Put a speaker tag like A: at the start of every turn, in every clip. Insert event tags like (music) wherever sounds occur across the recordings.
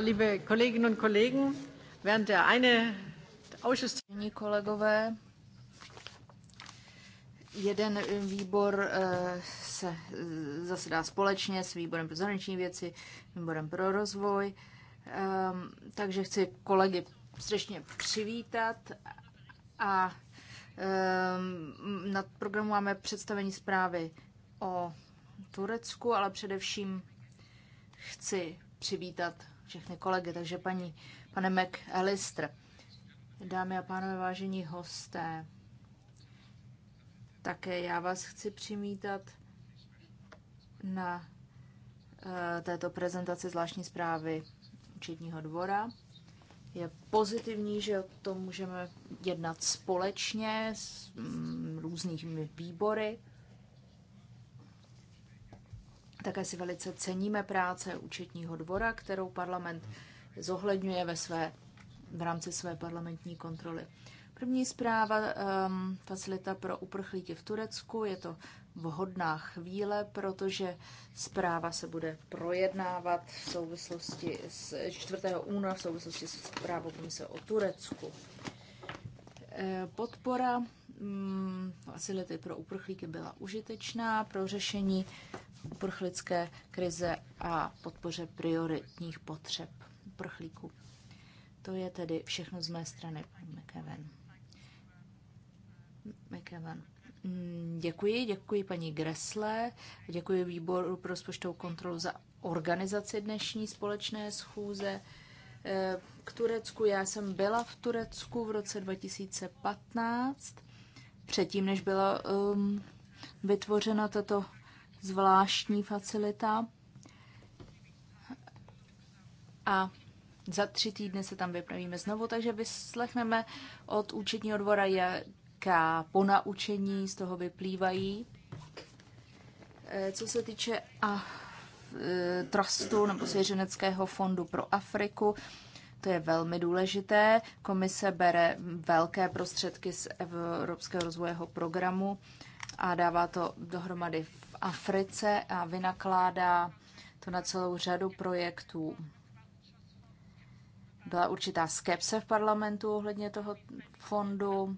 A: liebe Kolleginnen und Kollegen, während der eine Ausschuss... kolegové, jeden eh, výbor eh, se eh, zasedá společně s výborem pro zahraniční věci, výborem pro rozvoj, ehm, takže chci kolegy srdečně přivítat a ehm, na programu máme představení zprávy o Turecku, ale především chci přivítat všechny kolegy. Takže paní, pane McAllister, dámy a pánové, vážení hosté, také já vás chci přimítat na eh, této prezentaci zvláštní zprávy účetního dvora. Je pozitivní, že o tom můžeme jednat společně s mm, různými výbory. Také si velice ceníme práce účetního dvora, kterou parlament zohledňuje ve své, v rámci své parlamentní kontroly. První zpráva, um, facilita pro uprchlíky v Turecku, je to vhodná chvíle, protože zpráva se bude projednávat v souvislosti s 4. února v souvislosti s zprávou komise o Turecku. Podpora mm, facility pro uprchlíky byla užitečná pro řešení uprchlické krize a podpoře prioritních potřeb uprchlíků. To je tedy všechno z mé strany, paní McEwen. McEwen. Mm, děkuji, děkuji paní Gresle, děkuji výboru pro rozpočtovou kontrolu za organizaci dnešní společné schůze. Eh, k Turecku. Já jsem byla v Turecku v roce 2015, předtím, než byla um, vytvořena tato zvláštní facilita. A za tři týdny se tam vypravíme znovu, takže vyslechneme od účetního dvora, jaká ponaučení z toho vyplývají. Eh, co se týče a Eh, trustu nebo svěřeneckého fondu pro Afriku. To je velmi důležité. Komise bere velké prostředky z Evropského rozvojového programu a dává to dohromady v Africe a vynakládá to na celou řadu projektů. Byla určitá skepse v parlamentu ohledně toho fondu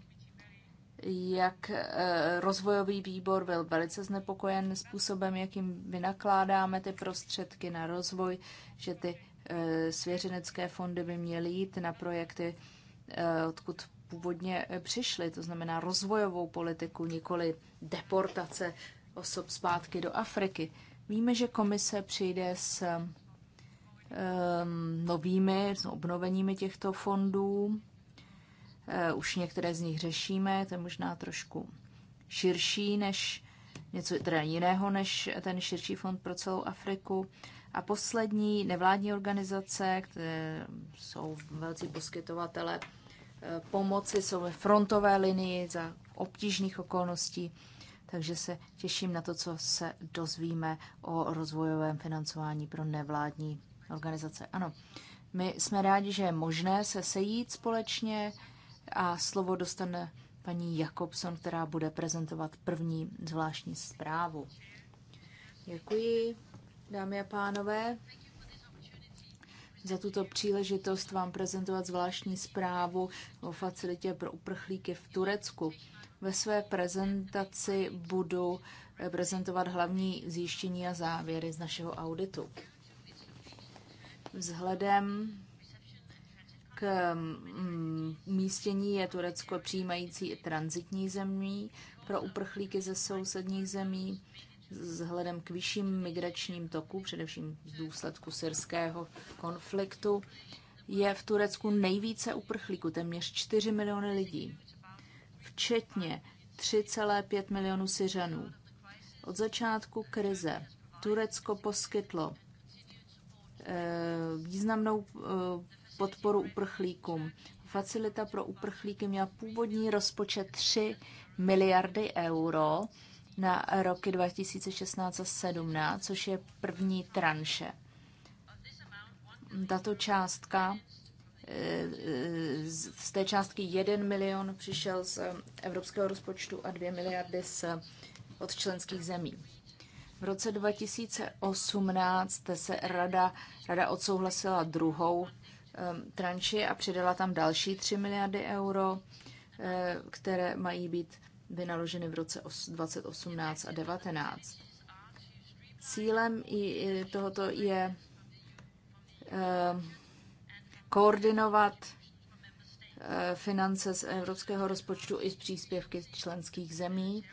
A: jak eh, rozvojový výbor byl velice znepokojen způsobem, jakým vynakládáme ty prostředky na rozvoj, že ty eh, svěřenecké fondy by měly jít na projekty, eh, odkud původně přišly, to znamená rozvojovou politiku, nikoli deportace osob zpátky do Afriky. Víme, že komise přijde s novými, s obnoveními těchto fondů Eh, už některé z nich řešíme, to je možná trošku širší než něco teda jiného než ten širší fond pro celou Afriku. A poslední nevládní organizace, které jsou velcí poskytovatele eh, pomoci, jsou ve frontové linii za obtížných okolností, takže se těším na to, co se dozvíme o rozvojovém financování pro nevládní organizace. Ano, my jsme rádi, že je možné se sejít společně, a slovo dostane paní Jakobson, která bude prezentovat první zvláštní zprávu. Děkuji, dámy a pánové, za tuto příležitost vám prezentovat zvláštní zprávu o facilitě pro uprchlíky v Turecku. Ve své prezentaci budu eh, prezentovat hlavní zjištění a závěry z našeho auditu. Vzhledem Um, umístění je Turecko přijímající i transitní zemí pro uprchlíky ze sousedních zemí vzhledem k vyšším migračním tokům, především z důsledku syrského konfliktu, je v Turecku nejvíce uprchlíků, téměř 4 miliony lidí, včetně 3,5 milionů Syřanů. Od začátku krize Turecko poskytlo eh, významnou eh, podporu uprchlíkům. Facilita pro uprchlíky měla původní rozpočet 3 miliardy euro na roky 2016 a 2017, což je první tranše. Tato částka, eh, eh, z té částky 1 milion přišel z eh, evropského rozpočtu a 2 miliardy z, od členských zemí. V roce 2018 se rada, rada odsouhlasila druhou Um, tranši a přidala tam další 3 miliardy euro, eh, které mají být vynaloženy v roce 2018 a 2019. Cílem tohoto je eh, koordinovat eh, finance z evropského rozpočtu i z příspěvky z členských zemí,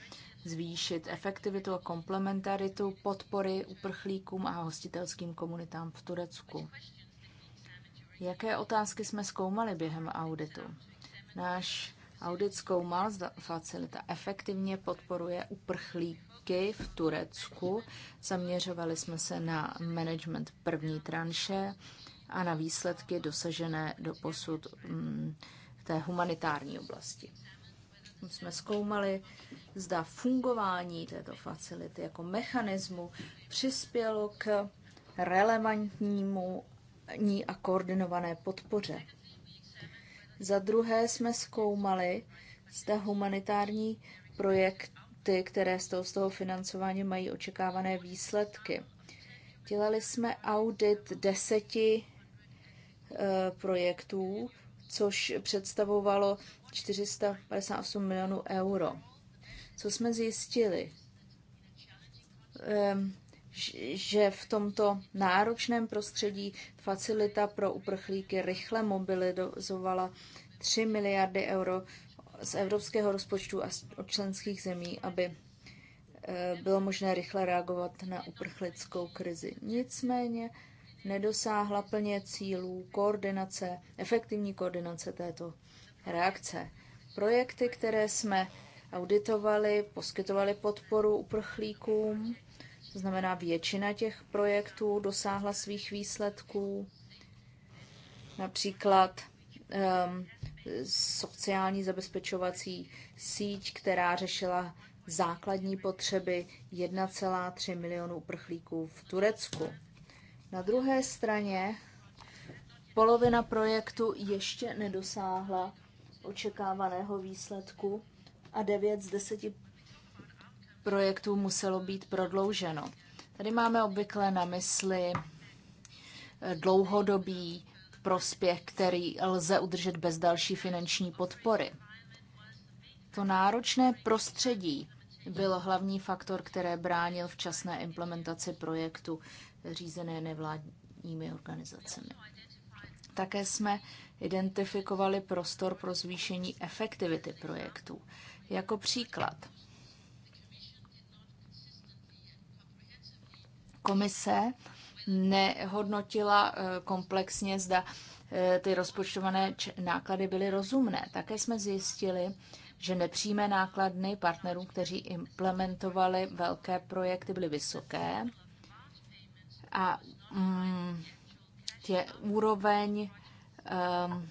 A: zvýšit efektivitu a komplementaritu podpory uprchlíkům a hostitelským komunitám v Turecku. Jaké otázky jsme zkoumali během auditu? Náš audit zkoumal, zda facilita efektivně podporuje uprchlíky v Turecku. Zaměřovali jsme se na management první tranše a na výsledky dosažené do posud mm, v té humanitární oblasti. Jsme zkoumali, zda fungování této facility jako mechanismu přispělo k relevantnímu ní a koordinované podpoře. Za druhé jsme zkoumali, zda humanitární projekty, které z toho, z toho financování mají očekávané výsledky. Dělali jsme audit deseti e, projektů, což představovalo 458 milionů euro. Co jsme zjistili? E, že v tomto náročném prostředí facilita pro uprchlíky rychle mobilizovala 3 miliardy euro z evropského rozpočtu a od členských zemí, aby eh, bylo možné rychle reagovat na uprchlickou krizi. Nicméně nedosáhla plně cílů koordinace, efektivní koordinace této reakce. Projekty, které jsme auditovali, poskytovali podporu uprchlíkům, to znamená, většina těch projektů dosáhla svých výsledků. Například um, sociální zabezpečovací síť, která řešila základní potřeby 1,3 milionu uprchlíků v Turecku. Na druhé straně polovina projektu ještě nedosáhla očekávaného výsledku a 9 z 10 projektů muselo být prodlouženo. Tady máme obvykle na mysli eh, dlouhodobý prospěch, který lze udržet bez další finanční podpory. To náročné prostředí bylo hlavní faktor, které bránil včasné implementaci projektu řízené nevládními organizacemi. Také jsme identifikovali prostor pro zvýšení efektivity projektů. Jako příklad, komise nehodnotila eh, komplexně, zda eh, ty rozpočtované náklady byly rozumné. Také jsme zjistili, že nepřímé nákladny partnerů, kteří implementovali velké projekty, byly vysoké a mm, tě úroveň um,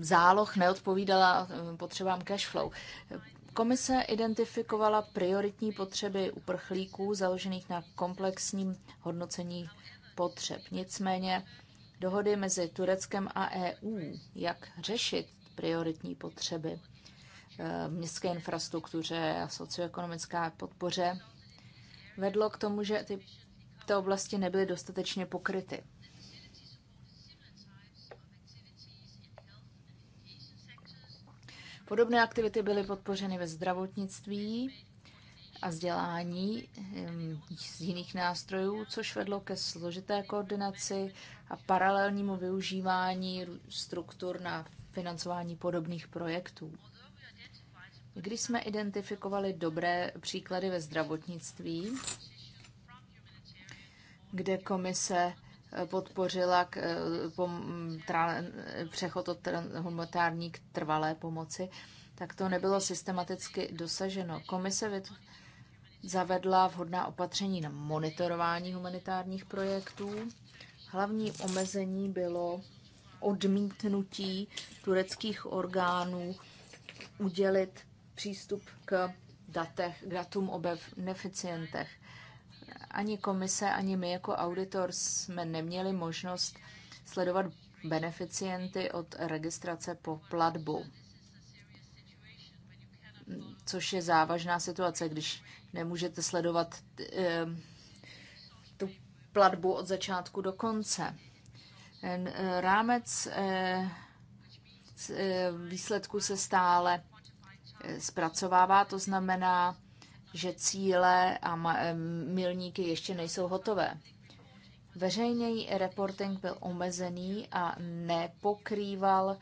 A: záloh neodpovídala eh, potřebám cash flow. Komise identifikovala prioritní potřeby uprchlíků založených na komplexním hodnocení potřeb. Nicméně dohody mezi Tureckem a EU, jak řešit prioritní potřeby eh, v městské infrastruktuře a socioekonomická podpoře, vedlo k tomu, že ty, ty oblasti nebyly dostatečně pokryty. Podobné aktivity byly podpořeny ve zdravotnictví a vzdělání z jiných nástrojů, což vedlo ke složité koordinaci a paralelnímu využívání struktur na financování podobných projektů. Když jsme identifikovali dobré příklady ve zdravotnictví, kde komise podpořila k, eh, pom, tra, přechod od humanitární k trvalé pomoci, tak to nebylo systematicky dosaženo. Komise vyt, zavedla vhodná opatření na monitorování humanitárních projektů. Hlavní omezení bylo odmítnutí tureckých orgánů udělit přístup k datech, k datům o beneficientech ani komise, ani my jako auditor jsme neměli možnost sledovat beneficienty od registrace po platbu. Což je závažná situace, když nemůžete sledovat ehm, tu platbu od začátku do konce. Eh, rámec eh, eh, výsledku se stále zpracovává, to znamená, že cíle a milníky ještě nejsou hotové. Veřejný reporting byl omezený a nepokrýval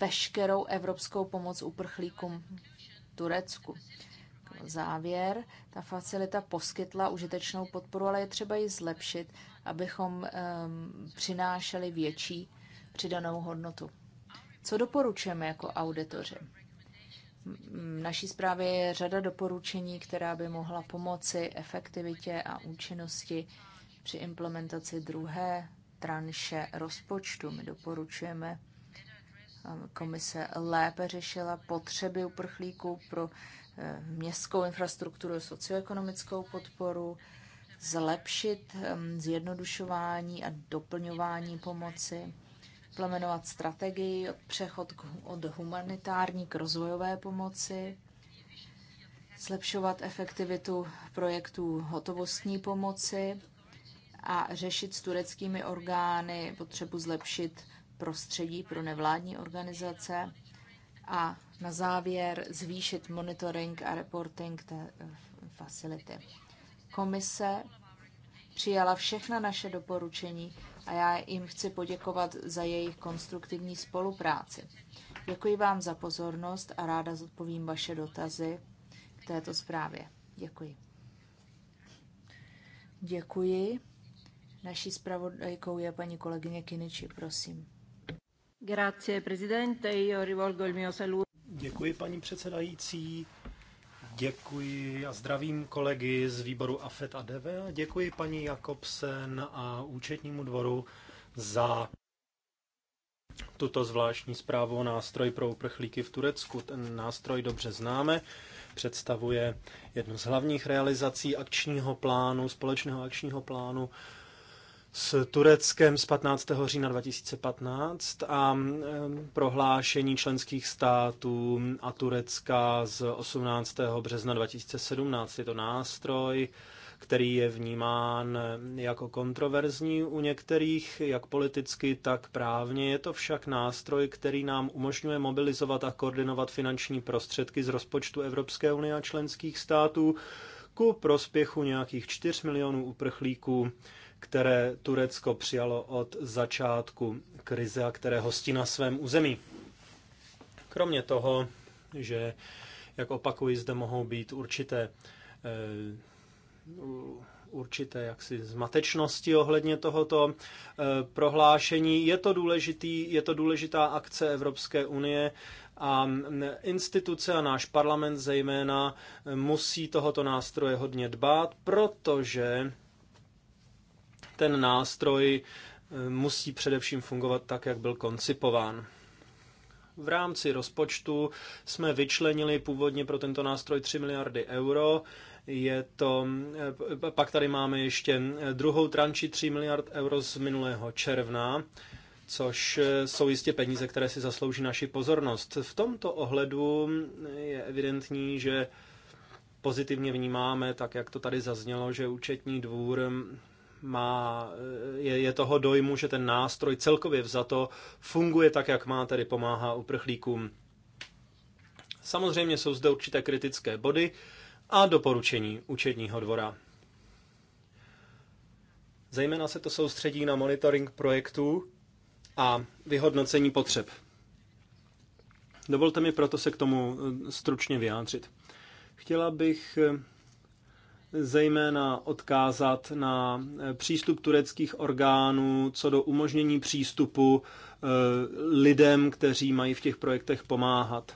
A: veškerou evropskou pomoc uprchlíkům Turecku. Závěr, ta facilita poskytla užitečnou podporu, ale je třeba ji zlepšit, abychom um, přinášeli větší přidanou hodnotu. Co doporučujeme jako auditoři? naší zprávě je řada doporučení, která by mohla pomoci efektivitě a účinnosti při implementaci druhé tranše rozpočtu. My doporučujeme, komise lépe řešila potřeby uprchlíků pro eh, městskou infrastrukturu, socioekonomickou podporu, zlepšit eh, zjednodušování a doplňování pomoci implementovat strategii od přechod k, od humanitární k rozvojové pomoci, zlepšovat efektivitu projektů hotovostní pomoci a řešit s tureckými orgány potřebu zlepšit prostředí pro nevládní organizace a na závěr zvýšit monitoring a reporting té eh, facility. Komise přijala všechna naše doporučení a já jim chci poděkovat za jejich konstruktivní spolupráci. Děkuji vám za pozornost a ráda zodpovím vaše dotazy k této zprávě. Děkuji. Děkuji. Naší zpravodajkou je paní kolegyně Kiniči, prosím.
B: Grazie, prezidente, io rivolgo il mio saluto. Děkuji, paní předsedající. Děkuji a zdravím kolegy z výboru AFET a DV a děkuji paní Jakobsen a účetnímu dvoru za tuto zvláštní zprávu o nástroj pro uprchlíky v Turecku. Ten nástroj dobře známe, představuje jednu z hlavních realizací akčního plánu, společného akčního plánu s Tureckem z 15. října 2015 a prohlášení členských států a Turecka z 18. března 2017. Je to nástroj, který je vnímán jako kontroverzní u některých, jak politicky, tak právně. Je to však nástroj, který nám umožňuje mobilizovat a koordinovat finanční prostředky z rozpočtu Evropské unie a členských států ku prospěchu nějakých 4 milionů uprchlíků které Turecko přijalo od začátku krize a které hostí na svém území. Kromě toho, že, jak opakuji, zde mohou být určité eh, určité jaksi zmatečnosti ohledně tohoto eh, prohlášení. Je to, důležitý, je to důležitá akce Evropské unie a mm, instituce a náš parlament zejména eh, musí tohoto nástroje hodně dbát, protože ten nástroj eh, musí především fungovat tak, jak byl koncipován. V rámci rozpočtu jsme vyčlenili původně pro tento nástroj 3 miliardy euro. Je to, eh, pak tady máme ještě eh, druhou tranči 3 miliard euro z minulého června, což jsou jistě peníze, které si zaslouží naši pozornost. V tomto ohledu je evidentní, že pozitivně vnímáme, tak jak to tady zaznělo, že účetní dvůr má, je, je toho dojmu, že ten nástroj celkově vzato funguje tak, jak má, tedy pomáhá uprchlíkům. Samozřejmě jsou zde určité kritické body a doporučení učedního dvora. Zejména se to soustředí na monitoring projektů a vyhodnocení potřeb. Dovolte mi proto se k tomu eh, stručně vyjádřit. Chtěla bych eh, zejména odkázat na eh, přístup tureckých orgánů co do umožnění přístupu eh, lidem, kteří mají v těch projektech pomáhat.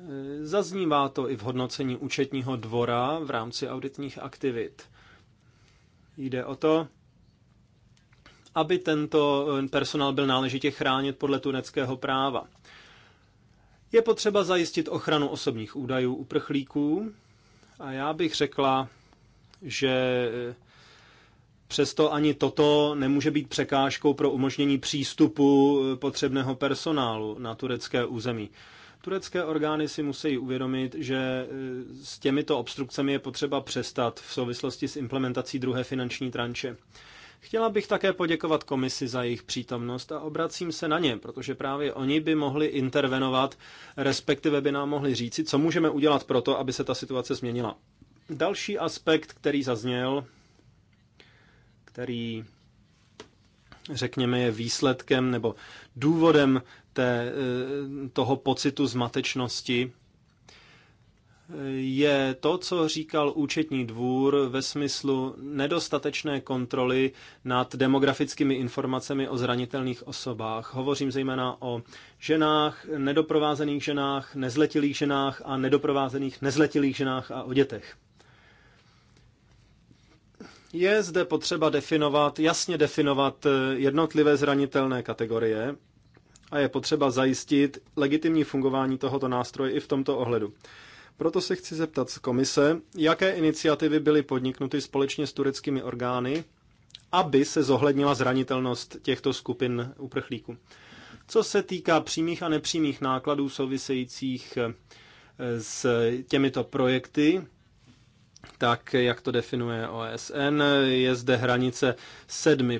B: Eh, zaznívá to i v hodnocení účetního dvora v rámci auditních aktivit. Jde o to, aby tento personál byl náležitě chránit podle tureckého práva. Je potřeba zajistit ochranu osobních údajů uprchlíků, a já bych řekla, že přesto ani toto nemůže být překážkou pro umožnění přístupu eh, potřebného personálu na turecké území. Turecké orgány si musí uvědomit, že eh, s těmito obstrukcemi je potřeba přestat v souvislosti s implementací druhé finanční tranče. Chtěla bych také poděkovat komisi za jejich přítomnost a obracím se na ně, protože právě oni by mohli intervenovat, respektive by nám mohli říci, co můžeme udělat pro to, aby se ta situace změnila. Další aspekt, který zazněl, který řekněme, je výsledkem nebo důvodem té, eh, toho pocitu zmatečnosti, je to, co říkal účetní dvůr ve smyslu nedostatečné kontroly nad demografickými informacemi o zranitelných osobách. Hovořím zejména o ženách, nedoprovázených ženách, nezletilých ženách a nedoprovázených nezletilých ženách a o dětech. Je zde potřeba definovat, jasně definovat jednotlivé zranitelné kategorie a je potřeba zajistit legitimní fungování tohoto nástroje i v tomto ohledu. Proto se chci zeptat z komise, jaké iniciativy byly podniknuty společně s tureckými orgány, aby se zohlednila zranitelnost těchto skupin uprchlíků. Co se týká přímých a nepřímých nákladů souvisejících eh, s těmito projekty, tak jak to definuje OSN, je zde hranice 7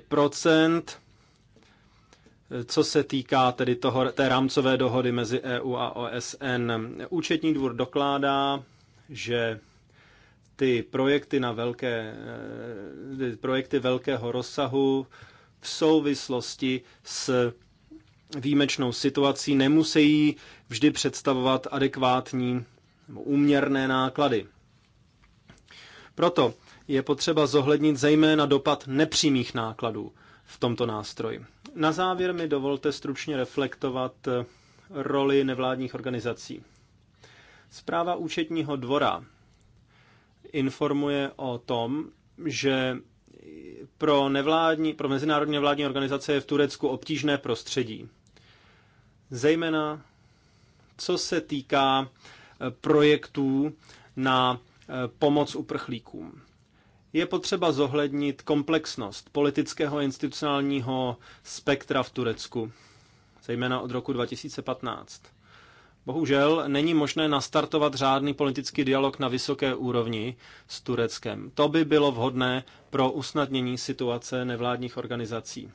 B: co se týká tedy toho, té rámcové dohody mezi EU a OSN. Účetní dvůr dokládá, že ty projekty na velké, eh, ty projekty velkého rozsahu v souvislosti s výjimečnou situací nemusí vždy představovat adekvátní úměrné náklady. Proto je potřeba zohlednit zejména dopad nepřímých nákladů v tomto nástroji. Na závěr mi dovolte stručně reflektovat eh, roli nevládních organizací. Zpráva účetního dvora informuje o tom, že pro, nevládní, pro mezinárodní vládní organizace je v Turecku obtížné prostředí. Zejména co se týká eh, projektů na eh, pomoc uprchlíkům je potřeba zohlednit komplexnost politického a institucionálního spektra v Turecku, zejména od roku 2015. Bohužel není možné nastartovat řádný politický dialog na vysoké úrovni s Tureckem. To by bylo vhodné pro usnadnění situace nevládních organizací.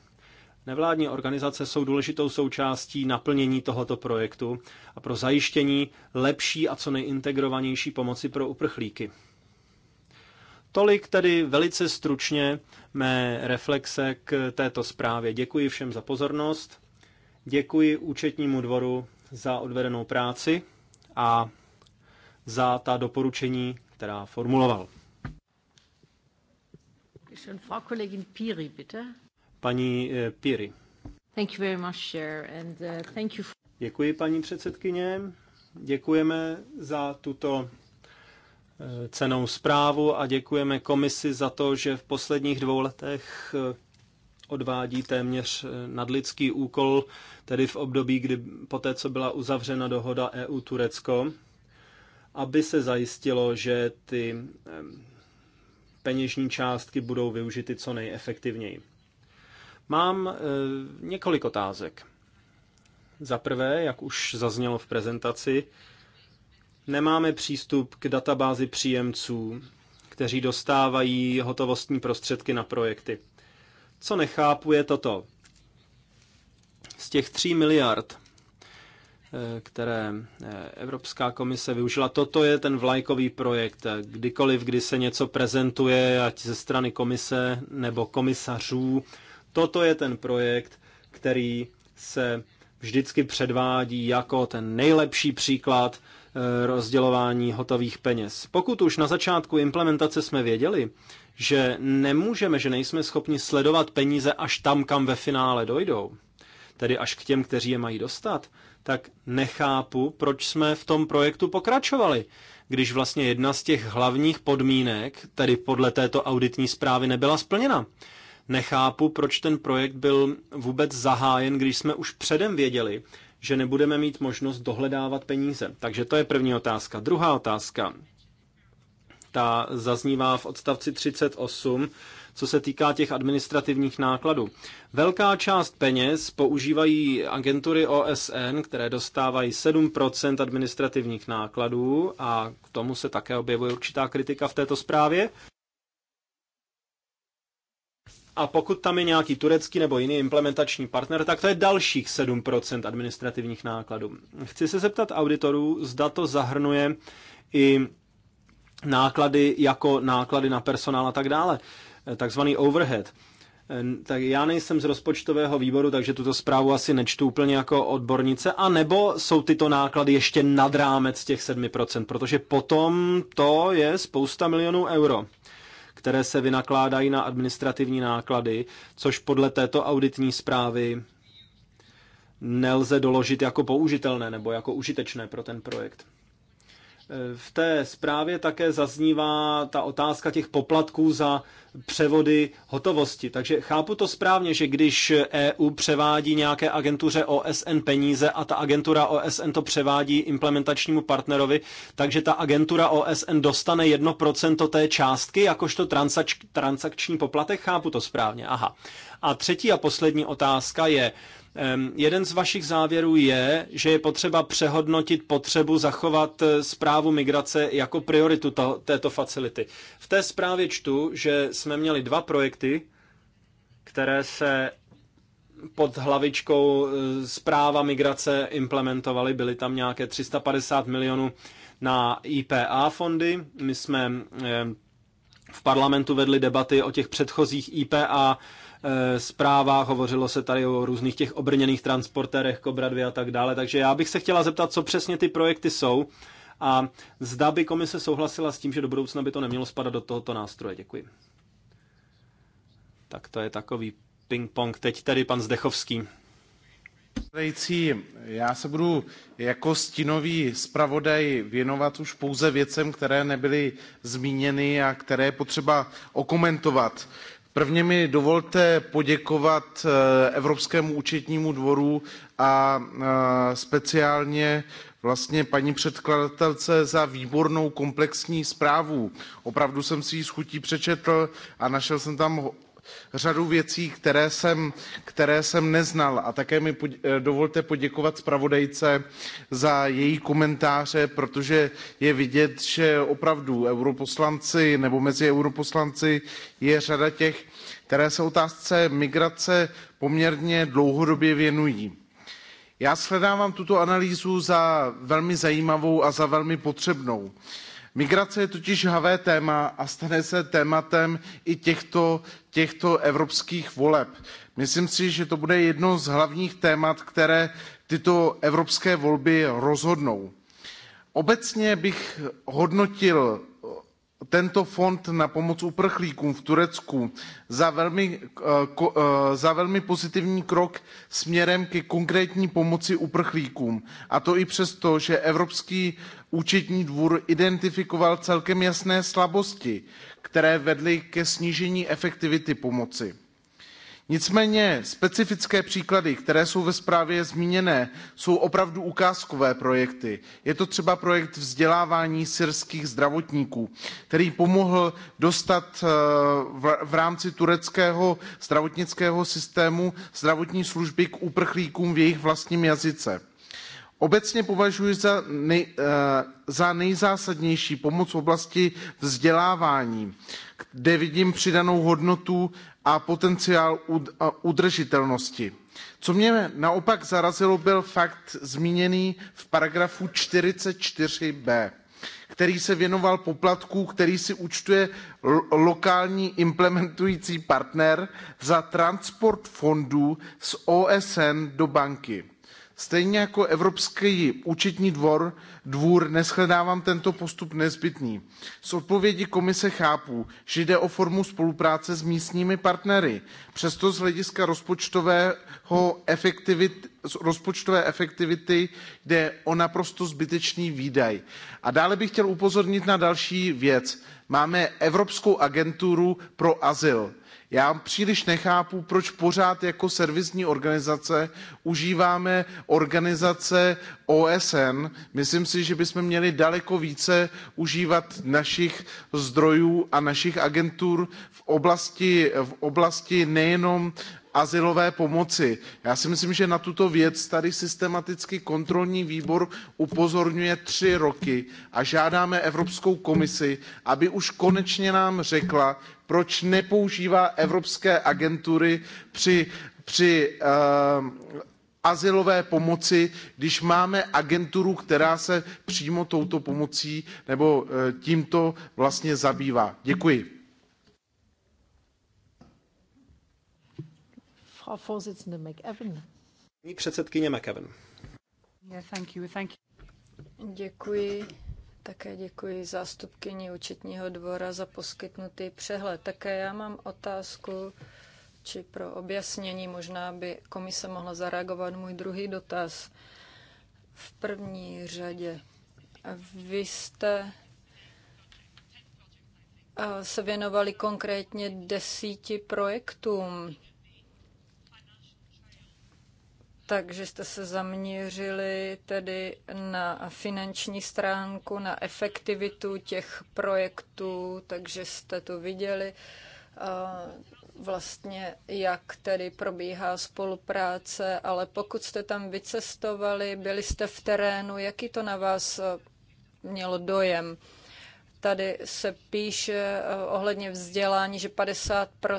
B: Nevládní organizace jsou důležitou součástí naplnění tohoto projektu a pro zajištění lepší a co nejintegrovanější pomoci pro uprchlíky. Tolik tedy velice stručně mé reflexe k této zprávě. Děkuji všem za pozornost, děkuji účetnímu dvoru za odvedenou práci a za ta doporučení, která formuloval. Paní eh, Piri. Eh, děkuji, paní předsedkyně. Děkujeme za tuto cenou zprávu a děkujeme komisi za to, že v posledních dvou letech eh, odvádí téměř eh, nadlidský úkol, tedy v období, kdy poté, co byla uzavřena dohoda EU-Turecko, aby se zajistilo, že ty eh, peněžní částky budou využity co nejefektivněji. Mám několik otázek. Za prvé, jak už zaznělo v prezentaci, nemáme přístup k databázi příjemců, kteří dostávají hotovostní prostředky na projekty. Co nechápu je toto. Z těch 3 miliard, eh, které eh, Evropská komise využila, toto je ten vlajkový projekt. Kdykoliv, kdy se něco prezentuje, ať ze strany komise nebo komisařů, toto je ten projekt, který se vždycky předvádí jako ten nejlepší příklad Eh, rozdělování hotových peněz. Pokud už na začátku implementace jsme věděli, že nemůžeme, že nejsme schopni sledovat peníze až tam, kam ve finále dojdou, tedy až k těm, kteří je mají dostat, tak nechápu, proč jsme v tom projektu pokračovali, když vlastně jedna z těch hlavních podmínek, tedy podle této auditní zprávy, nebyla splněna. Nechápu, proč ten projekt byl vůbec zahájen, když jsme už předem věděli, že nebudeme mít možnost dohledávat peníze. Takže to je první otázka. Druhá otázka, ta zaznívá v odstavci 38, co se týká těch administrativních nákladů. Velká část peněz používají agentury OSN, které dostávají 7% administrativních nákladů a k tomu se také objevuje určitá kritika v této zprávě. A pokud tam je nějaký turecký nebo jiný implementační partner, tak to je dalších 7% administrativních nákladů. Chci se zeptat auditorů, zda to zahrnuje i náklady jako náklady na personál a tak dále, takzvaný overhead. Tak já nejsem z rozpočtového výboru, takže tuto zprávu asi nečtu úplně jako odbornice. A nebo jsou tyto náklady ještě nad rámec těch 7%, protože potom to je spousta milionů euro které se vynakládají na administrativní náklady, což podle této auditní zprávy nelze doložit jako použitelné nebo jako užitečné pro ten projekt. V té zprávě také zaznívá ta otázka těch poplatků za převody hotovosti. Takže chápu to správně, že když EU převádí nějaké agentuře OSN peníze a ta agentura OSN to převádí implementačnímu partnerovi, takže ta agentura OSN dostane 1% té částky jakožto transač, transakční poplatek. Chápu to správně. Aha. A třetí a poslední otázka je, Jeden z vašich závěrů je, že je potřeba přehodnotit potřebu zachovat zprávu eh, migrace jako prioritu to, této facility. V té zprávě čtu, že jsme měli dva projekty, které se pod hlavičkou eh, zpráva migrace implementovaly. Byly tam nějaké 350 milionů na IPA fondy. My jsme v parlamentu vedli debaty o těch předchozích IPA Eh, zprávách, hovořilo se tady o různých těch obrněných transportérech, Cobra 2 a tak dále, takže já bych se chtěla zeptat, co přesně ty projekty jsou a zda by komise souhlasila s tím, že do budoucna by to nemělo spadat do tohoto nástroje. Děkuji. Tak to je takový ping-pong. Teď tady pan Zdechovský.
C: já se budu jako stínový zpravodaj věnovat už pouze věcem, které nebyly zmíněny a které je potřeba okomentovat. Prvně mi dovolte poděkovat eh, Evropskému účetnímu dvoru a eh, speciálně vlastně paní předkladatelce za výbornou komplexní zprávu. Opravdu jsem si ji s chutí přečetl a našel jsem tam řadu věcí, které jsem, které jsem neznal. A také mi eh, dovolte poděkovat zpravodajce za její komentáře, protože je vidět, že opravdu europoslanci nebo mezi europoslanci je řada těch, které se otázce migrace poměrně dlouhodobě věnují. Já shledávám tuto analýzu za velmi zajímavou a za velmi potřebnou. Uh, Migrace je totiž havé téma a stane se tématem i těchto, těchto evropských voleb. Myslím si, že to bude jedno z hlavních témat, které tyto evropské volby rozhodnou. Obecně bych hodnotil tento fond na pomoc uprchlíkům v turecku za velmi, eh, eh, za velmi pozitivní krok směrem ke konkrétní pomoci uprchlíkům a to i přesto že evropský účetní dvůr identifikoval celkem jasné slabosti které vedly ke snížení efektivity pomoci nicméně specifické příklady které jsou ve zprávě zmíněny jsou opravdu ukázkové projekty. je to třeba projekt vzdělávání syrských zdravotníků který pomohl dostat eh, v rámci tureckého zdravotnického systému zdravotní služby k uprchlíkům v jejich vlastním jazyce obecně považuji za, nej, eh, za nejzásadnější pomoc v oblasti vzdělávání kde vidím přidanou hodnotu a potenciál udržitelnosti. Co mě naopak zarazilo, byl fakt zmíněný v paragrafu 44b, který se věnoval poplatku, který si účtuje lokální implementující partner za transport fondů z OSN do banky Stejně jako Evropský účetní dvor, dvůr neschledávám tento postup nezbytný. Z odpovědi komise chápu, že jde o formu spolupráce s místními partnery. Přesto z hlediska rozpočtového efektivit, rozpočtové efektivity jde o naprosto zbytečný výdaj. A dále bych chtěl upozornit na další věc. Máme Evropskou agenturu pro azyl já příliš nechápu proč pořád jako servisní organizace užíváme organizace osn myslím si že bychom měli daleko více užívat našich zdrojů a našich agentur v oblasti, v oblasti nejenom azylové pomoci. já si myslím že na tuto věc tady systematicky kontrolní výbor upozorňuje tři roky a žádáme evropskou komisi aby už konečně nám řekla proč nepoužívá evropské agentury při, při uh, azylové pomoci, když máme agenturu, která se přímo touto pomocí nebo eh, tímto vlastně zabývá. Děkuji. Předsedkyně McEwen.
D: Yeah, thank you, thank you. Děkuji. Také děkuji zástupkyni Učetního dvora za poskytnutý přehled. Také já mám otázku, či pro objasnění možná by komise mohla zareagovat můj druhý dotaz. V první řadě, vy jste eh, se věnovali konkrétně desíti projektům takže jste se zaměřili tedy na finanční stránku, na efektivitu těch projektů, takže jste to viděli vlastně, jak tedy probíhá spolupráce, ale pokud jste tam vycestovali, byli jste v terénu, jaký to na vás mělo dojem? Tady se píše eh, ohledně vzdělání, že 50 eh,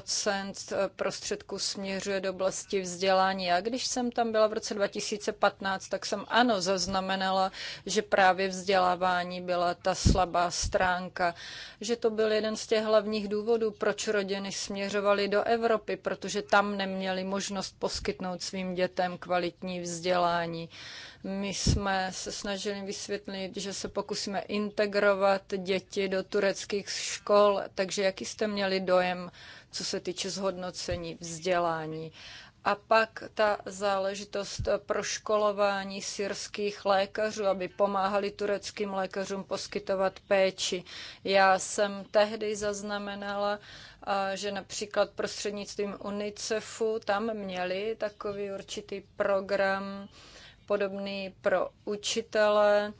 D: prostředků směřuje do oblasti vzdělání. A když jsem tam byla v roce 2015, tak jsem ano zaznamenala, že právě vzdělávání byla ta slabá stránka. Že to byl jeden z těch hlavních důvodů, proč rodiny směřovaly do Evropy, protože tam neměli možnost poskytnout svým dětem kvalitní vzdělání. My jsme se snažili vysvětlit, že se pokusíme integrovat děti do tureckých škol, takže jaký jste měli dojem, co se týče zhodnocení vzdělání? A pak ta záležitost proškolování syrských lékařů, aby pomáhali tureckým lékařům poskytovat péči. Já jsem tehdy zaznamenala, že například prostřednictvím UNICEFu tam měli takový určitý program, podobný pro učitele,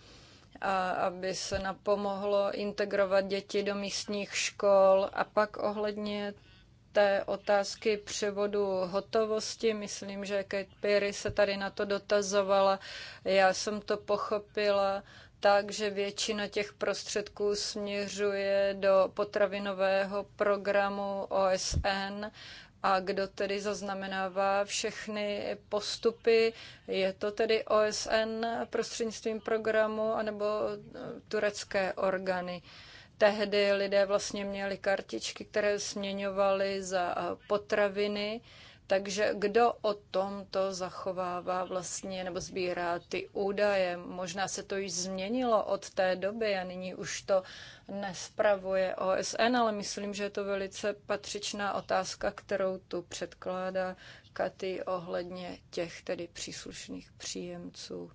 D: a aby se napomohlo integrovat děti do místních škol. A pak ohledně té otázky převodu hotovosti, myslím, že Kate Perry se tady na to dotazovala. Já jsem to pochopila tak, že většina těch prostředků směřuje do potravinového programu OSN a kdo tedy zaznamenává všechny postupy. Je to tedy OSN prostřednictvím programu anebo eh, turecké orgány. Tehdy lidé vlastně měli kartičky, které směňovali za eh, potraviny takže kdo o tomto zachovává vlastně nebo sbírá ty údaje? Možná se to již změnilo od té doby a nyní už to nespravuje OSN, ale myslím, že je to velice patřičná otázka, kterou tu předkládá Katy ohledně těch tedy příslušných příjemců.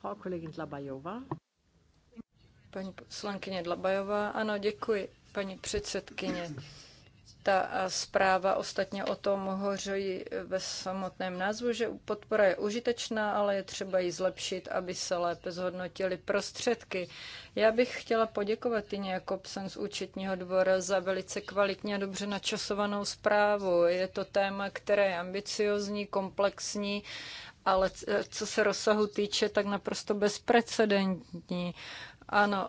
D: Frau Kollegin Dlabajová. Paní poslankyně Dlabajová, ano, děkuji, paní předsedkyně. Ta zpráva ostatně o tom hoří ve samotném názvu, že podpora je užitečná, ale je třeba ji zlepšit, aby se lépe zhodnotily prostředky. Já bych chtěla poděkovat i Jakobsen z účetního dvora za velice kvalitně a dobře načasovanou zprávu. Je to téma, které je ambiciozní, komplexní ale co se rozsahu týče, tak naprosto bezprecedentní. Ano,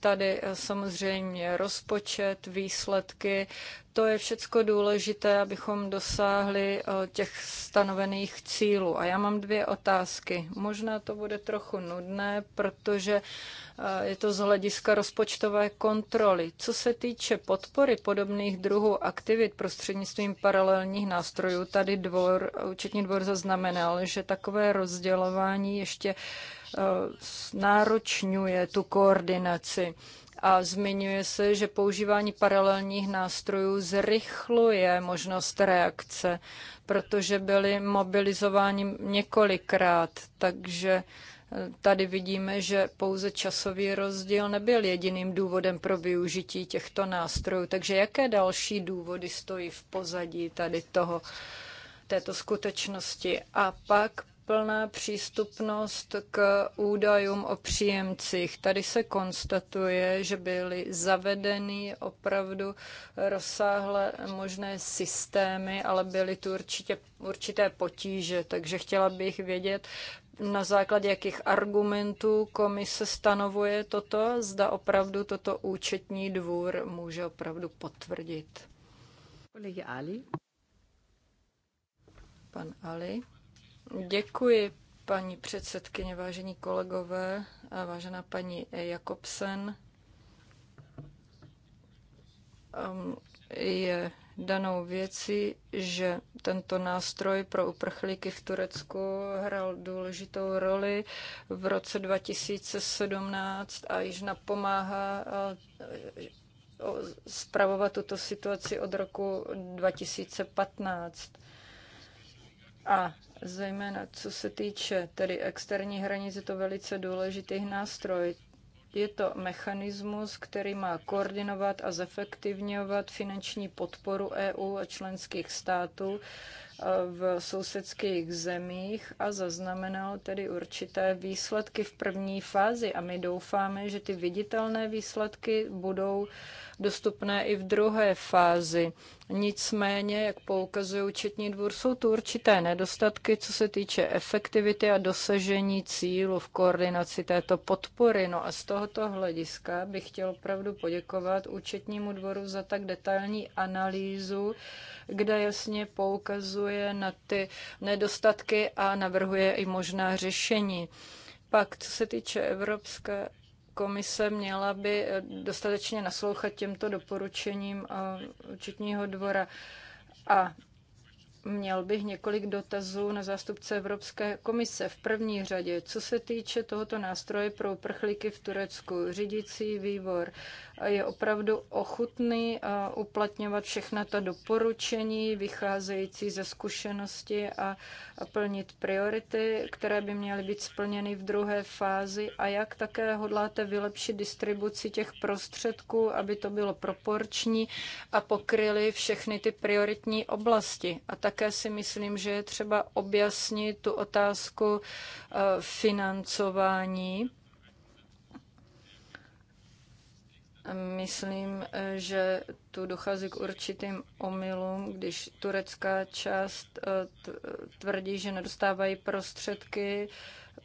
D: tady e, samozřejmě rozpočet, výsledky, to je všecko důležité, abychom dosáhli e, těch stanovených cílů. A já mám dvě otázky. Možná to bude trochu nudné, protože e, je to z hlediska rozpočtové kontroly. Co se týče podpory podobných druhů aktivit prostřednictvím paralelních nástrojů, tady dvor, účetní dvor zaznamenal, že takové rozdělování ještě náročňuje tu koordinaci a zmiňuje se, že používání paralelních nástrojů zrychluje možnost reakce, protože byli mobilizováni několikrát, takže eh, tady vidíme, že pouze časový rozdíl nebyl jediným důvodem pro využití těchto nástrojů. Takže jaké další důvody stojí v pozadí tady toho? této skutečnosti. A pak úplná přístupnost k údajům o příjemcích. Tady se konstatuje, že byly zavedeny opravdu rozsáhlé možné systémy, ale byly tu určitě, určité potíže, takže chtěla bych vědět, na základě jakých argumentů komise stanovuje toto, zda opravdu toto účetní dvůr může opravdu potvrdit. Kolega Ali. Pan Ali. Děkuji, paní předsedkyně, vážení kolegové, a vážená paní Jakobsen. Je danou věcí, že tento nástroj pro uprchlíky v Turecku hrál důležitou roli v roce 2017 a již napomáhá spravovat tuto situaci od roku 2015. A zejména co se týče tedy externí hranice, je to velice důležitý nástroj. Je to mechanismus, který má koordinovat a zefektivňovat finanční podporu EU a členských států e, v sousedských zemích a zaznamenal tedy určité výsledky v první fázi. A my doufáme, že ty viditelné výsledky budou dostupné i v druhé fázi. Nicméně, jak poukazuje účetní dvůr, jsou tu určité nedostatky, co se týče efektivity a dosažení cílu v koordinaci této podpory. No a z tohoto hlediska bych chtěl opravdu poděkovat účetnímu dvoru za tak detailní analýzu, kde jasně poukazuje na ty nedostatky a navrhuje i možná řešení. Pak, co se týče Evropské komise měla by eh, dostatečně naslouchat těmto doporučením Učitního eh, dvora. A Měl bych několik dotazů na zástupce Evropské komise. V první řadě, co se týče tohoto nástroje pro uprchlíky v Turecku, řídící výbor je opravdu ochutný eh, uplatňovat všechna ta doporučení vycházející ze zkušenosti a, plnit priority, které by měly být splněny v druhé fázi a jak také hodláte vylepšit distribuci těch prostředků, aby to bylo proporční a pokryly všechny ty prioritní oblasti. A také si myslím, že je třeba objasnit tu otázku eh, financování Myslím, že tu dochází k určitým omylům, když turecká část eh, tvrdí, že nedostávají prostředky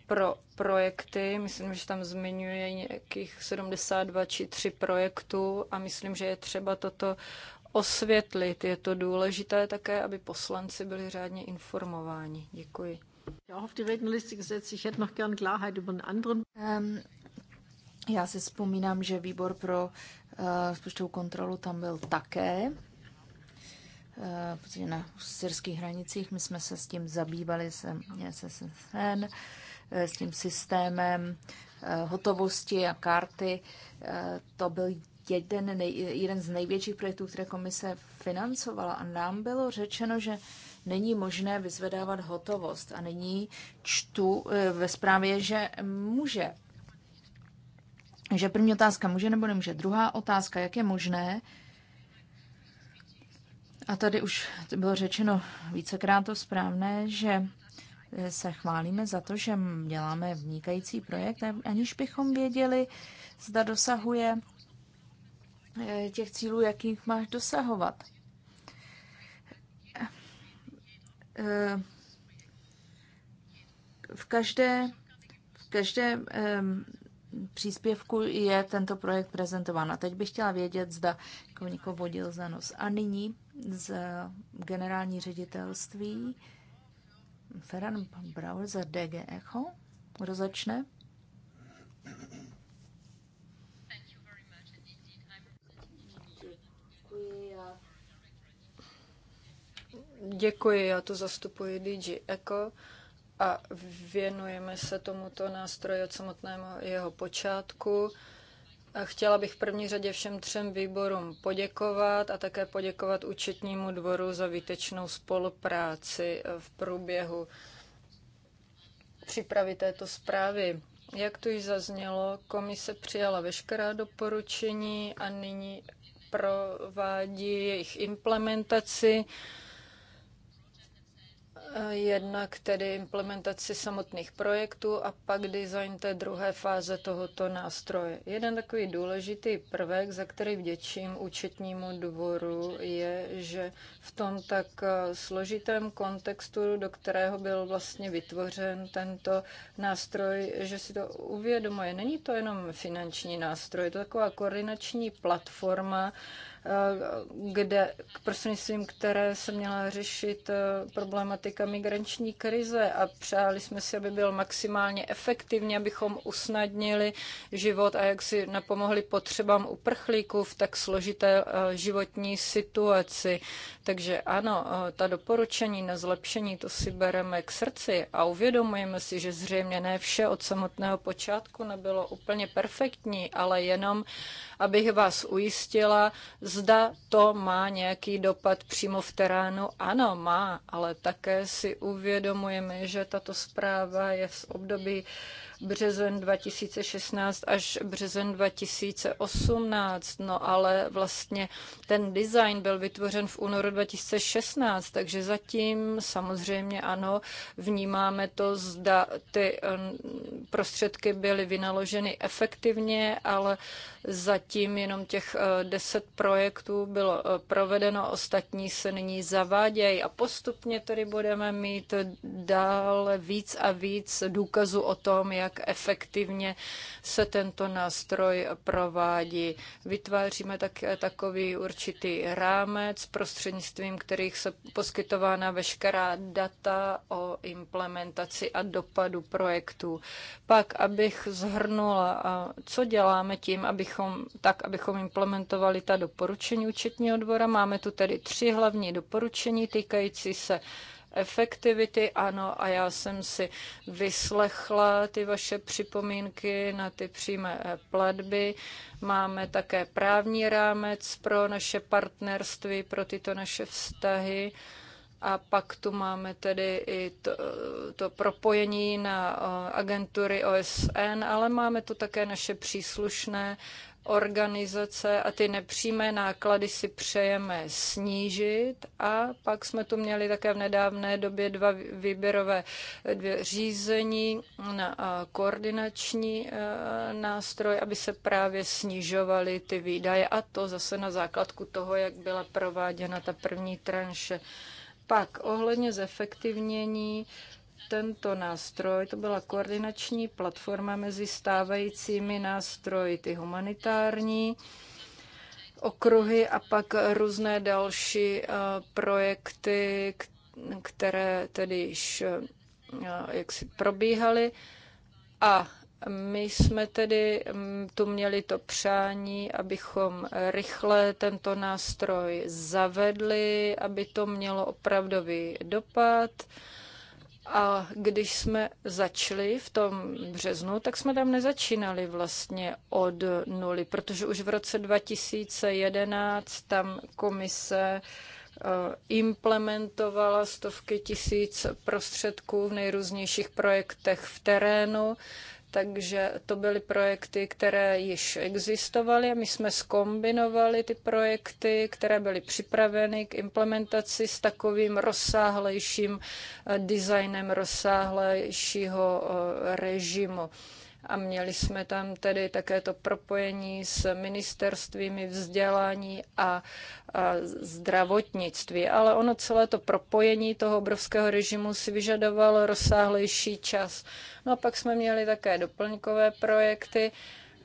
D: pro projekty. Myslím, že tam zmiňuje nějakých 72 či 3 projektů a myslím, že je třeba toto osvětlit. Je to důležité také, aby poslanci byli řádně informováni. Děkuji.
A: Ja, já si vzpomínám, že výbor pro eh, rozpočtovou kontrolu tam byl také, uh, na syrských hranicích. My jsme se s tím zabývali, se se eh, s tím systémem uh, hotovosti a karty. Uh, to byl jeden, nej, jeden z největších projektů, které komise financovala a nám bylo řečeno, že není možné vyzvedávat hotovost a není čtu ve zprávě, že může takže první otázka může nebo nemůže. Druhá otázka, jak je možné, a tady už bylo řečeno vícekrát to správné, že se chválíme za to, že děláme vnikající projekt, aniž bychom věděli, zda dosahuje eh, těch cílů, jakých máš dosahovat. Eh, v každé, v každé příspěvku je tento projekt prezentován. A teď bych chtěla vědět, zda někoho vodil za nos. A nyní z eh, generální ředitelství Ferran Brauer za DG Echo. Kdo začne?
D: Děkuji, já tu zastupuji DG Echo a věnujeme se tomuto nástroji od samotného jeho počátku. A chtěla bych v první řadě všem třem výborům poděkovat a také poděkovat účetnímu dvoru za výtečnou spolupráci e, v průběhu přípravy této zprávy. Jak tu již zaznělo, komise přijala veškerá doporučení a nyní provádí jejich implementaci jednak tedy implementaci samotných projektů a pak design té druhé fáze tohoto nástroje. Jeden takový důležitý prvek, za který vděčím účetnímu dvoru, je, že v tom tak eh, složitém kontextu, do kterého byl vlastně vytvořen tento nástroj, že si to uvědomuje. Není to jenom finanční nástroj, je to taková koordinační platforma, Eh, kde k prostřednictvím, které se měla řešit eh, problematika migranční krize a přáli jsme si, aby byl maximálně efektivní, abychom usnadnili život a jak si napomohli potřebám uprchlíků v tak složité eh, životní situaci. Takže ano, ta doporučení na zlepšení, to si bereme k srdci a uvědomujeme si, že zřejmě ne vše od samotného počátku nebylo úplně perfektní, ale jenom, abych vás ujistila, z Zda to má nějaký dopad přímo v terénu? Ano, má, ale také si uvědomujeme, že tato zpráva je z období březen 2016 až březen 2018. No ale vlastně ten design byl vytvořen v únoru 2016, takže zatím samozřejmě ano, vnímáme to, zda ty prostředky byly vynaloženy efektivně, ale zatím jenom těch 10 eh, projektů bylo eh, provedeno, ostatní se nyní zavádějí a postupně tedy budeme mít dále víc a víc důkazů o tom, jak jak efektivně se tento nástroj provádí. Vytváříme tak, takový určitý rámec, prostřednictvím kterých se poskytována veškerá data o implementaci a dopadu projektů. Pak, abych zhrnula, co děláme tím, abychom, tak, abychom implementovali ta doporučení účetního dvora, máme tu tedy tři hlavní doporučení týkající se efektivity. Ano, a já jsem si vyslechla ty vaše připomínky na ty přímé platby. Máme také právní rámec pro naše partnerství, pro tyto naše vztahy. A pak tu máme tedy i to, to propojení na agentury OSN, ale máme tu také naše příslušné organizace a ty nepřímé náklady si přejeme snížit a pak jsme tu měli také v nedávné době dva výběrové dvě řízení na koordinační e, nástroj, aby se právě snižovaly ty výdaje a to zase na základku toho, jak byla prováděna ta první tranše. Pak ohledně zefektivnění tento nástroj, to byla koordinační platforma mezi stávajícími nástroji, ty humanitární okruhy a pak různé další eh, projekty, které tedy již eh, jaksi probíhaly. A my jsme tedy mm, tu měli to přání, abychom rychle tento nástroj zavedli, aby to mělo opravdový dopad. A když jsme začali v tom březnu, tak jsme tam nezačínali vlastně od nuly, protože už v roce 2011 tam komise eh, implementovala stovky tisíc prostředků v nejrůznějších projektech v terénu takže to byly projekty, které již existovaly a my jsme skombinovali ty projekty, které byly připraveny k implementaci s takovým rozsáhlejším eh, designem rozsáhlejšího eh, režimu a měli jsme tam tedy také to propojení s ministerstvími vzdělání a, a zdravotnictví. Ale ono celé to propojení toho obrovského režimu si vyžadovalo rozsáhlejší čas. No a pak jsme měli také doplňkové projekty,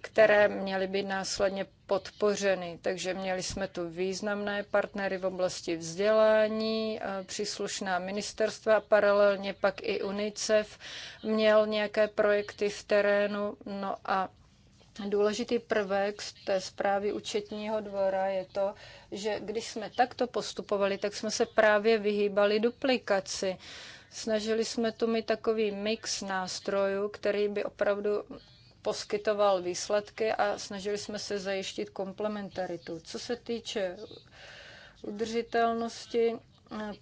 D: které měly být následně podpořeny. Takže měli jsme tu významné partnery v oblasti vzdělání, eh, příslušná ministerstva a paralelně pak i UNICEF měl nějaké projekty v terénu. No a Důležitý prvek z té zprávy účetního dvora je to, že když jsme takto postupovali, tak jsme se právě vyhýbali duplikaci. Snažili jsme tu mít takový mix nástrojů, který by opravdu poskytoval výsledky a snažili jsme se zajištit komplementaritu. Co se týče udržitelnosti,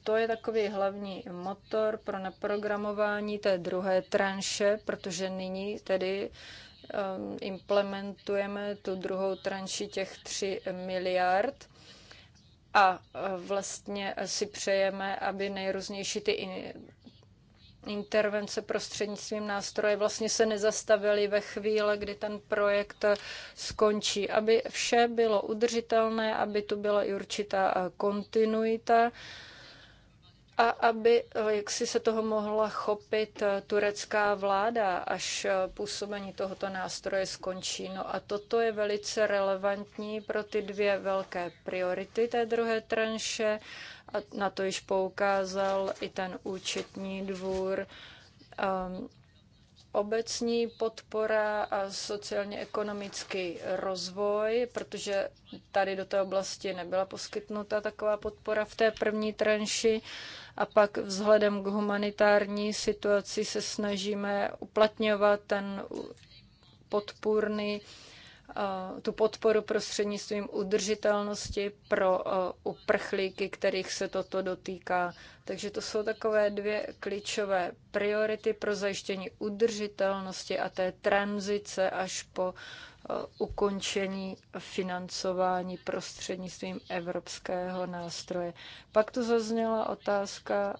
D: to je takový hlavní motor pro naprogramování té druhé tranše, protože nyní tedy um, implementujeme tu druhou tranši těch 3 miliard a uh, vlastně si přejeme, aby nejrůznější ty intervence prostřednictvím nástroje vlastně se nezastavily ve chvíli, kdy ten projekt skončí. Aby vše bylo udržitelné, aby tu byla i určitá eh, kontinuita a aby eh, jak si se toho mohla chopit eh, turecká vláda, až působení tohoto nástroje skončí. No a toto je velice relevantní pro ty dvě velké priority té druhé tranše a na to již poukázal i ten účetní dvůr. Um, obecní podpora a sociálně-ekonomický rozvoj, protože tady do té oblasti nebyla poskytnuta taková podpora v té první tranši. A pak vzhledem k humanitární situaci se snažíme uplatňovat ten podpůrný Eh, tu podporu prostřednictvím udržitelnosti pro eh, uprchlíky, kterých se toto dotýká. Takže to jsou takové dvě klíčové priority pro zajištění udržitelnosti a té tranzice až po eh, ukončení financování prostřednictvím evropského nástroje. Pak tu zazněla otázka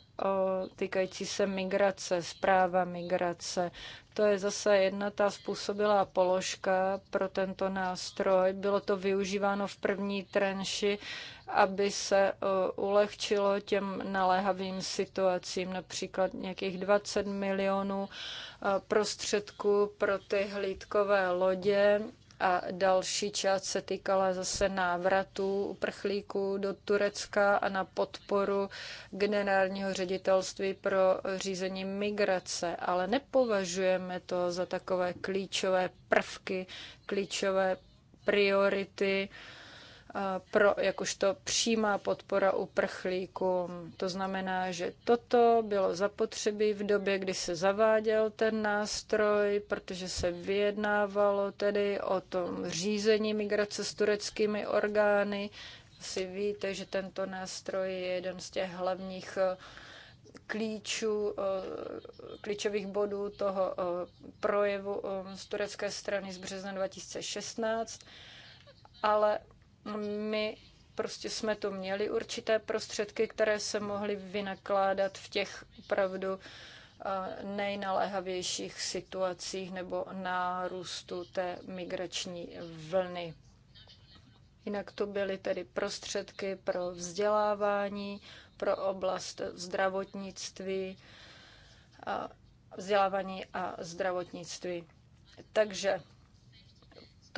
D: týkající se migrace, zpráva migrace. To je zase jedna ta způsobilá položka pro tento nástroj. Bylo to využíváno v první trenši, aby se e, ulehčilo těm naléhavým situacím, například nějakých 20 milionů e, prostředků pro ty hlídkové lodě a další část se týkala zase návratu uprchlíků do Turecka a na podporu generálního ředitelství pro řízení migrace. Ale nepovažujeme to za takové klíčové prvky, klíčové priority pro jakožto přímá podpora uprchlíkům. To znamená, že toto bylo zapotřebí v době, kdy se zaváděl ten nástroj, protože se vyjednávalo tedy o tom řízení migrace s tureckými orgány. Asi víte, že tento nástroj je jeden z těch hlavních eh, klíčů, eh, klíčových bodů toho eh, projevu z turecké strany z března 2016, ale my prostě jsme to měli určité prostředky, které se mohly vynakládat v těch opravdu eh, nejnaléhavějších situacích nebo nárůstu té migrační vlny. Jinak to byly tedy prostředky pro vzdělávání, pro oblast zdravotnictví, eh, vzdělávání a zdravotnictví. Takže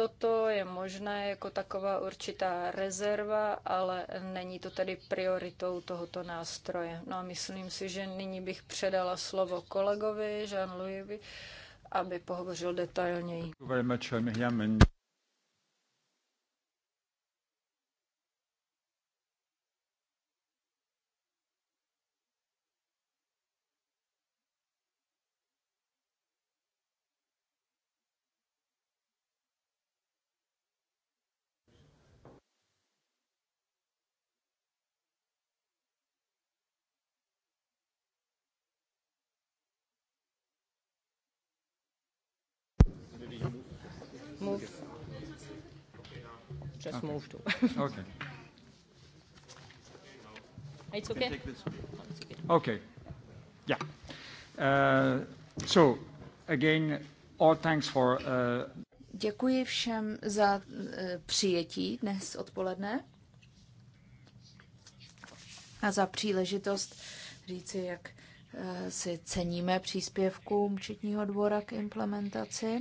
D: toto je možné jako taková určitá rezerva, ale není to tedy prioritou tohoto nástroje. No a myslím si, že nyní bych předala slovo kolegovi Jean-Louisovi, aby pohovořil detailněji.
B: Move. Just okay. move to.
D: okay. It's okay.
B: Okay. Yeah. Uh, so, again, all thanks for. Uh...
A: Děkuji všem za uh, přijetí dnes odpoledne a za příležitost říci, jak uh, si ceníme příspěvkům Četního dvora k implementaci.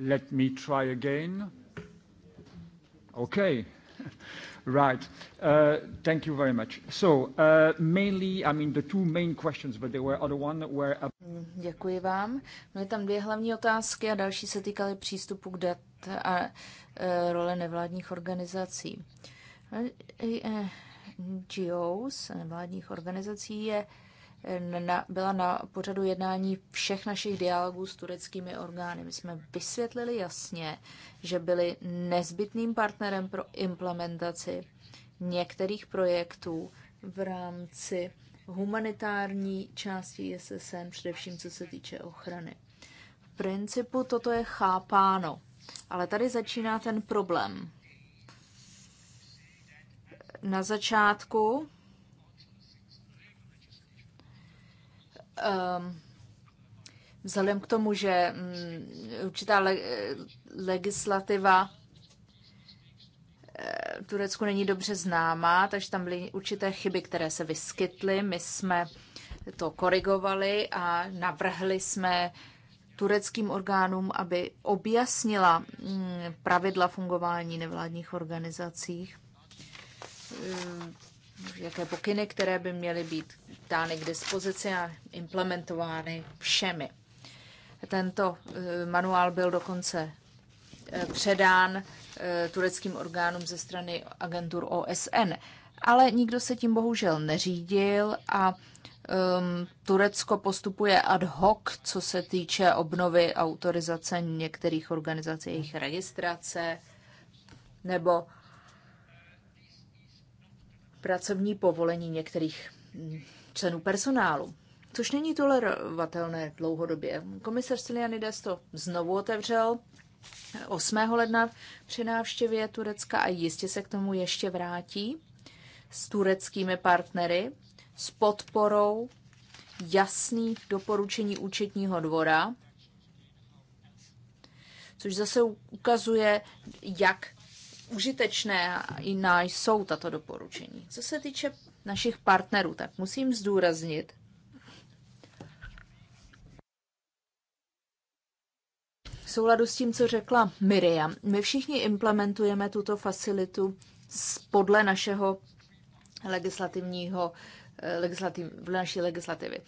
B: Let me try again. Okay. (laughs) Right. Uh, thank you very much. So, uh, mainly, I mean, the two main questions, but there were other one were... Mm,
A: děkuji vám. Byly tam dvě hlavní otázky a další se týkaly přístupu k dat a e, role nevládních organizací. E, e, NGOs, nevládních organizací, je na, byla na pořadu jednání všech našich dialogů s tureckými orgány. My jsme vysvětlili jasně, že byli nezbytným partnerem pro implementaci některých projektů v rámci humanitární části SSN, především co se týče ochrany. V principu toto je chápáno, ale tady začíná ten problém. Na začátku Ehm, vzhledem k tomu, že mm, určitá eh, legislativa eh, Turecku není dobře známá, takže tam byly určité chyby, které se vyskytly. My jsme to korigovali a navrhli jsme tureckým orgánům, aby objasnila mm, pravidla fungování nevládních organizací ehm, jaké pokyny, které by měly být dány k dispozici a implementovány všemi. Tento eh, manuál byl dokonce eh, předán eh, tureckým orgánům ze strany agentur OSN, ale nikdo se tím bohužel neřídil a ehm, Turecko postupuje ad hoc, co se týče obnovy autorizace některých organizací, jejich registrace nebo pracovní povolení některých mm, členů personálu, což není tolerovatelné dlouhodobě. Komisař Stylianides to znovu otevřel 8. ledna při návštěvě Turecka a jistě se k tomu ještě vrátí s tureckými partnery, s podporou jasných doporučení účetního dvora, což zase ukazuje, jak užitečné a jiná jsou tato doporučení. Co se týče našich partnerů, tak musím zdůraznit, v souladu s tím, co řekla Miriam, my všichni implementujeme tuto facilitu podle našeho legislativního legislativ, v naší legislativy.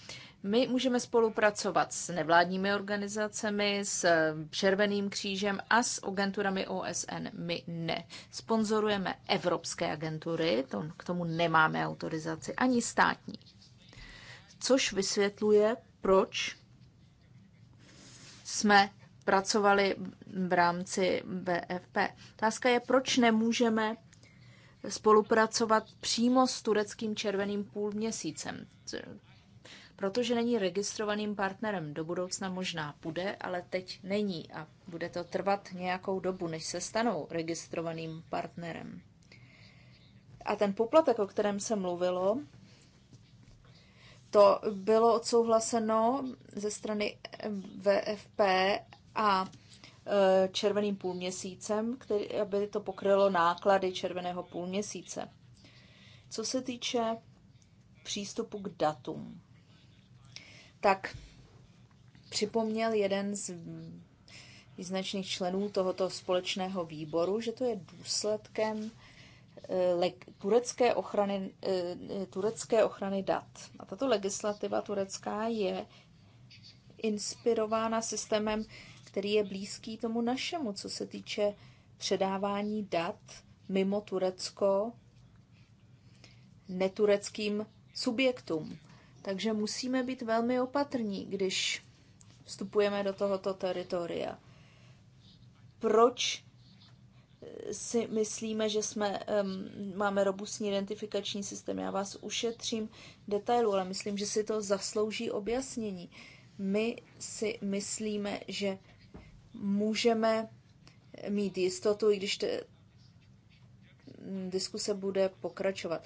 A: My můžeme spolupracovat s nevládními organizacemi, s eh, Červeným křížem a s agenturami OSN. My ne. Sponzorujeme evropské agentury, to, k tomu nemáme autorizaci, ani státní. Což vysvětluje, proč jsme pracovali v rámci BFP. Otázka je, proč nemůžeme spolupracovat přímo s tureckým červeným půlměsícem. Protože není registrovaným partnerem, do budoucna možná bude, ale teď není a bude to trvat nějakou dobu, než se stanou registrovaným partnerem. A ten poplatek, o kterém se mluvilo, to bylo odsouhlaseno ze strany VFP a Eh, červeným půlměsícem, který, aby to pokrylo náklady červeného půlměsíce. Co se týče přístupu k datům, tak připomněl jeden z význačných členů tohoto společného výboru, že to je důsledkem eh, turecké ochrany, eh, turecké ochrany dat. A tato legislativa turecká je inspirována systémem který je blízký tomu našemu, co se týče předávání dat mimo Turecko netureckým subjektům. Takže musíme být velmi opatrní, když vstupujeme do tohoto teritoria. Proč eh, si myslíme, že jsme, um, máme robustní identifikační systém. Já vás ušetřím detailu, ale myslím, že si to zaslouží objasnění. My si myslíme, že můžeme mít jistotu, i když te, diskuse bude pokračovat.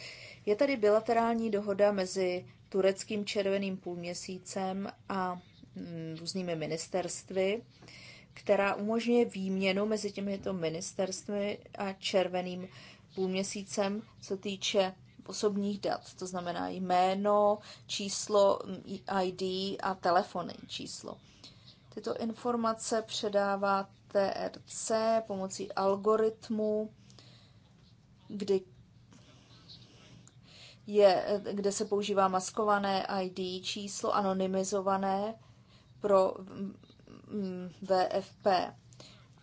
A: Je tady bilaterální dohoda mezi tureckým červeným půlměsícem a mm, různými ministerstvy, která umožňuje výměnu mezi těmito ministerstvy a červeným půlměsícem, co týče osobních dat, to znamená jméno, číslo mm, ID a telefonní číslo. Tyto informace předává TRC pomocí algoritmu, kdy je, kde se používá maskované ID číslo, anonymizované pro VFP.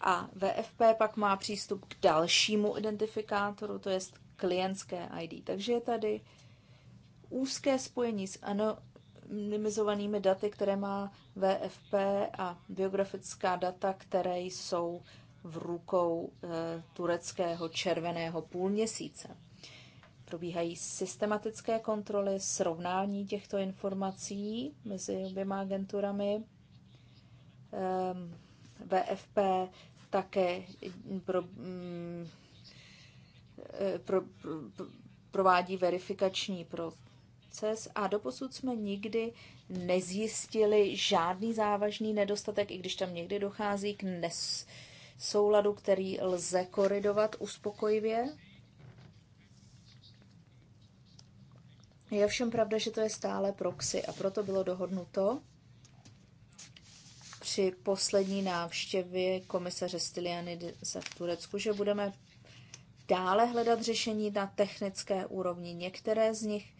A: A VFP pak má přístup k dalšímu identifikátoru, to je klientské ID. Takže je tady úzké spojení s ano, anonymizovanými daty, které má VFP a biografická data, které jsou v rukou eh, tureckého červeného půlměsíce. Probíhají systematické kontroly, srovnání těchto informací mezi oběma agenturami. Ehm, VFP také mm, eh, pro, pro, pro, provádí verifikační pro proces a doposud jsme nikdy nezjistili žádný závažný nedostatek, i když tam někdy dochází k nesouladu, který lze koridovat uspokojivě. Je všem pravda, že to je stále proxy a proto bylo dohodnuto při poslední návštěvě komisaře Styliany v Turecku, že budeme dále hledat řešení na technické úrovni. Některé z nich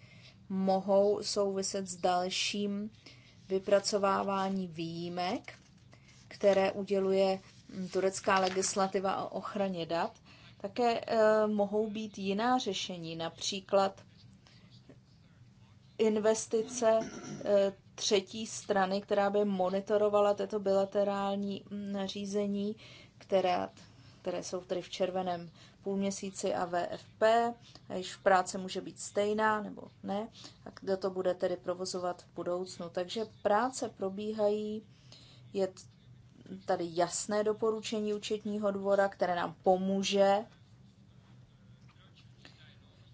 A: mohou souviset s dalším vypracovávání výjimek, které uděluje turecká legislativa o ochraně dat. Také eh, mohou být jiná řešení, například investice eh, třetí strany, která by monitorovala tyto bilaterální mm, nařízení, která, které jsou tady v červeném půl měsíci a VFP, a v práce může být stejná nebo ne, a kdo to bude tedy provozovat v budoucnu. Takže práce probíhají, je tady jasné doporučení účetního dvora, které nám pomůže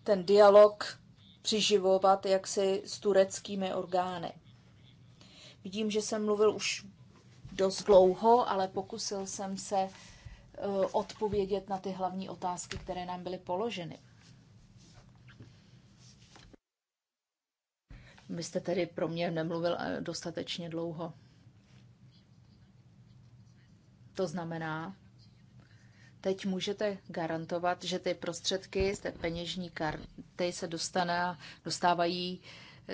A: ten dialog přiživovat jaksi s tureckými orgány. Vidím, že jsem mluvil už dost dlouho, ale pokusil jsem se Eh, odpovědět na ty hlavní otázky, které nám byly položeny. Vy jste tedy pro mě nemluvil eh, dostatečně dlouho. To znamená, teď můžete garantovat, že ty prostředky z té peněžní karty se dostane, dostávají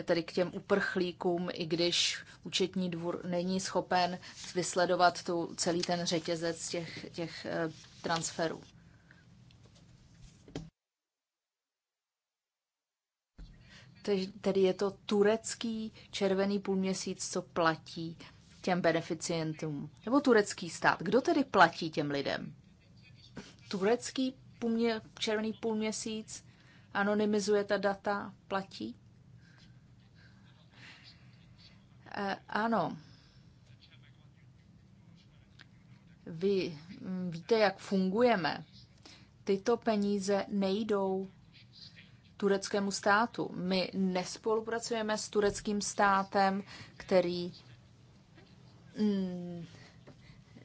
A: tedy k těm uprchlíkům, i když účetní dvůr není schopen vysledovat tu, celý ten řetězec těch, těch eh, transferů. Tedy je to turecký červený půlměsíc, co platí těm beneficientům. Nebo turecký stát. Kdo tedy platí těm lidem? Turecký půlmě, červený půlměsíc anonymizuje ta data, platí? Eh, ano. Vy mm, víte, jak fungujeme. Tyto peníze nejdou tureckému státu. My nespolupracujeme s tureckým státem, který mm,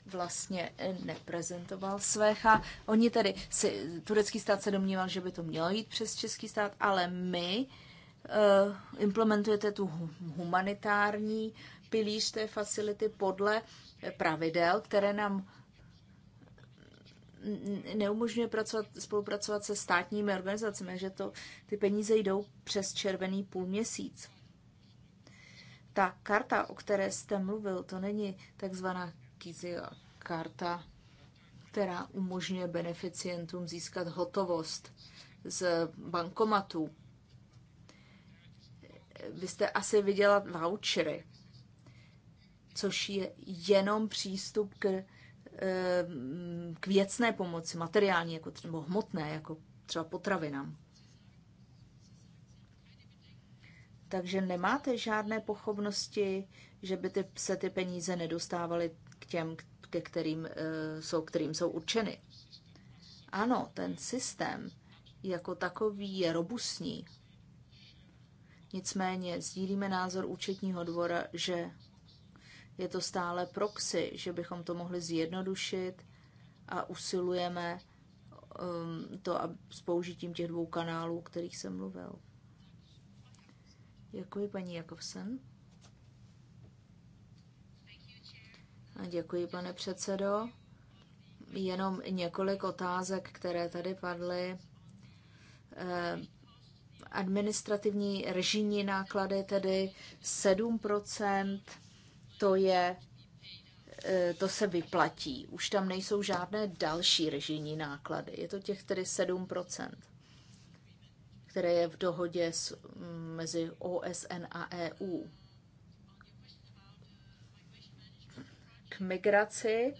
A: vlastně neprezentoval své chá. Oni tedy, si, turecký stát se domníval, že by to mělo jít přes český stát, ale my uh, Eh, implementujete tu humanitární pilíř té facility podle pravidel, které nám neumožňuje pracovat, spolupracovat se státními organizacemi, že to, ty peníze jdou přes červený půl měsíc. Ta karta, o které jste mluvil, to není takzvaná kizia karta, která umožňuje beneficientům získat hotovost z bankomatů jste asi viděla vouchery, což je jenom přístup k, eh, k věcné pomoci, materiální, jako třeba hmotné, jako třeba potravinám. Takže nemáte žádné pochopnosti, že by ty, se ty peníze nedostávaly k těm, ke kterým, eh, jsou, kterým jsou určeny. Ano, ten systém jako takový je robustní, Nicméně sdílíme názor účetního dvora, že je to stále proxy, že bychom to mohli zjednodušit a usilujeme um, to a s použitím těch dvou kanálů, o kterých jsem mluvil. Děkuji, paní Jakovsen. A děkuji, pane předsedo. Jenom několik otázek, které tady padly. Eh, administrativní režijní náklady, tedy 7 to je e, to se vyplatí. Už tam nejsou žádné další režijní náklady. Je to těch tedy 7 které je v dohodě s, mezi OSN a EU. K migraci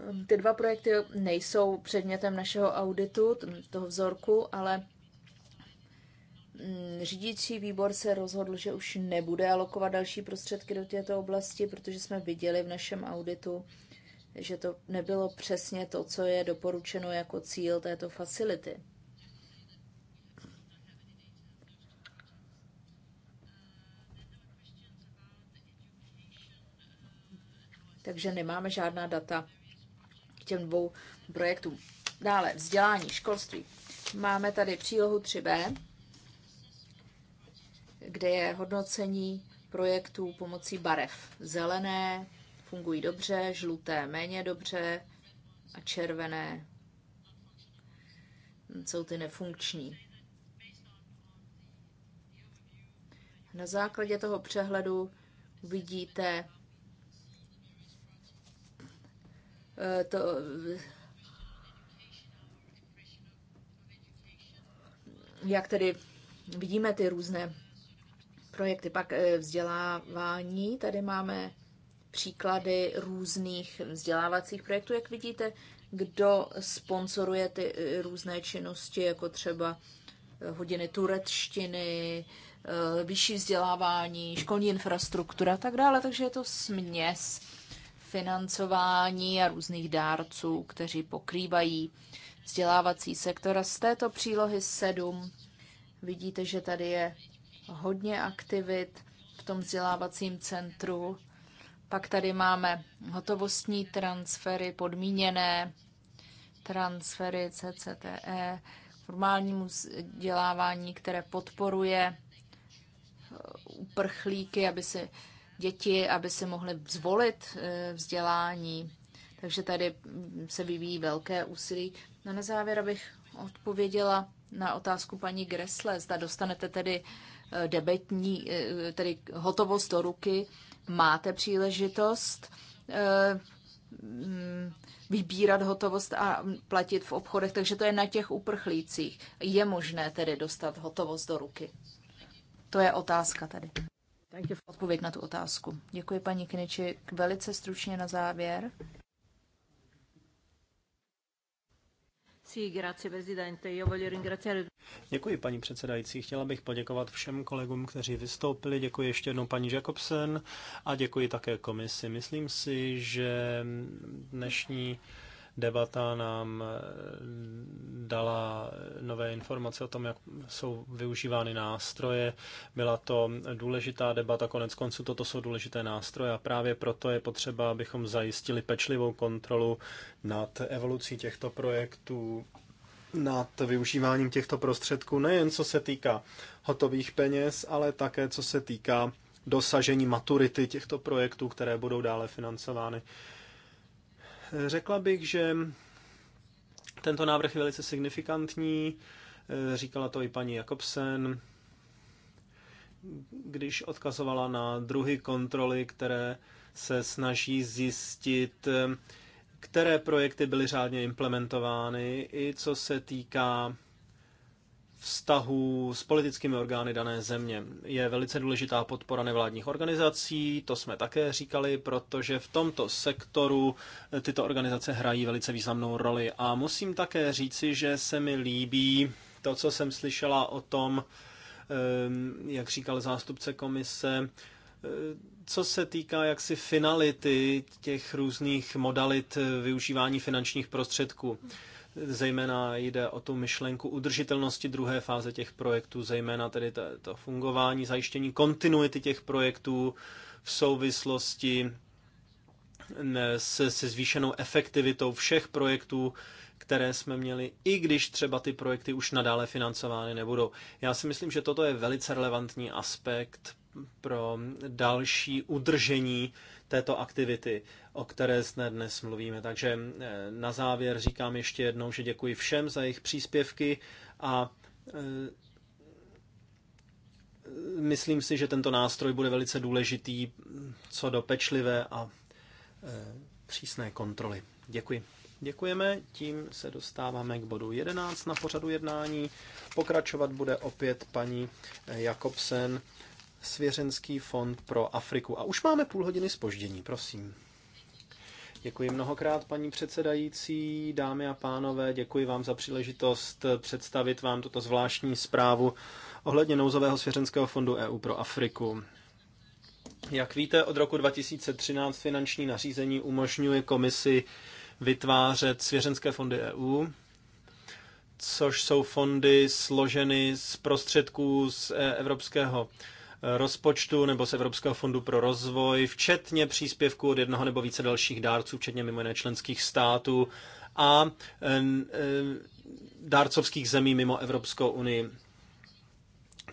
A: Ehm, ty dva projekty nejsou předmětem našeho auditu, toho vzorku, ale mm, řídící výbor se rozhodl, že už nebude alokovat další prostředky do této oblasti, protože jsme viděli v našem auditu, že to nebylo přesně to, co je doporučeno jako cíl této facility. Takže nemáme žádná data těm dvou projektům. Dále vzdělání, školství. Máme tady přílohu 3b, kde je hodnocení projektů pomocí barev. Zelené fungují dobře, žluté méně dobře a červené jsou ty nefunkční. Na základě toho přehledu vidíte Eh, to jak tedy vidíme ty různé projekty. Pak eh, vzdělávání, tady máme příklady různých vzdělávacích projektů, jak vidíte, kdo sponsoruje ty eh, různé činnosti, jako třeba hodiny turečtiny, vyšší vzdělávání, školní infrastruktura a tak dále, takže je to směs financování a různých dárců, kteří pokrývají vzdělávací sektor. A z této přílohy 7 vidíte, že tady je hodně aktivit v tom vzdělávacím centru. Pak tady máme hotovostní transfery, podmíněné transfery CCTE, formálnímu vzdělávání, které podporuje uprchlíky, aby si děti, aby si mohly zvolit eh, vzdělání. Takže tady se vyvíjí velké úsilí. No na závěr abych odpověděla na otázku paní Gresle, zda dostanete tedy eh, debetní, eh, tedy hotovost do ruky, máte příležitost mm, vybírat hotovost a platit v obchodech, takže to je na těch uprchlících. Je možné tedy dostat hotovost do ruky? To je otázka tady odpověď na tu otázku. Děkuji paní Kniči. Velice stručně na závěr.
B: Děkuji, paní předsedající. Chtěla bych poděkovat všem kolegům, kteří vystoupili. Děkuji ještě jednou paní Jacobsen a děkuji také komisi. Myslím si, že dnešní debata nám eh, dala nové informace o tom, jak jsou využívány nástroje. Byla to důležitá debata, konec konců toto jsou důležité nástroje a právě proto je potřeba, abychom zajistili pečlivou kontrolu nad evolucí těchto projektů, nad využíváním těchto prostředků, nejen co se týká hotových peněz, ale také co se týká dosažení maturity těchto projektů, které budou dále financovány. Řekla bych, že tento návrh je velice signifikantní, říkala to i paní Jakobsen, když odkazovala na druhy kontroly, které se snaží zjistit, které projekty byly řádně implementovány, i co se týká vztahů s politickými orgány dané země. Je velice důležitá podpora nevládních organizací, to jsme také říkali, protože v tomto sektoru eh, tyto organizace hrají velice významnou roli. A musím také říci, že se mi líbí to, co jsem slyšela o tom, eh, jak říkal zástupce komise, eh, co se týká jaksi finality těch různých modalit využívání finančních prostředků. Zejména jde o tu myšlenku udržitelnosti druhé fáze těch projektů, zejména tedy to, to fungování, zajištění kontinuity těch projektů v souvislosti se, se zvýšenou efektivitou všech projektů, které jsme měli, i když třeba ty projekty už nadále financovány nebudou. Já si myslím, že toto je velice relevantní aspekt pro další udržení této aktivity, o které jsme dnes mluvíme. Takže eh, na závěr říkám ještě jednou, že děkuji všem za jejich příspěvky a eh, myslím si, že tento nástroj bude velice důležitý co do pečlivé a eh, přísné kontroly. Děkuji. Děkujeme, tím se dostáváme k bodu 11 na pořadu jednání. Pokračovat bude opět paní Jakobsen Svěřenský fond pro Afriku. A už máme půl hodiny spoždění, prosím. Děkuji mnohokrát, paní předsedající, dámy a pánové, děkuji vám za příležitost představit vám tuto zvláštní zprávu ohledně nouzového svěřenského fondu EU pro Afriku. Jak víte, od roku 2013 finanční nařízení umožňuje komisi vytvářet svěřenské fondy EU, což jsou fondy složeny z prostředků z e- Evropského rozpočtu nebo z Evropského fondu pro rozvoj, včetně příspěvku od jednoho nebo více dalších dárců, včetně mimo jiné členských států a e, e, dárcovských zemí mimo Evropskou unii.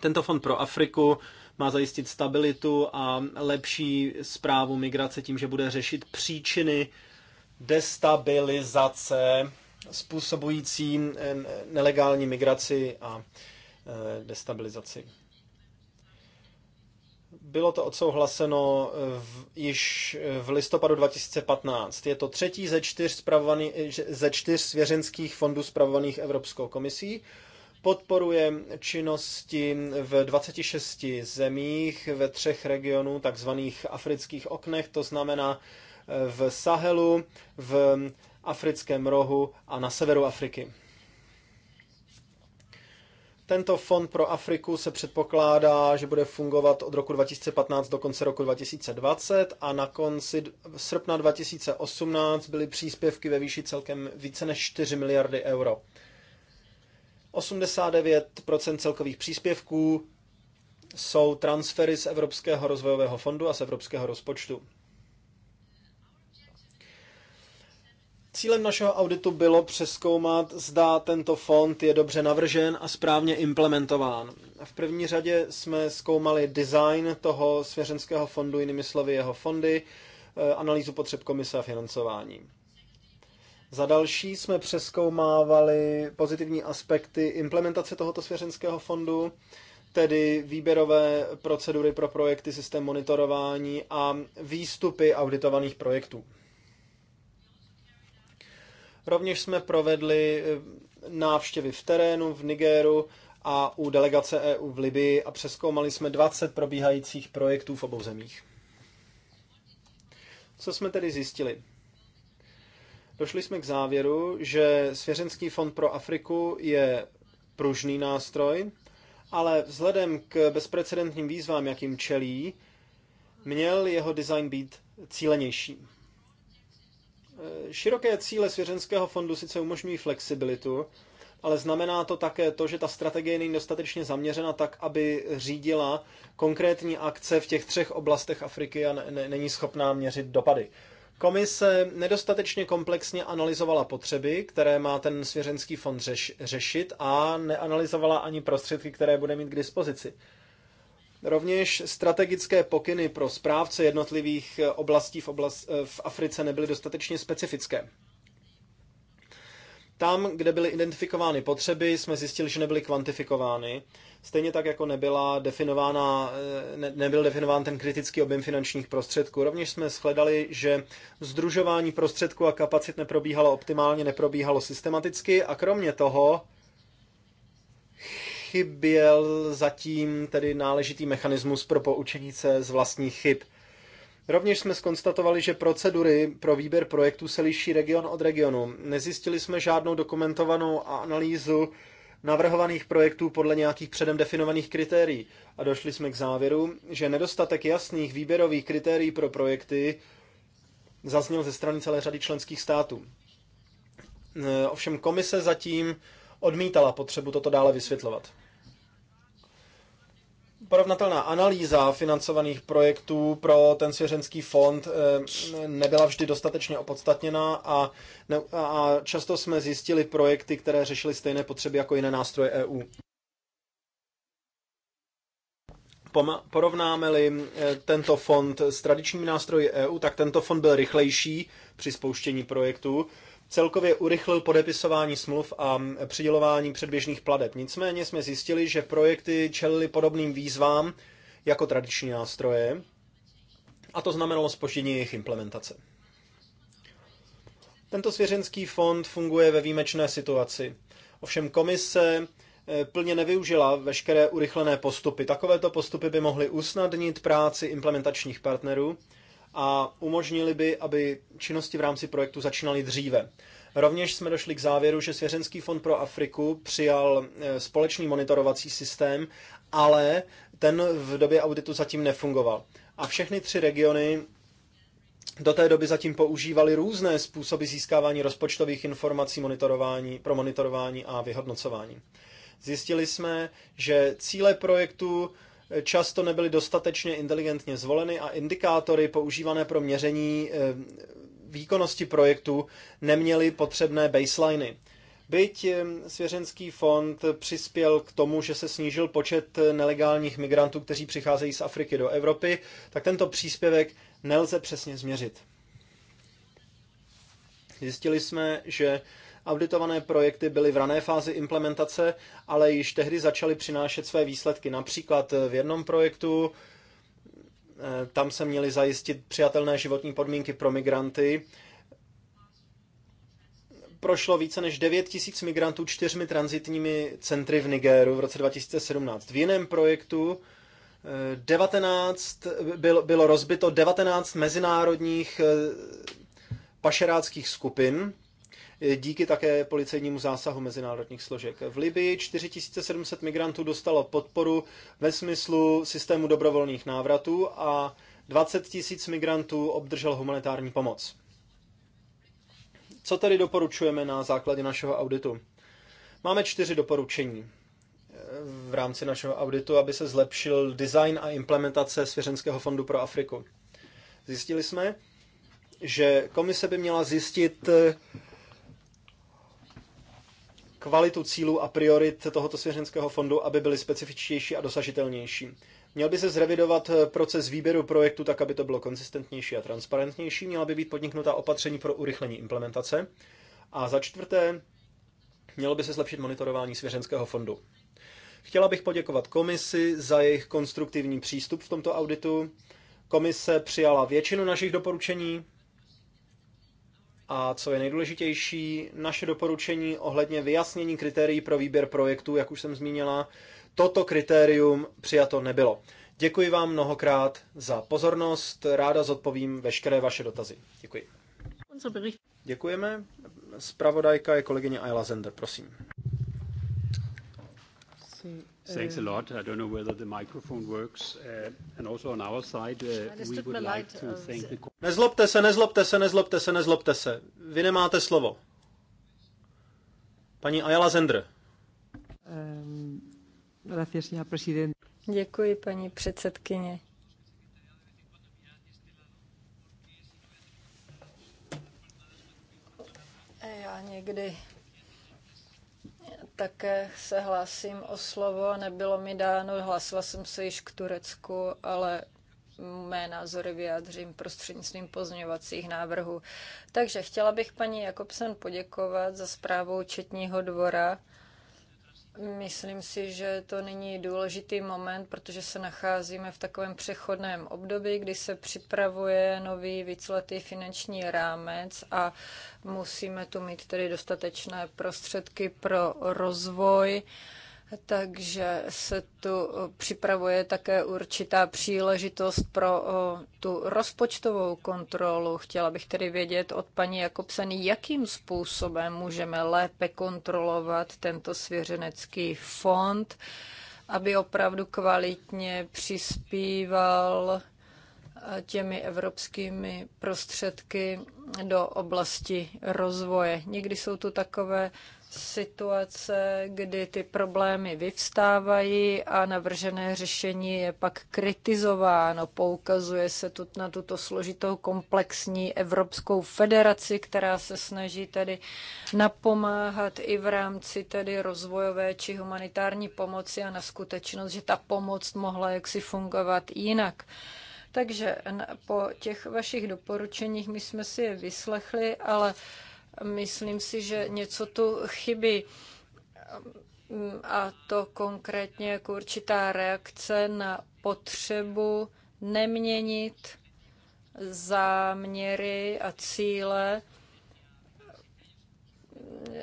B: Tento fond pro Afriku má zajistit stabilitu a lepší zprávu migrace tím, že bude řešit příčiny destabilizace způsobující nelegální migraci a e, destabilizaci bylo to odsouhlaseno eh, v, již eh, v listopadu 2015. Je to třetí ze čtyř, eh, ze čtyř svěřenských fondů spravovaných Evropskou komisí. Podporuje činnosti v 26 zemích, ve třech regionů, takzvaných afrických oknech, to znamená v Sahelu, v africkém rohu a na severu Afriky. Tento fond pro Afriku se předpokládá, že bude fungovat od roku 2015 do konce roku 2020 a na konci srpna 2018 byly příspěvky ve výši celkem více než 4 miliardy euro. 89% celkových příspěvků jsou transfery z Evropského rozvojového fondu a z Evropského rozpočtu. Cílem našeho auditu bylo přeskoumat, zda tento fond je dobře navržen a správně implementován. V první řadě jsme zkoumali design toho svěřenského fondu, jinými slovy jeho fondy, eh, analýzu potřeb komise a financování. Za další jsme přeskoumávali pozitivní aspekty implementace tohoto svěřenského fondu, tedy výběrové procedury pro projekty, systém monitorování a výstupy auditovaných projektů. Rovněž jsme provedli eh, návštěvy v terénu, v Nigéru a u delegace EU v Libii a přeskoumali jsme 20 probíhajících projektů v obou zemích. Co jsme tedy zjistili? Došli jsme k závěru, že Svěřenský fond pro Afriku je pružný nástroj, ale vzhledem k bezprecedentním výzvám, jakým čelí, měl jeho design být cílenější. Široké cíle svěřenského fondu sice umožňují flexibilitu, ale znamená to také to, že ta strategie není dostatečně zaměřena tak, aby řídila konkrétní akce v těch třech oblastech Afriky a ne- není schopná měřit dopady. Komise nedostatečně komplexně analyzovala potřeby, které má ten svěřenský fond řeš- řešit a neanalyzovala ani prostředky, které bude mít k dispozici. Rovněž strategické pokyny pro správce jednotlivých eh, oblastí v, oblast, eh, v Africe nebyly dostatečně specifické. Tam, kde byly identifikovány potřeby, jsme zjistili, že nebyly kvantifikovány, stejně tak jako nebyla definována, eh, ne, nebyl definován ten kritický objem finančních prostředků. Rovněž jsme shledali, že združování prostředků a kapacit neprobíhalo optimálně, neprobíhalo systematicky a kromě toho chyběl zatím tedy náležitý mechanismus pro poučení se z vlastních chyb. Rovněž jsme skonstatovali, že procedury pro výběr projektů se liší region od regionu. Nezjistili jsme žádnou dokumentovanou analýzu navrhovaných projektů podle nějakých předem definovaných kritérií a došli jsme k závěru, že nedostatek jasných výběrových kritérií pro projekty zazněl ze strany celé řady členských států. Ovšem komise zatím odmítala potřebu toto dále vysvětlovat porovnatelná analýza financovaných projektů pro ten svěřenský fond eh, nebyla vždy dostatečně opodstatněná a, ne, a často jsme zjistili projekty, které řešily stejné potřeby jako jiné nástroje EU. Porovnáme-li eh, tento fond s tradičními nástroji EU, tak tento fond byl rychlejší při spouštění projektu celkově urychlil podepisování smluv a přidělování předběžných plateb. Nicméně jsme zjistili, že projekty čelily podobným výzvám jako tradiční nástroje a to znamenalo spoždění jejich implementace. Tento svěřenský fond funguje ve výjimečné situaci. Ovšem komise eh, plně nevyužila veškeré urychlené postupy. Takovéto postupy by mohly usnadnit práci implementačních partnerů a umožnili by, aby činnosti v rámci projektu začínaly dříve. Rovněž jsme došli k závěru, že Svěřenský fond pro Afriku přijal eh, společný monitorovací systém, ale ten v době auditu zatím nefungoval. A všechny tři regiony do té doby zatím používali různé způsoby získávání rozpočtových informací monitorování, pro monitorování a vyhodnocování. Zjistili jsme, že cíle projektu často nebyly dostatečně inteligentně zvoleny a indikátory používané pro měření eh, výkonnosti projektu neměly potřebné baseliny. Byť eh, svěřenský fond přispěl k tomu, že se snížil počet eh, nelegálních migrantů, kteří přicházejí z Afriky do Evropy, tak tento příspěvek nelze přesně změřit. Zjistili jsme, že Auditované projekty byly v rané fázi implementace, ale již tehdy začaly přinášet své výsledky. Například eh, v jednom projektu eh, tam se měly zajistit přijatelné životní podmínky pro migranty. Prošlo více než 9 tisíc migrantů čtyřmi transitními centry v Nigeru v roce 2017. V jiném projektu 19, eh, bylo, bylo rozbito 19 mezinárodních pašeráckých skupin díky také policejnímu zásahu mezinárodních složek. V Libii 4700 migrantů dostalo podporu ve smyslu systému dobrovolných návratů a 20 000 migrantů obdržel humanitární pomoc. Co tedy doporučujeme na základě našeho auditu? Máme čtyři doporučení eh, v rámci našeho auditu, aby se zlepšil design a implementace Svěřenského fondu pro Afriku. Zjistili jsme, že komise by měla zjistit, eh, kvalitu cílů a priorit tohoto svěřenského fondu, aby byly specifičtější a dosažitelnější. Měl by se zrevidovat proces výběru projektu tak, aby to bylo konzistentnější a transparentnější. Měla by být podniknuta opatření pro urychlení implementace. A za čtvrté, mělo by se zlepšit monitorování svěřenského fondu. Chtěla bych poděkovat komisi za jejich konstruktivní přístup v tomto auditu. Komise přijala většinu našich doporučení a co je nejdůležitější, naše doporučení ohledně vyjasnění kritérií pro výběr projektů, jak už jsem zmínila, toto kritérium přijato nebylo. Děkuji vám mnohokrát za pozornost, ráda zodpovím veškeré vaše dotazy. Děkuji. Děkujeme. Spravodajka je kolegyně Ayla Zender, prosím. Thanks a um, lot. I don't know whether the microphone works. Uh, and also on our side, uh, we would like to uh, thank the- Nezlobte se, nezlobte se, nezlobte se, nezlobte se. Vy nemáte slovo. Paní Ayala Zender.
C: Um,
D: Děkuji, paní předsedkyně. Já někdy také se hlásím o slovo, nebylo mi dáno, hlásila jsem se již k Turecku, ale mé názory vyjádřím prostřednictvím pozměňovacích návrhů. Takže chtěla bych paní Jakobsen poděkovat za zprávu Četního dvora Myslím si, že to není důležitý moment, protože se nacházíme v takovém přechodném období, kdy se připravuje nový víceletý finanční rámec a musíme tu mít tedy dostatečné prostředky pro rozvoj uh, takže se tu připravuje také určitá příležitost pro tu rozpočtovou kontrolu. Chtěla bych tedy vědět od paní Jakobsany, jakým způsobem můžeme lépe kontrolovat tento svěřenecký fond, aby opravdu kvalitně přispíval e, těmi evropskými prostředky do oblasti rozvoje. Někdy jsou tu takové situace, kdy ty problémy vyvstávají a navržené řešení je pak kritizováno. Poukazuje se tu na tuto složitou komplexní Evropskou federaci, která se snaží tedy napomáhat i v rámci tedy rozvojové či humanitární pomoci a na skutečnost, že ta pomoc mohla jaksi fungovat jinak. Takže po těch vašich doporučeních my jsme si je vyslechli, ale Myslím si, že něco tu chybí a to konkrétně jako určitá reakce na potřebu neměnit záměry a cíle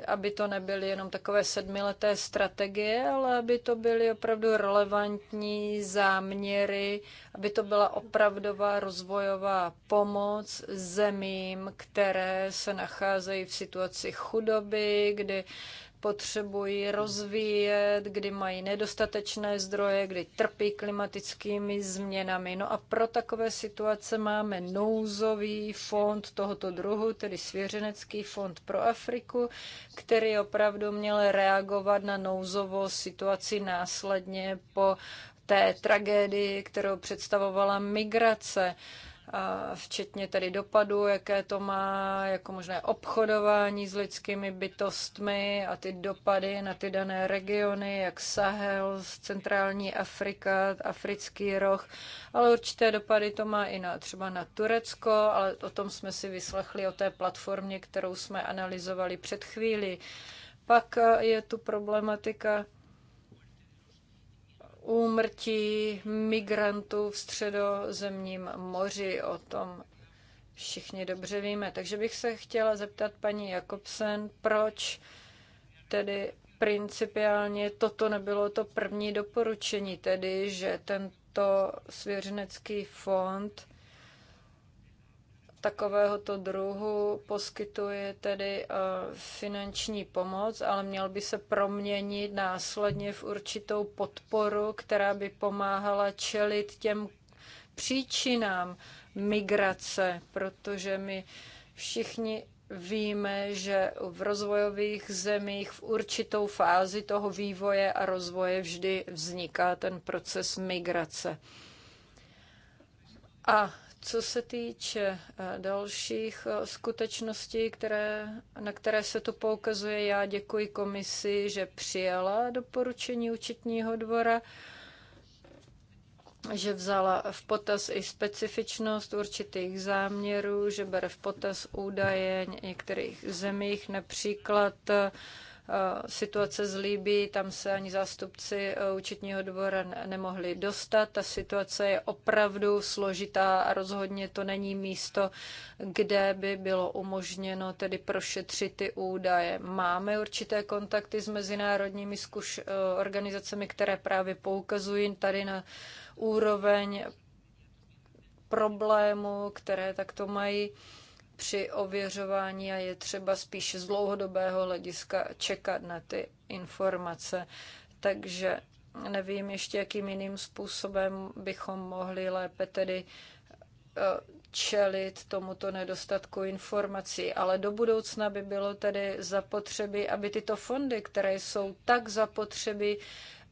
D: aby to nebyly jenom takové sedmileté strategie, ale aby to byly opravdu relevantní záměry, aby to byla opravdová rozvojová pomoc zemím, které se nacházejí v situaci chudoby, kdy potřebují rozvíjet, kdy mají nedostatečné zdroje, kdy trpí klimatickými změnami. No a pro takové situace máme nouzový fond tohoto druhu, tedy svěřenecký fond pro Afriku, který opravdu měl reagovat na nouzovou situaci následně po té tragédii, kterou představovala migrace včetně tedy dopadu, jaké to má, jako možné obchodování s lidskými bytostmi a ty dopady na ty dané regiony, jak Sahel, centrální Afrika, africký roh, ale určité dopady to má i na, třeba na Turecko, ale o tom jsme si vyslechli o té platformě, kterou jsme analyzovali před chvíli. Pak eh, je tu problematika úmrtí migrantů v středozemním moři. O tom všichni dobře víme. Takže bych se chtěla zeptat paní Jakobsen, proč tedy principiálně toto nebylo to první doporučení, tedy že tento svěřenecký fond takovéhoto druhu poskytuje tedy eh, finanční pomoc, ale měl by se proměnit následně v určitou podporu, která by pomáhala čelit těm příčinám migrace, protože my všichni víme, že v rozvojových zemích v určitou fázi toho vývoje a rozvoje vždy vzniká ten proces migrace. A co se týče eh, dalších eh, skutečností, které, na které se to poukazuje, já děkuji komisi, že přijala doporučení účetního dvora, že vzala v potaz i specifičnost určitých záměrů, že bere v potaz údaje některých zemích, například eh, Eh, situace z Líbí, tam se ani zástupci eh, účetního dvora nemohli dostat. Ta situace je opravdu složitá a rozhodně to není místo, kde by bylo umožněno tedy prošetřit ty údaje. Máme určité kontakty s mezinárodními zkuš eh, organizacemi, které právě poukazují tady na úroveň problémů, které takto mají při ověřování a je třeba spíš z dlouhodobého hlediska čekat na ty informace. Takže nevím ještě, jakým jiným způsobem bychom mohli lépe tedy eh, čelit tomuto nedostatku informací. Ale do budoucna by bylo tedy zapotřebí, aby tyto fondy, které jsou tak zapotřebí,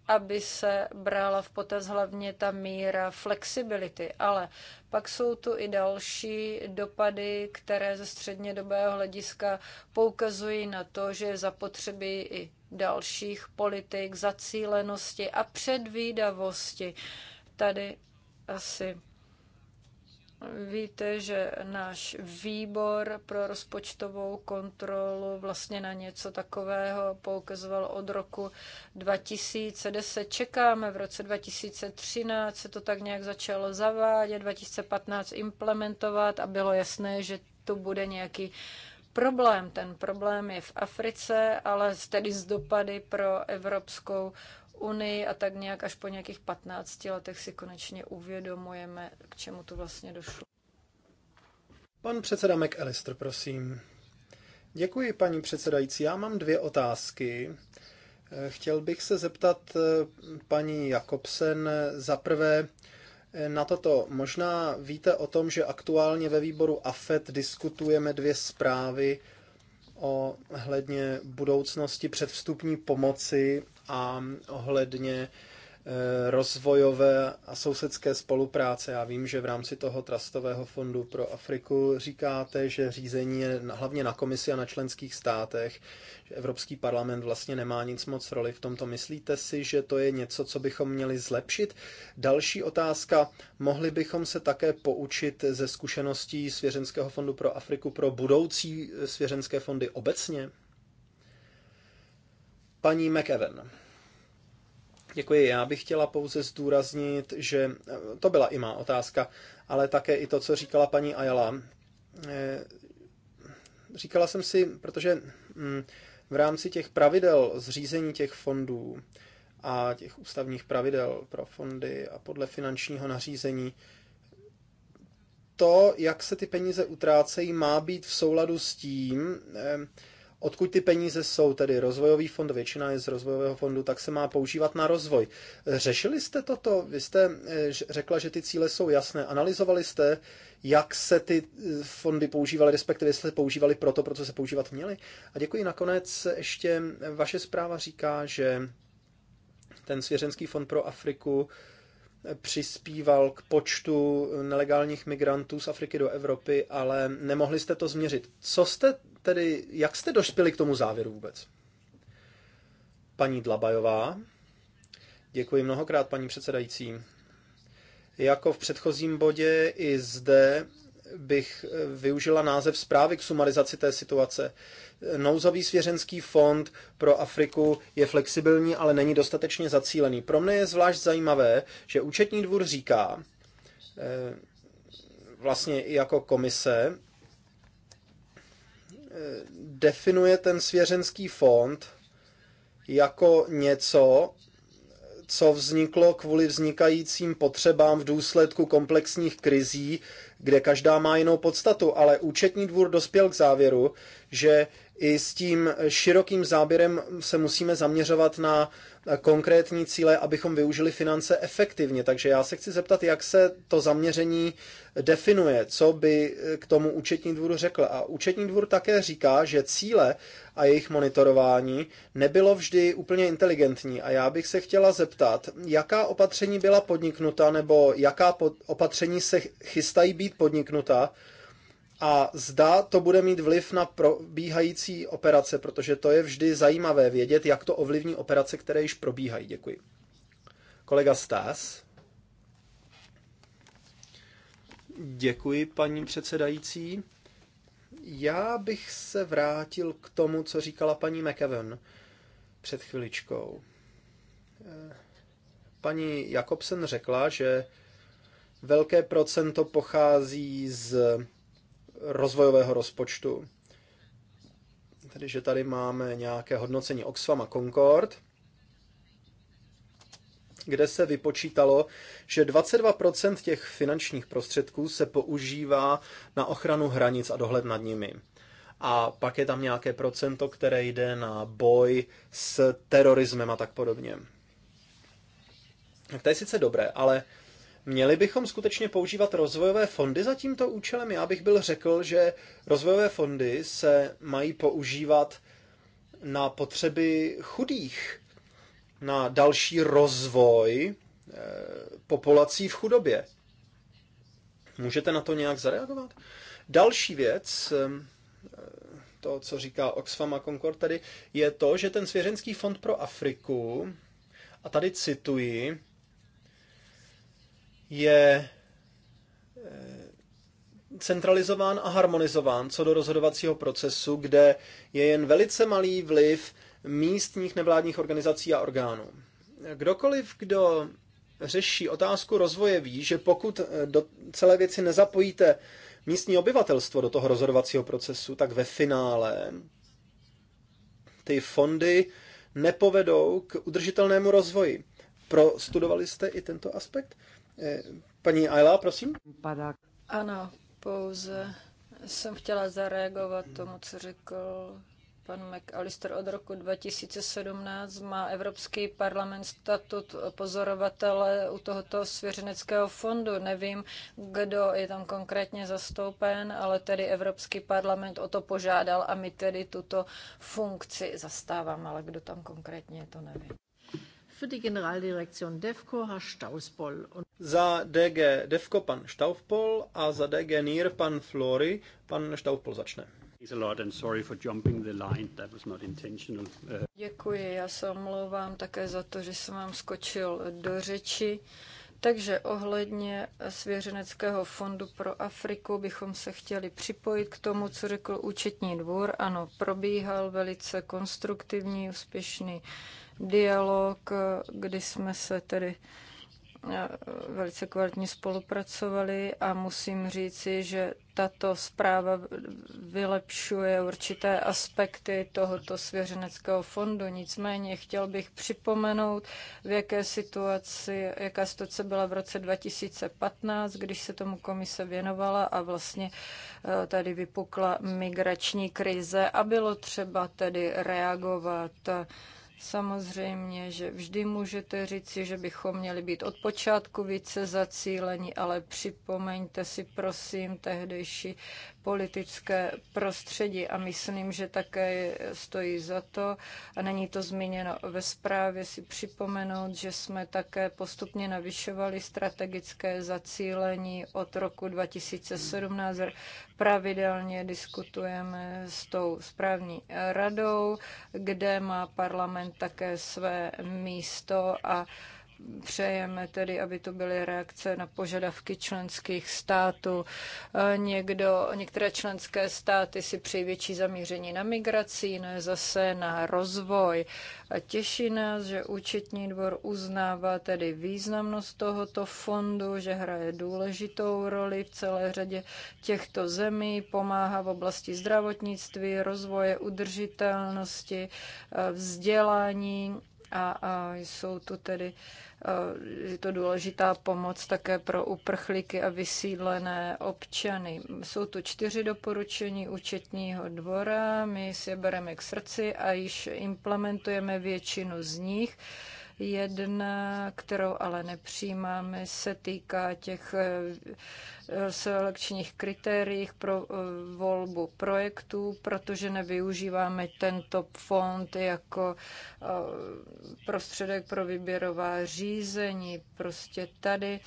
D: aby se brala v potaz hlavně ta míra flexibility. Ale pak jsou tu i další dopady, které ze střednědobého hlediska poukazují na to, že je zapotřebí i dalších politik, zacílenosti a předvídavosti. Tady asi Víte, že náš výbor pro rozpočtovou kontrolu vlastně na něco takového poukazoval od roku 2010. Čekáme, v roce 2013 se to tak nějak začalo zavádět, 2015 implementovat a bylo jasné, že tu bude nějaký problém. Ten problém je v Africe, ale tedy z dopady pro Evropskou unii a tak nějak až po nějakých 15 letech si konečně uvědomujeme, k čemu to vlastně došlo.
B: Pan předseda McAllister, prosím. Děkuji, paní předsedající. Já mám dvě otázky. Chtěl bych se zeptat eh, paní Jakobsen za prvé eh, na toto. Možná víte o tom, že aktuálně ve výboru AFET diskutujeme dvě zprávy ohledně budoucnosti předvstupní pomoci a ohledně Eh, rozvojové a sousedské spolupráce. Já vím, že v rámci toho Trastového fondu pro Afriku říkáte, že řízení je hlavně na komisi a na členských státech, že Evropský parlament vlastně nemá nic moc roli v tomto. Myslíte si, že to je něco, co bychom měli zlepšit? Další otázka. Mohli bychom se také poučit ze zkušeností Svěřenského fondu pro Afriku pro budoucí eh, svěřenské fondy obecně? Paní McEwen. Děkuji. Já bych chtěla pouze zdůraznit, že eh, to byla i má otázka, ale také i to, co říkala paní Ayala. Eh, říkala jsem si, protože hm, v rámci těch pravidel zřízení těch fondů a těch ústavních pravidel pro fondy a podle finančního nařízení, to, jak se ty peníze utrácejí, má být v souladu s tím, eh, Odkud ty peníze jsou, tedy rozvojový fond, většina je z rozvojového fondu, tak se má používat na rozvoj. Řešili jste toto? Vy jste eh, řekla, že ty cíle jsou jasné. Analyzovali jste, jak se ty eh, fondy používaly, respektive jestli se používaly proto, pro co se používat měly? A děkuji nakonec. Ještě vaše zpráva říká, že ten svěřenský fond pro Afriku eh, přispíval k počtu nelegálních migrantů z Afriky do Evropy, ale nemohli jste to změřit. Co jste tedy, jak jste došpěli k tomu závěru vůbec? Paní Dlabajová. Děkuji mnohokrát, paní předsedající. Jako v předchozím bodě, i zde bych eh, využila název zprávy k sumarizaci té situace. Nouzový svěřenský fond pro Afriku je flexibilní, ale není dostatečně zacílený. Pro mě je zvlášť zajímavé, že účetní dvůr říká, eh, vlastně i jako komise, definuje ten svěřenský fond jako něco, co vzniklo kvůli vznikajícím potřebám v důsledku komplexních krizí, kde každá má jinou podstatu, ale účetní dvůr dospěl k závěru, že i s tím širokým záběrem se musíme zaměřovat na konkrétní cíle, abychom využili finance efektivně. Takže já se chci zeptat, jak se to zaměření definuje, co by k tomu účetní dvůr řekl. A účetní dvůr také říká, že cíle a jejich monitorování nebylo vždy úplně inteligentní. A já bych se chtěla zeptat, jaká opatření byla podniknuta nebo jaká opatření se chystají být podniknuta, a zda to bude mít vliv na probíhající operace, protože to je vždy zajímavé vědět, jak to ovlivní operace, které již probíhají. Děkuji. Kolega Stás. Děkuji, paní předsedající. Já bych se vrátil k tomu, co říkala paní McEwen před chviličkou. Eh, paní Jakobsen řekla, že velké procento pochází z rozvojového rozpočtu. Tedy, že tady máme nějaké hodnocení Oxfam a Concord, kde se vypočítalo, že 22% těch finančních prostředků se používá na ochranu hranic a dohled nad nimi. A pak je tam nějaké procento, které jde na boj s terorismem a tak podobně. Tak to je sice dobré, ale Měli bychom skutečně používat rozvojové fondy za tímto účelem? Já bych byl řekl, že rozvojové fondy se mají používat na potřeby chudých, na další rozvoj eh, populací v chudobě. Můžete na to nějak zareagovat? Další věc, eh, to, co říká Oxfam a Concord tady, je to, že ten svěřenský fond pro Afriku, a tady cituji, je eh, centralizován a harmonizován co do rozhodovacího procesu, kde je jen velice malý vliv místních nevládních organizací a orgánů. Kdokoliv, kdo řeší otázku rozvoje, ví, že pokud eh, do celé věci nezapojíte místní obyvatelstvo do toho rozhodovacího procesu, tak ve finále ty fondy nepovedou k udržitelnému rozvoji. Prostudovali jste i tento aspekt? Eh, paní Ayla, prosím.
D: Ano, pouze jsem chtěla zareagovat tomu, co řekl pan McAllister od roku 2017 má Evropský parlament statut pozorovatele u tohoto svěřeneckého fondu. Nevím, kdo je tam konkrétně zastoupen, ale tedy Evropský parlament o to požádal a my tedy tuto funkci zastávám, ale kdo tam konkrétně je, to nevím. Für die Generaldirektion
B: DEFCO Herr Stausboll. Za DG DEFCO pan Staufpol a za DG NIR pan Flori. Pan Staufpol začne.
D: Děkuji, já se omlouvám také za to, že jsem vám skočil do řeči. Takže ohledně Svěřeneckého fondu pro Afriku bychom se chtěli připojit k tomu, co řekl účetní dvůr. Ano, probíhal velice konstruktivní, úspěšný dialog, kdy jsme se tedy eh, velice kvalitně spolupracovali a musím říci, že tato zpráva vylepšuje určité aspekty tohoto svěřeneckého fondu. Nicméně chtěl bych připomenout, v jaké situaci, jaká situace byla v roce 2015, když se tomu komise věnovala a vlastně eh, tady vypukla migrační krize a bylo třeba tedy reagovat eh, Samozřejmě, že vždy můžete říci, že bychom měli být od počátku více zacíleni, ale připomeňte si prosím tehdejší politické prostředí a myslím, že také stojí za to, a není to zmíněno ve zprávě, si připomenout, že jsme také postupně navyšovali strategické zacílení od roku 2017. Pravidelně diskutujeme s tou správní radou, kde má parlament také své místo a přejeme tedy, aby to byly reakce na požadavky členských států. E, někdo, některé členské státy si přejí větší zamíření na migraci, jiné zase na rozvoj. A těší nás, že účetní dvor uznává tedy významnost tohoto fondu, že hraje důležitou roli v celé řadě těchto zemí, pomáhá v oblasti zdravotnictví, rozvoje, udržitelnosti, e, vzdělání a, a jsou tu tedy, je to důležitá pomoc také pro uprchlíky a vysídlené občany. Jsou tu čtyři doporučení účetního dvora, my si je bereme k srdci a již implementujeme většinu z nich. Jedna, kterou ale nepřijímáme, se týká těch selekčních kritériích pro eh, volbu projektů, protože nevyužíváme tento fond jako eh, prostředek pro vyběrová řízení. Prostě tady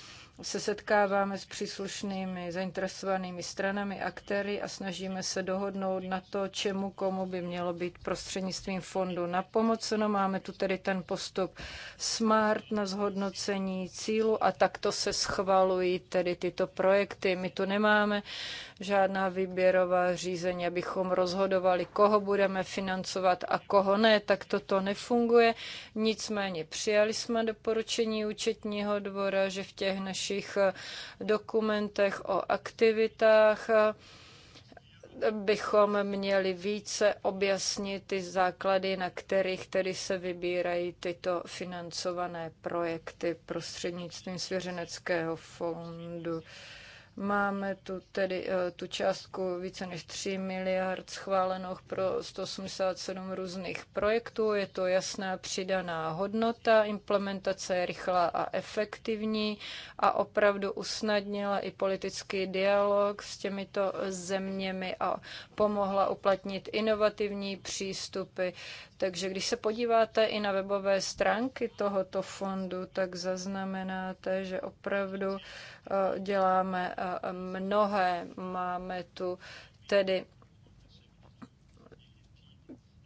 D: se setkáváme s příslušnými zainteresovanými stranami, aktéry a snažíme se dohodnout na to, čemu komu by mělo být prostřednictvím fondu napomoceno. Máme tu tedy ten postup SMART na zhodnocení cílu a takto se schvalují tedy tyto projekty projekty. My tu nemáme žádná výběrová řízení, abychom rozhodovali, koho budeme financovat a koho ne, tak toto nefunguje. Nicméně přijali jsme doporučení účetního dvora, že v těch našich eh, dokumentech o aktivitách eh, bychom měli více objasnit ty základy, na kterých tedy se vybírají tyto financované projekty prostřednictvím svěřeneckého fondu. Máme tu tedy eh, tu částku více než 3 miliard schválenou pro 187 různých projektů. Je to jasná přidaná hodnota, implementace je rychlá a efektivní a opravdu usnadnila i politický dialog s těmito zeměmi a pomohla uplatnit inovativní přístupy. Takže když se podíváte i na webové stránky tohoto fondu, tak zaznamenáte, že opravdu eh, děláme mnohé. Máme tu tedy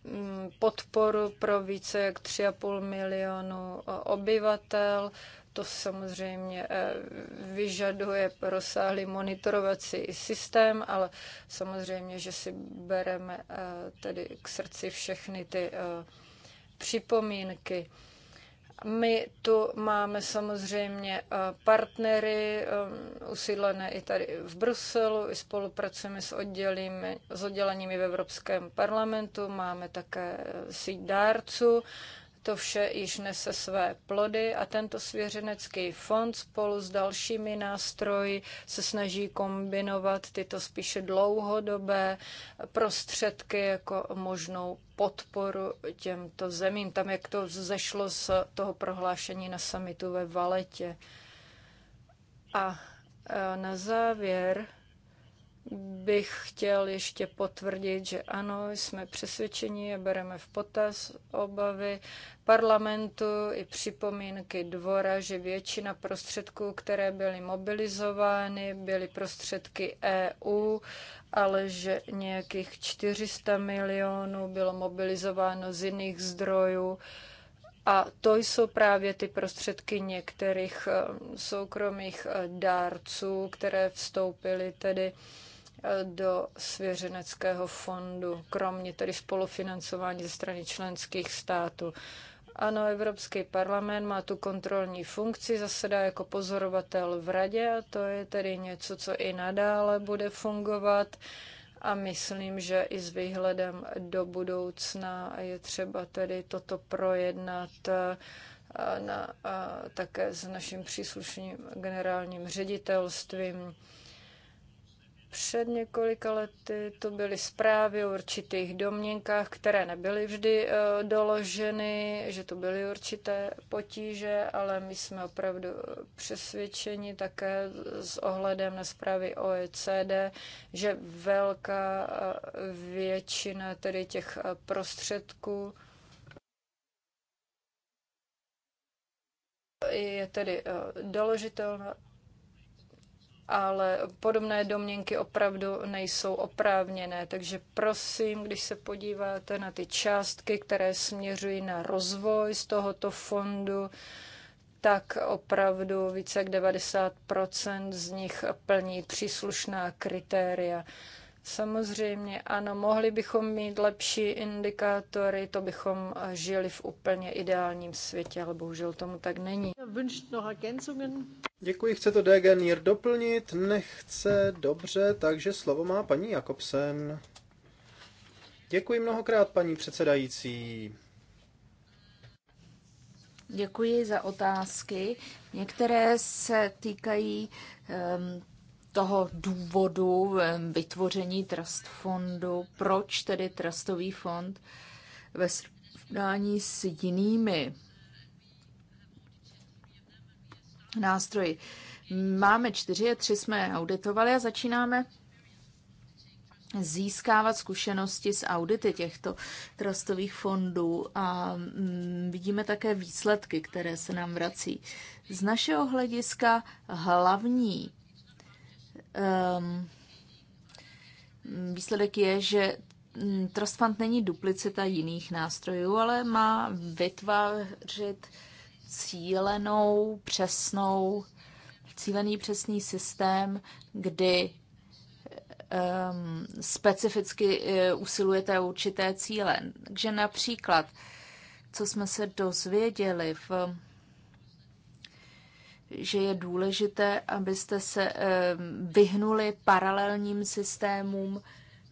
D: mm, podporu pro více jak 3,5 milionu e, obyvatel. To samozřejmě e, vyžaduje rozsáhlý monitorovací systém, ale samozřejmě, že si bereme e, tedy k srdci všechny ty připomínky. My tu máme samozřejmě eh, partnery eh, usídlené i tady v Bruselu, i spolupracujeme s, oddělími, s odděleními v Evropském parlamentu, máme také eh, síť dárců to vše již nese své plody a tento svěřenecký fond spolu s dalšími nástroji se snaží kombinovat tyto spíše dlouhodobé prostředky jako možnou podporu těmto zemím. Tam, jak to zešlo z toho prohlášení na samitu ve Valetě. A e, na závěr bych chtěl ještě potvrdit, že ano, jsme přesvědčeni a bereme v potaz obavy parlamentu i připomínky dvora, že většina prostředků, které byly mobilizovány, byly prostředky EU, ale že nějakých 400 milionů bylo mobilizováno z jiných zdrojů. A to jsou právě ty prostředky některých eh, soukromých eh, dárců, které vstoupily tedy do svěřeneckého fondu, kromě tedy spolufinancování ze strany členských států. Ano, Evropský parlament má tu kontrolní funkci, zasedá jako pozorovatel v radě a to je tedy něco, co i nadále bude fungovat. A myslím, že i s výhledem do budoucna je třeba tedy toto projednat eh, na, a eh, také s naším příslušným generálním ředitelstvím. Před několika lety to byly zprávy o určitých domněnkách, které nebyly vždy eh, doloženy, že to byly určité potíže, ale my jsme opravdu eh, přesvědčeni také s ohledem na zprávy OECD, že velká eh, většina tedy těch prostředků je tedy doložitelná ale podobné domněnky opravdu nejsou oprávněné. Takže prosím, když se podíváte na ty částky, které směřují na rozvoj z tohoto fondu, tak opravdu více jak 90 z nich plní příslušná kritéria. Samozřejmě, ano, mohli bychom mít lepší indikátory, to bychom eh, žili v úplně ideálním světě, ale bohužel tomu tak není.
B: Děkuji, chce to DG Nier doplnit? Nechce, dobře, takže slovo má paní Jakobsen. Děkuji mnohokrát, paní předsedající.
A: Děkuji za otázky. Některé se týkají um, toho důvodu vytvoření trust fondu, proč tedy trustový fond ve srovnání s jinými nástroji. Máme čtyři, a tři jsme auditovali a začínáme získávat zkušenosti z audity těchto trustových fondů a mm, vidíme také výsledky, které se nám vrací. Z našeho hlediska hlavní um, výsledek je, že mm, Trust Fund není duplicita jiných nástrojů, ale má vytvářit cílenou, přesnou, cílený přesný systém, kdy um, specificky uh, e, usilujete o určité cíle. Takže například, co jsme se dozvěděli v že je důležité, abyste se eh, vyhnuli paralelním systémům,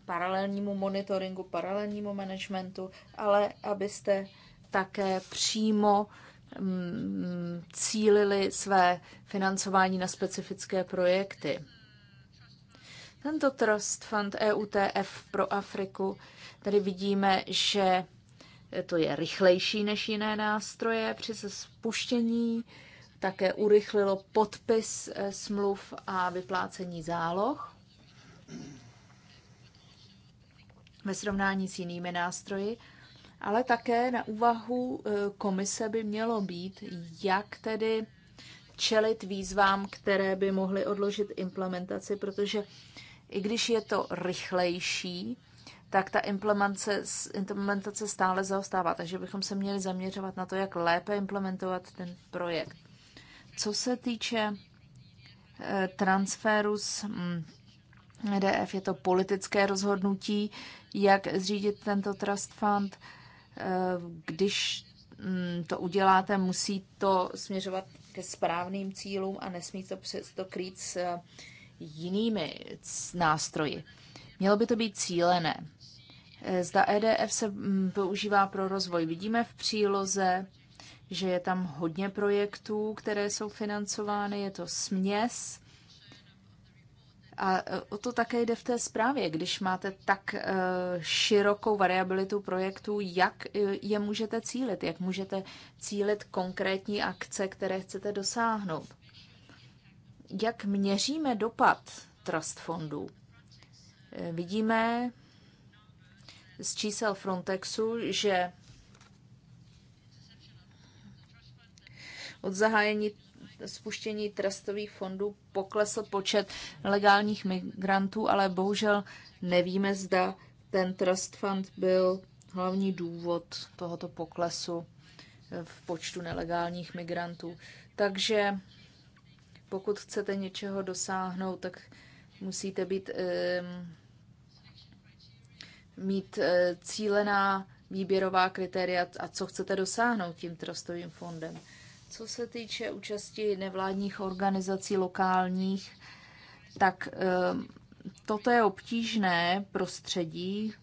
A: paralelnímu monitoringu, paralelnímu managementu, ale abyste také přímo mm, cílili své financování na specifické projekty. Tento Trust Fund EUTF pro Afriku, tady vidíme, že to je rychlejší než jiné nástroje při spuštění také urychlilo podpis eh, smluv a vyplácení záloh ve srovnání s jinými nástroji, ale také na úvahu eh, komise by mělo být, jak tedy čelit výzvám, které by mohly odložit implementaci, protože i když je to rychlejší, tak ta implementace, implementace stále zaostává. Takže bychom se měli zaměřovat na to, jak lépe implementovat ten projekt. Co se týče eh, transferu z EDF, mm, je to politické rozhodnutí, jak zřídit tento trust fund. Eh, když mm, to uděláte, musí to směřovat ke správným cílům a nesmí to přesto krýt s eh, jinými nástroji. Mělo by to být cílené. Zda EDF se mm, používá pro rozvoj. Vidíme v příloze že je tam hodně projektů, které jsou financovány, je to směs. A e, o to také jde v té zprávě, když máte tak e, širokou variabilitu projektů, jak e, je můžete cílit, jak můžete cílit konkrétní akce, které chcete dosáhnout. Jak měříme dopad trust fondů? Vidíme z čísel Frontexu, že od zahájení spuštění trastových fondů poklesl počet legálních migrantů, ale bohužel nevíme, zda ten trust fund byl hlavní důvod tohoto poklesu v počtu nelegálních migrantů. Takže pokud chcete něčeho dosáhnout, tak musíte být, mít e, cílená výběrová kritéria a co chcete dosáhnout tím trustovým fondem. Co se týče účasti nevládních organizací lokálních, tak ehm, toto je obtížné prostředí,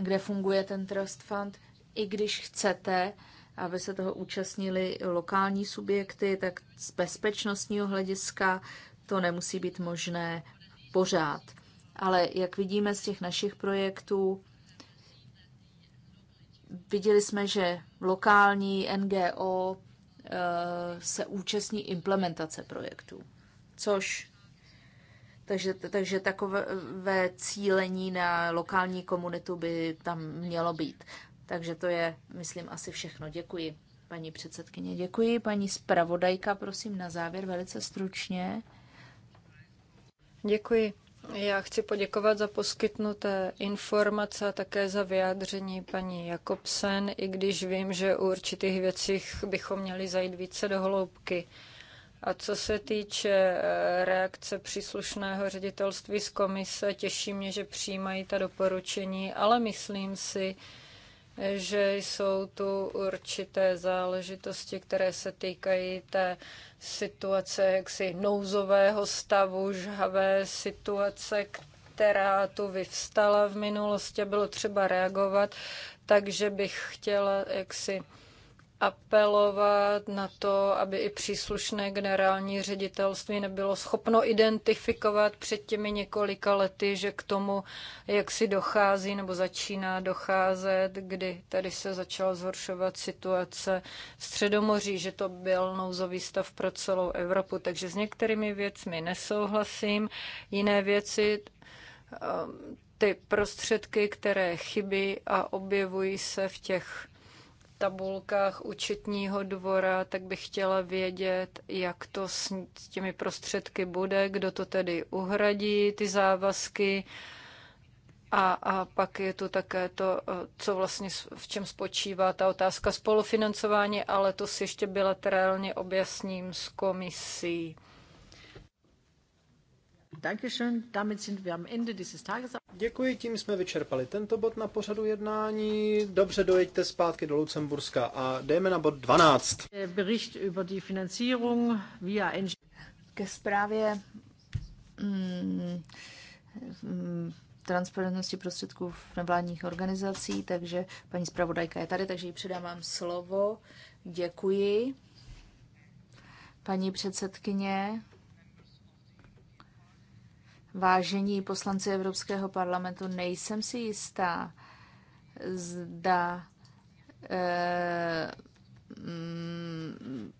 A: kde funguje ten trust fund. I když chcete, aby se toho účastnili lokální subjekty, tak z bezpečnostního hlediska to nemusí být možné pořád. Ale jak vidíme z těch našich projektů, viděli jsme, že lokální NGO Eh, se účastní implementace projektů. Což takže, takže takové cílení na lokální komunitu by tam mělo být. Takže to je, myslím, asi všechno. Děkuji, paní předsedkyně. Děkuji, paní zpravodajka, prosím, na závěr velice stručně. Děkuji. Já
D: chci poděkovat za poskytnuté informace a také za vyjádření paní Jakobsen, i když vím, že u určitých věcích bychom měli zajít více do hloubky. A co se týče eh, reakce příslušného ředitelství z komise, těší mě, že přijímají ta doporučení, ale myslím si, že jsou tu určité záležitosti, které se týkají té situace jaksi nouzového stavu, žhavé situace, která tu vyvstala v minulosti, bylo třeba reagovat, takže bych chtěla jaksi apelovat na to, aby i příslušné generální ředitelství nebylo schopno identifikovat před těmi několika lety, že k tomu, jak si dochází nebo začíná docházet, kdy tady se začala zhoršovat situace v Středomoří, že to byl nouzový stav pro celou Evropu. Takže s některými věcmi nesouhlasím, jiné věci um, ty prostředky, které chybí a objevují se v těch tabulkách účetního dvora, tak bych chtěla vědět, jak to s těmi prostředky bude, kdo to tedy uhradí, ty závazky. A, a pak je tu také to, eh, co vlastně v čem spočívá ta otázka spolufinancování, ale to si ještě bilaterálně objasním s komisí.
B: Děkuji, tím jsme vyčerpali tento bod na pořadu jednání. Dobře, dojeďte zpátky do Lucemburska a jdeme na bod 12.
A: Bericht über die Finanzierung via Ke zprávě mm, mm transparentnosti prostředků v nevládních organizací, takže paní zpravodajka je tady, takže ji předám vám slovo. Děkuji. Paní předsedkyně, Vážení poslanci Evropského parlamentu, nejsem si jistá, zda eh, mm,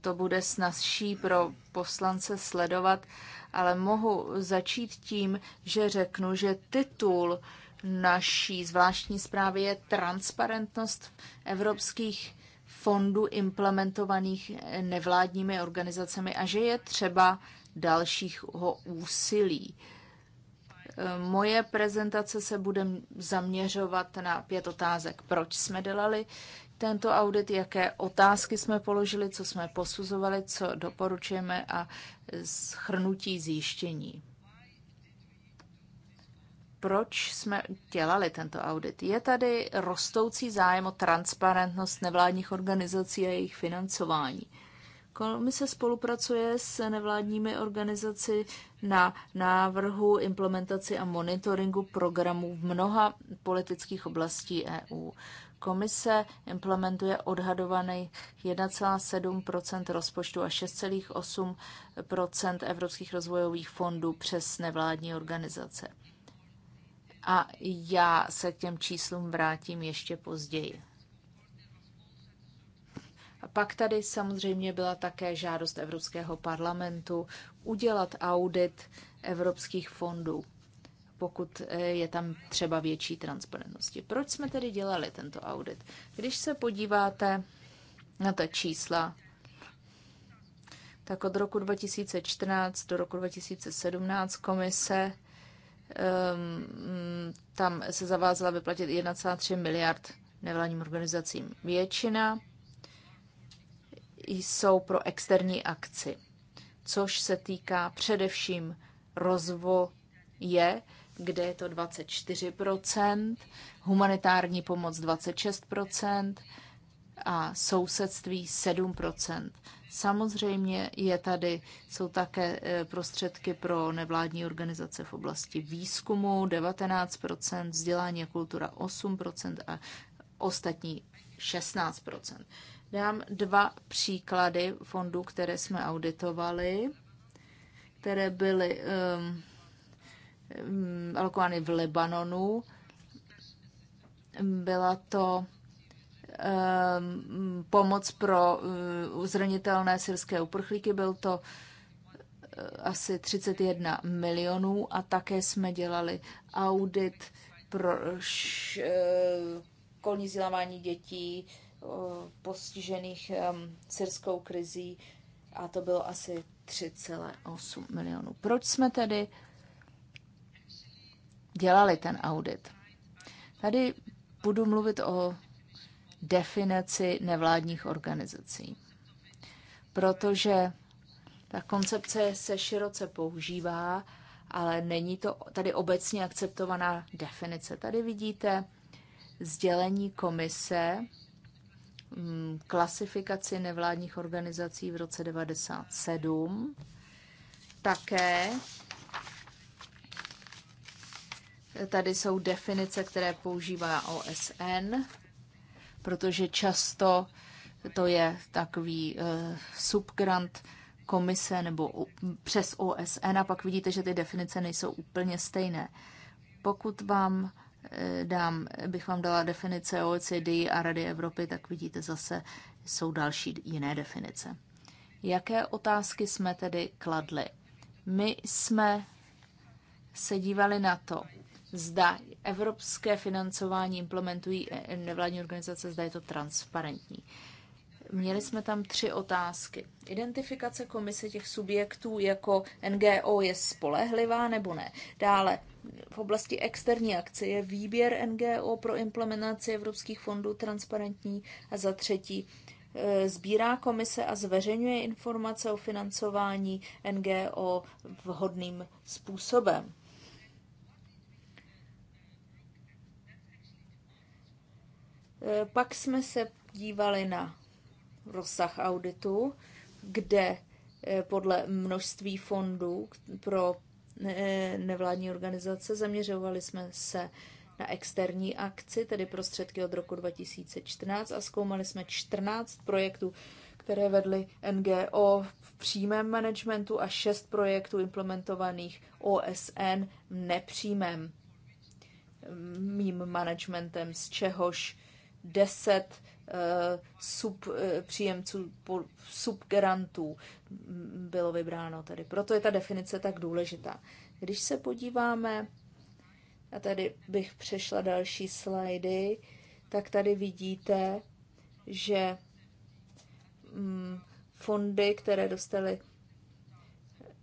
A: to bude snazší pro poslance sledovat, ale mohu začít tím, že řeknu, že titul naší zvláštní zprávy je Transparentnost evropských fondů implementovaných nevládními organizacemi a že je třeba dalšího úsilí. Moje prezentace se bude zaměřovat na pět otázek. Proč jsme dělali tento audit, jaké otázky jsme položili, co jsme posuzovali, co doporučujeme a schrnutí zjištění. Proč jsme dělali tento audit? Je tady rostoucí zájem o transparentnost nevládních organizací a jejich financování. Komise spolupracuje s nevládními organizaci na návrhu, implementaci a monitoringu programů v mnoha politických oblastí EU. Komise implementuje odhadovaný 1,7 rozpočtu a 6,8 evropských rozvojových fondů přes nevládní organizace. A já se k těm číslům vrátím ještě později pak tady samozřejmě byla také žádost Evropského parlamentu udělat audit evropských fondů, pokud eh, je tam třeba větší transparentnosti. Proč jsme tedy dělali tento audit? Když se podíváte na ta čísla, tak od roku 2014 do roku 2017 komise um, tam se zavázala vyplatit 1,3 miliard nevládním organizacím. Většina jsou pro externí akci, což se týká především rozvoje, kde je to 24%, humanitární pomoc 26% a sousedství 7%. Samozřejmě je tady, jsou také eh, prostředky pro nevládní organizace v oblasti výzkumu 19%, vzdělání a kultura 8% a ostatní 16%. Dám dva příklady fondů, které jsme auditovali, které byly um, um alokovány v Libanonu. Byla to um, pomoc pro um, zranitelné syrské uprchlíky, byl to uh, asi 31 milionů a také jsme dělali audit pro školní uh, vzdělávání dětí, postižených syrskou krizí a to bylo asi 3,8 milionů. Proč jsme tedy dělali ten audit? Tady budu mluvit o definici nevládních organizací, protože ta koncepce se široce používá, ale není to tady obecně akceptovaná definice. Tady vidíte sdělení komise Mm, klasifikaci nevládních organizací v roce 1997. Také tady jsou definice, které používá OSN, protože často to je takový uh, subgrant komise nebo přes OSN a pak vidíte, že ty definice nejsou úplně stejné. Pokud vám Eh, dám, bych vám dala definice OECD a Rady Evropy, tak vidíte zase, jsou další jiné definice. Jaké otázky jsme tedy kladli? My jsme se dívali na to, zda evropské financování implementují eh, nevládní organizace, zda je to transparentní. Měli jsme tam tři otázky. Identifikace komise těch subjektů jako NGO je spolehlivá nebo ne? Dále v oblasti externí akce je výběr NGO pro implementaci evropských fondů transparentní a za třetí e, sbírá komise a zveřejňuje informace o financování NGO vhodným způsobem. E, pak jsme se dívali na rozsah auditu, kde e, podle množství fondů pro nevládní organizace. Zaměřovali jsme se na externí akci, tedy prostředky od roku 2014 a zkoumali jsme 14 projektů, které vedly NGO v přímém managementu a 6 projektů implementovaných OSN v nepřímém mým managementem, z čehož 10 Eh, sub eh, příjemců, subgarantů bylo vybráno tady. Proto je ta definice tak důležitá. Když se podíváme, a tady bych přešla další slajdy, tak tady vidíte, že mm, fondy, které dostaly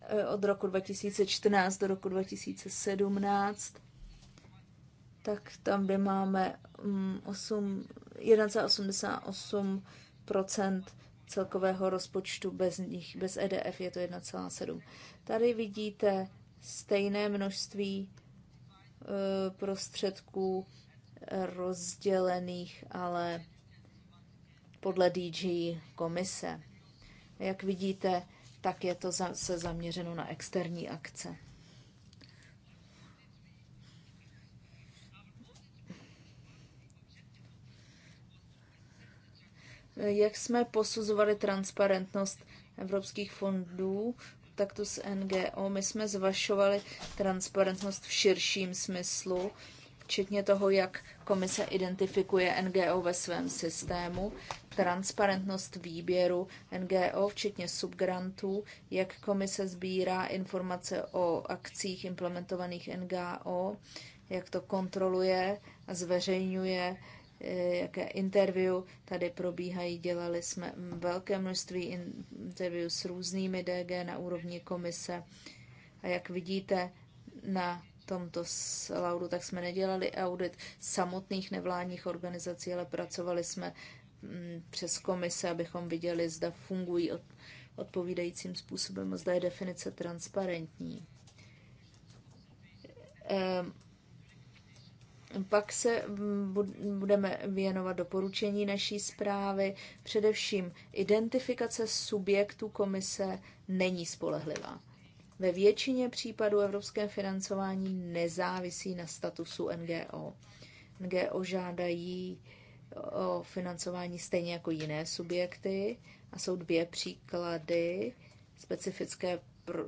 A: eh, od roku 2014 do roku 2017, tak tam, kde máme 8 mm, 1,88 celkového rozpočtu bez nich, bez EDF je to 1,7. Tady vidíte stejné množství e, prostředků rozdělených, ale podle DG komise. Jak vidíte, tak je to se zaměřeno na externí akce. Jak jsme posuzovali transparentnost evropských fondů, tak to s NGO, my jsme zvašovali transparentnost v širším smyslu, včetně toho, jak komise identifikuje NGO ve svém systému, transparentnost výběru NGO, včetně subgrantů, jak komise sbírá informace o akcích implementovaných NGO, jak to kontroluje a zveřejňuje Eh, jaké interview tady probíhají. Dělali jsme velké množství interview s různými DG na úrovni komise. A jak vidíte na tomto slaudu, tak jsme nedělali audit samotných nevládních organizací, ale pracovali jsme mm, přes komise, abychom viděli, zda fungují od, odpovídajícím způsobem, zda je definice transparentní. Ehm, pak se mm, budeme věnovat doporučení naší zprávy. Především identifikace subjektů komise není spolehlivá. Ve většině případů evropské financování nezávisí na statusu NGO. NGO žádají o financování stejně jako jiné subjekty a jsou dvě příklady specifické, pro,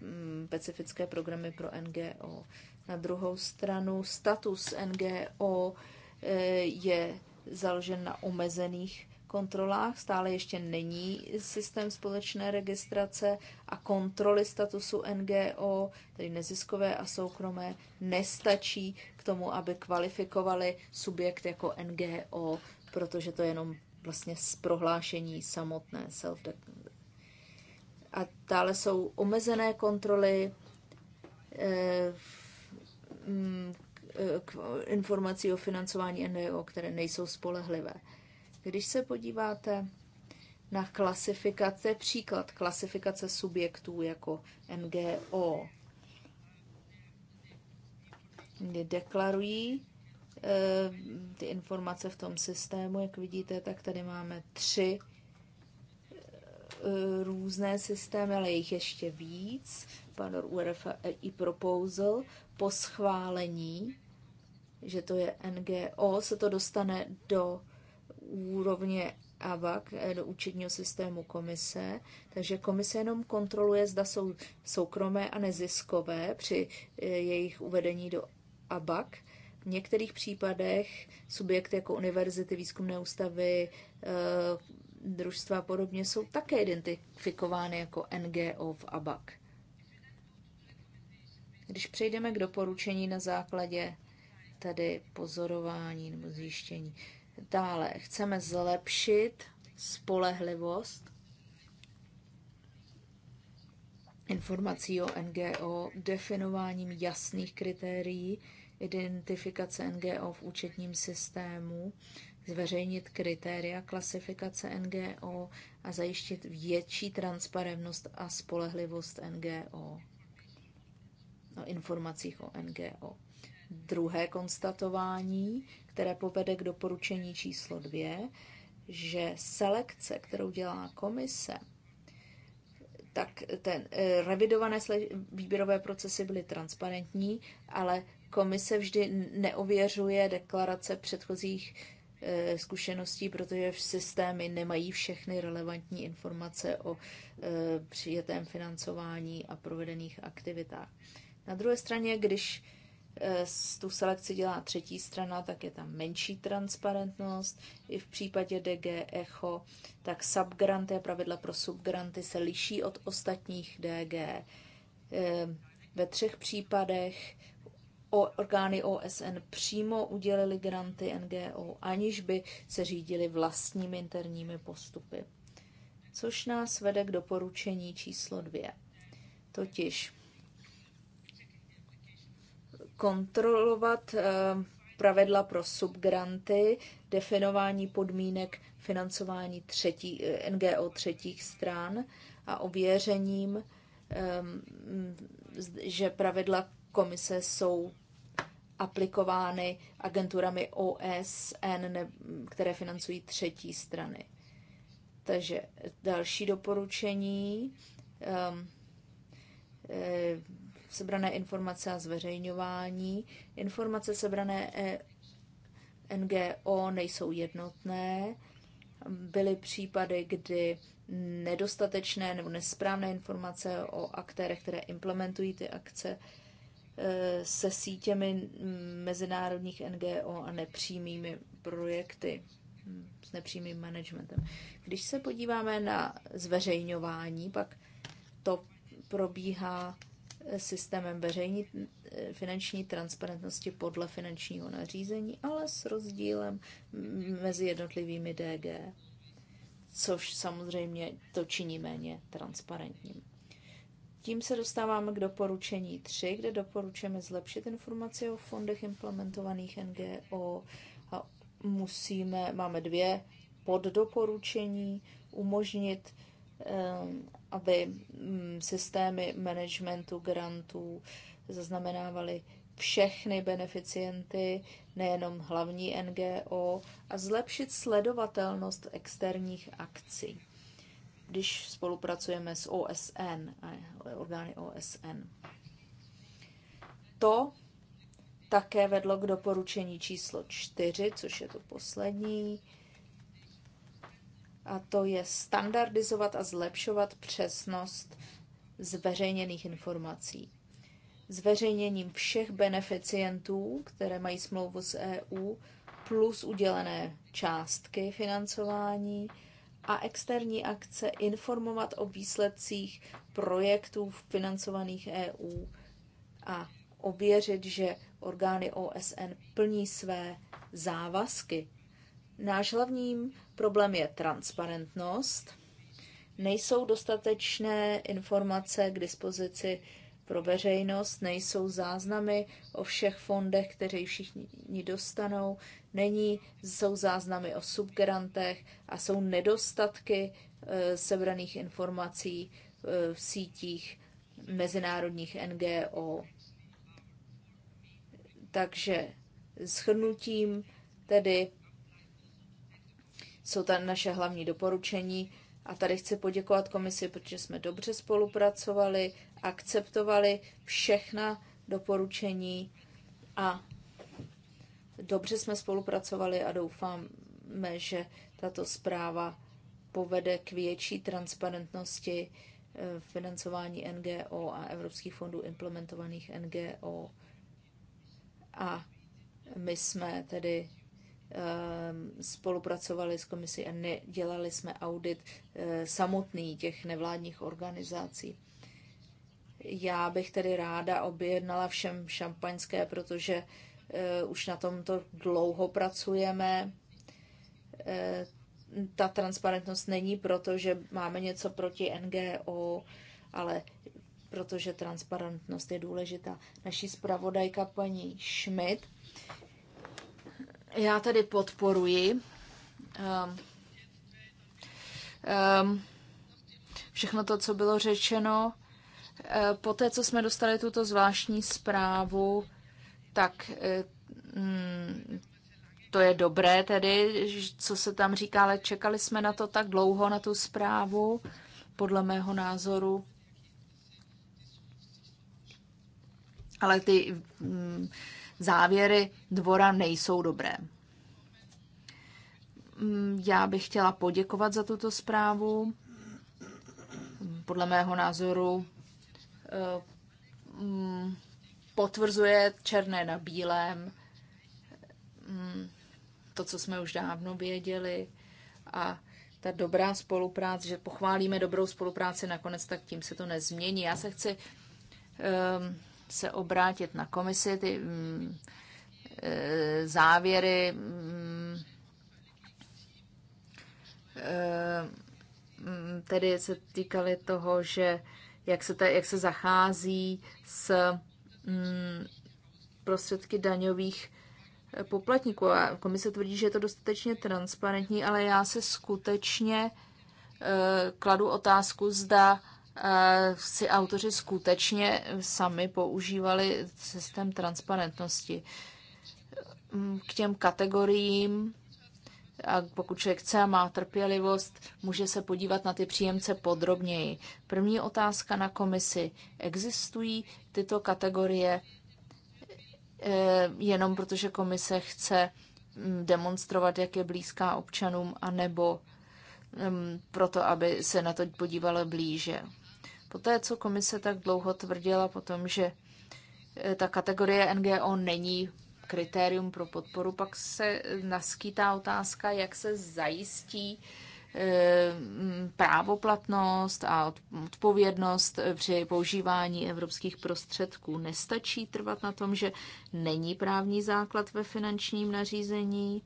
A: mm, specifické programy pro NGO. Na druhou stranu status NGO eh, je založen na omezených kontrolách, stále ještě není systém společné registrace a kontroly statusu NGO, tedy neziskové a soukromé, nestačí k tomu, aby kvalifikovali subjekt jako NGO, protože to je jenom vlastně z prohlášení samotné self A dále jsou omezené kontroly, eh, Mm, k informací o financování NDO, které nejsou spolehlivé. Když se podíváte na klasifikace, příklad klasifikace subjektů jako NGO, kdy deklarují eh, ty informace v tom systému, jak vidíte, tak tady máme tři eh, různé systémy, ale jich ještě víc. Pan URF e i Proposal po schválení, že to je NGO, se to dostane do úrovně ABAC, e, do účetního systému komise. Takže komise jenom kontroluje, zda jsou soukromé a neziskové při e, jejich uvedení do ABAC. V některých případech subjekty jako univerzity, výzkumné ústavy, e, družstva a podobně jsou také identifikovány jako NGO v ABAC. Když přejdeme k doporučení na základě tedy pozorování nebo zjištění, dále chceme zlepšit spolehlivost informací o NGO, definováním jasných kritérií, identifikace NGO v účetním systému, zveřejnit kritéria klasifikace NGO a zajištit větší transparentnost a spolehlivost NGO o informacích o NGO. Druhé konstatování, které povede k doporučení číslo dvě, že selekce, kterou dělá komise, tak ten eh, revidované výběrové procesy byly transparentní, ale komise vždy neověřuje deklarace předchozích eh, zkušeností, protože v systémy nemají všechny relevantní informace o eh, přijetém financování a provedených aktivitách. Na druhé straně, když eh, tu selekci dělá třetí strana, tak je tam menší transparentnost. I v případě DG Echo, tak subgranty a pravidla pro subgranty se liší od ostatních DG. Eh, ve třech případech orgány OSN přímo udělily granty NGO, aniž by se řídili vlastními interními postupy. Což nás vede k doporučení číslo dvě. Totiž kontrolovat eh, pravidla pro subgranty, definování podmínek financování třetí, eh, NGO třetích stran a ověřením, ehm, že pravidla komise jsou aplikovány agenturami OSN, které financují třetí strany. Takže další doporučení ehm, eh, sebrané informace a zveřejňování. Informace sebrané e- NGO nejsou jednotné. Byly případy, kdy nedostatečné nebo nesprávné informace o aktérech, které implementují ty akce, e, se sítěmi mezinárodních NGO a nepřímými projekty s nepřímým managementem. Když se podíváme na zveřejňování, pak to probíhá systémem veřejní eh, finanční transparentnosti podle finančního nařízení, ale s rozdílem mezi jednotlivými DG, což samozřejmě to činí méně transparentním. Tím se dostáváme k doporučení 3, kde doporučujeme zlepšit informace o fondech implementovaných NGO a musíme, máme dvě poddoporučení, umožnit ehm, aby mm, systémy managementu grantů zaznamenávaly všechny beneficienty, nejenom hlavní NGO, a zlepšit sledovatelnost externích akcí, když spolupracujeme s OSN a orgány OSN. To také vedlo k doporučení číslo 4, což je to poslední, a to je standardizovat a zlepšovat přesnost zveřejněných informací. Zveřejněním všech beneficientů, které mají smlouvu s EU, plus udělené částky financování a externí akce informovat o výsledcích projektů financovaných EU a ověřit, že orgány OSN plní své závazky Náš hlavní problém je transparentnost. Nejsou dostatečné informace k dispozici pro veřejnost, nejsou záznamy o všech fondech, které všichni dostanou, není, jsou záznamy o subgarantech a jsou nedostatky e, sebraných informací e, v sítích mezinárodních NGO. Takže shrnutím tedy jsou tam naše hlavní doporučení. A tady chci poděkovat komisi, protože jsme dobře spolupracovali, akceptovali všechna doporučení a dobře jsme spolupracovali a doufáme, že tato zpráva povede k větší transparentnosti eh, financování NGO a evropských fondů implementovaných NGO. A my jsme tedy Ehm, spolupracovali s komisí a nedělali jsme audit eh, samotný těch nevládních organizací. Já bych tedy ráda objednala všem šampaňské, protože eh, už na tomto dlouho pracujeme. Eh, ta transparentnost není proto, že máme něco proti NGO, ale protože transparentnost je důležitá. Naší zpravodajka paní Schmidt já tedy podporuji um, um, všechno to, co bylo řečeno. Eh, Poté, co jsme dostali tuto zvláštní zprávu, tak eh, mm, to je dobré tedy, co se tam říká, ale čekali jsme na to tak dlouho, na tu zprávu, podle mého názoru. Ale ty mm, závěry dvora nejsou dobré. Mm, já bych chtěla poděkovat za tuto zprávu. Podle mého názoru eh, mm, potvrzuje černé na bílém mm, to, co jsme už dávno věděli a ta dobrá spolupráce, že pochválíme dobrou spolupráci nakonec, tak tím se to nezmění. Já se chci um, se obrátit na komisi. Ty mm, e, závěry mm, e, tedy se týkaly toho, že jak se, ta, jak se zachází s mm, prostředky daňových poplatníků. A komise tvrdí, že je to dostatečně transparentní, ale já se skutečně e, kladu otázku, zda Eh, si autoři skutečně sami používali systém transparentnosti. Mm, k těm kategoriím, a pokud člověk chce a má trpělivost, může se podívat na ty příjemce podrobněji. První otázka na komisi. Existují tyto kategorie eh, jenom protože komise chce mm, demonstrovat, jak je blízká občanům, anebo mm, proto, aby se na to podívala blíže. Poté, co komise tak dlouho tvrdila potom, že eh, ta kategorie NGO není kritérium pro podporu, pak se naskýtá otázka, jak se zajistí eh, právoplatnost a odpovědnost eh, při používání evropských prostředků. Nestačí trvat na tom, že není právní základ ve finančním nařízení,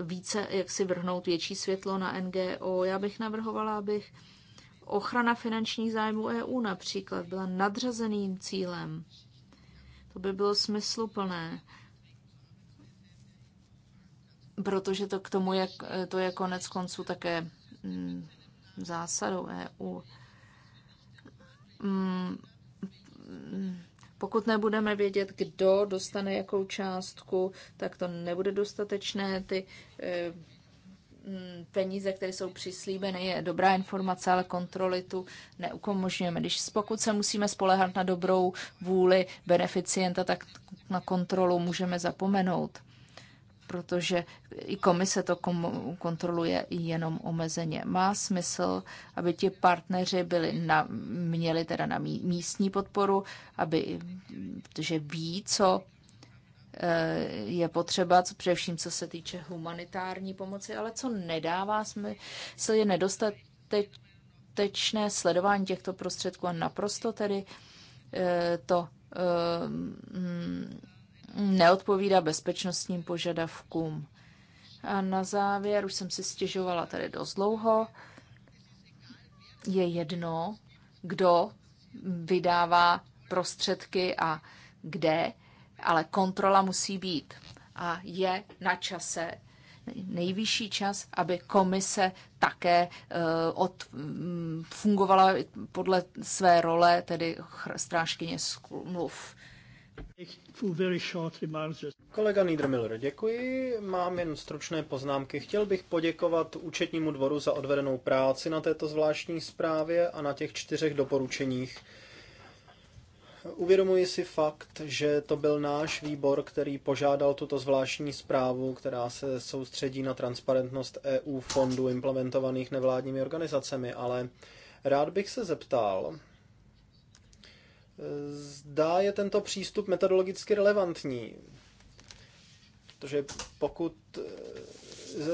A: více, jak si vrhnout větší světlo na NGO. Já bych navrhovala, abych ochrana finančních zájmů EU například byla nadřazeným cílem. To by bylo smysluplné, protože to k tomu, jak to je konec konců také mm, zásadou EU. Mm, pokud nebudeme vědět, kdo dostane jakou částku, tak to nebude dostatečné. Ty eh, Mm, peníze, které jsou přislíbeny, je dobrá informace, ale kontroly tu neukomožňujeme. Když pokud se musíme spolehat na dobrou vůli beneficienta, tak na kontrolu můžeme zapomenout, protože i komise to kontroluje jenom omezeně. Má smysl, aby ti partneři byli na, měli teda na místní podporu, aby, protože ví, co Eh, je potřeba, co především co se týče humanitární pomoci, ale co nedává smysl, je nedostatečné sledování těchto prostředků a naprosto tedy eh, to eh, mm, neodpovídá bezpečnostním požadavkům. A na závěr, už jsem si stěžovala tady dost dlouho, je jedno, kdo vydává prostředky a kde, ale kontrola musí být. A je na čase, nejvyšší čas, aby komise také eh, od, mm, fungovala podle své role, tedy strážkyně smluv.
B: Kolega Niedermiller, děkuji. Mám jen stručné poznámky. Chtěl bych poděkovat účetnímu dvoru za odvedenou práci na této zvláštní zprávě a na těch čtyřech doporučeních, Uvědomuji si fakt, že to byl náš výbor, který požádal tuto zvláštní zprávu, která se soustředí na transparentnost EU fondů implementovaných nevládními organizacemi, ale rád bych se zeptal, zdá je tento přístup metodologicky relevantní. Protože pokud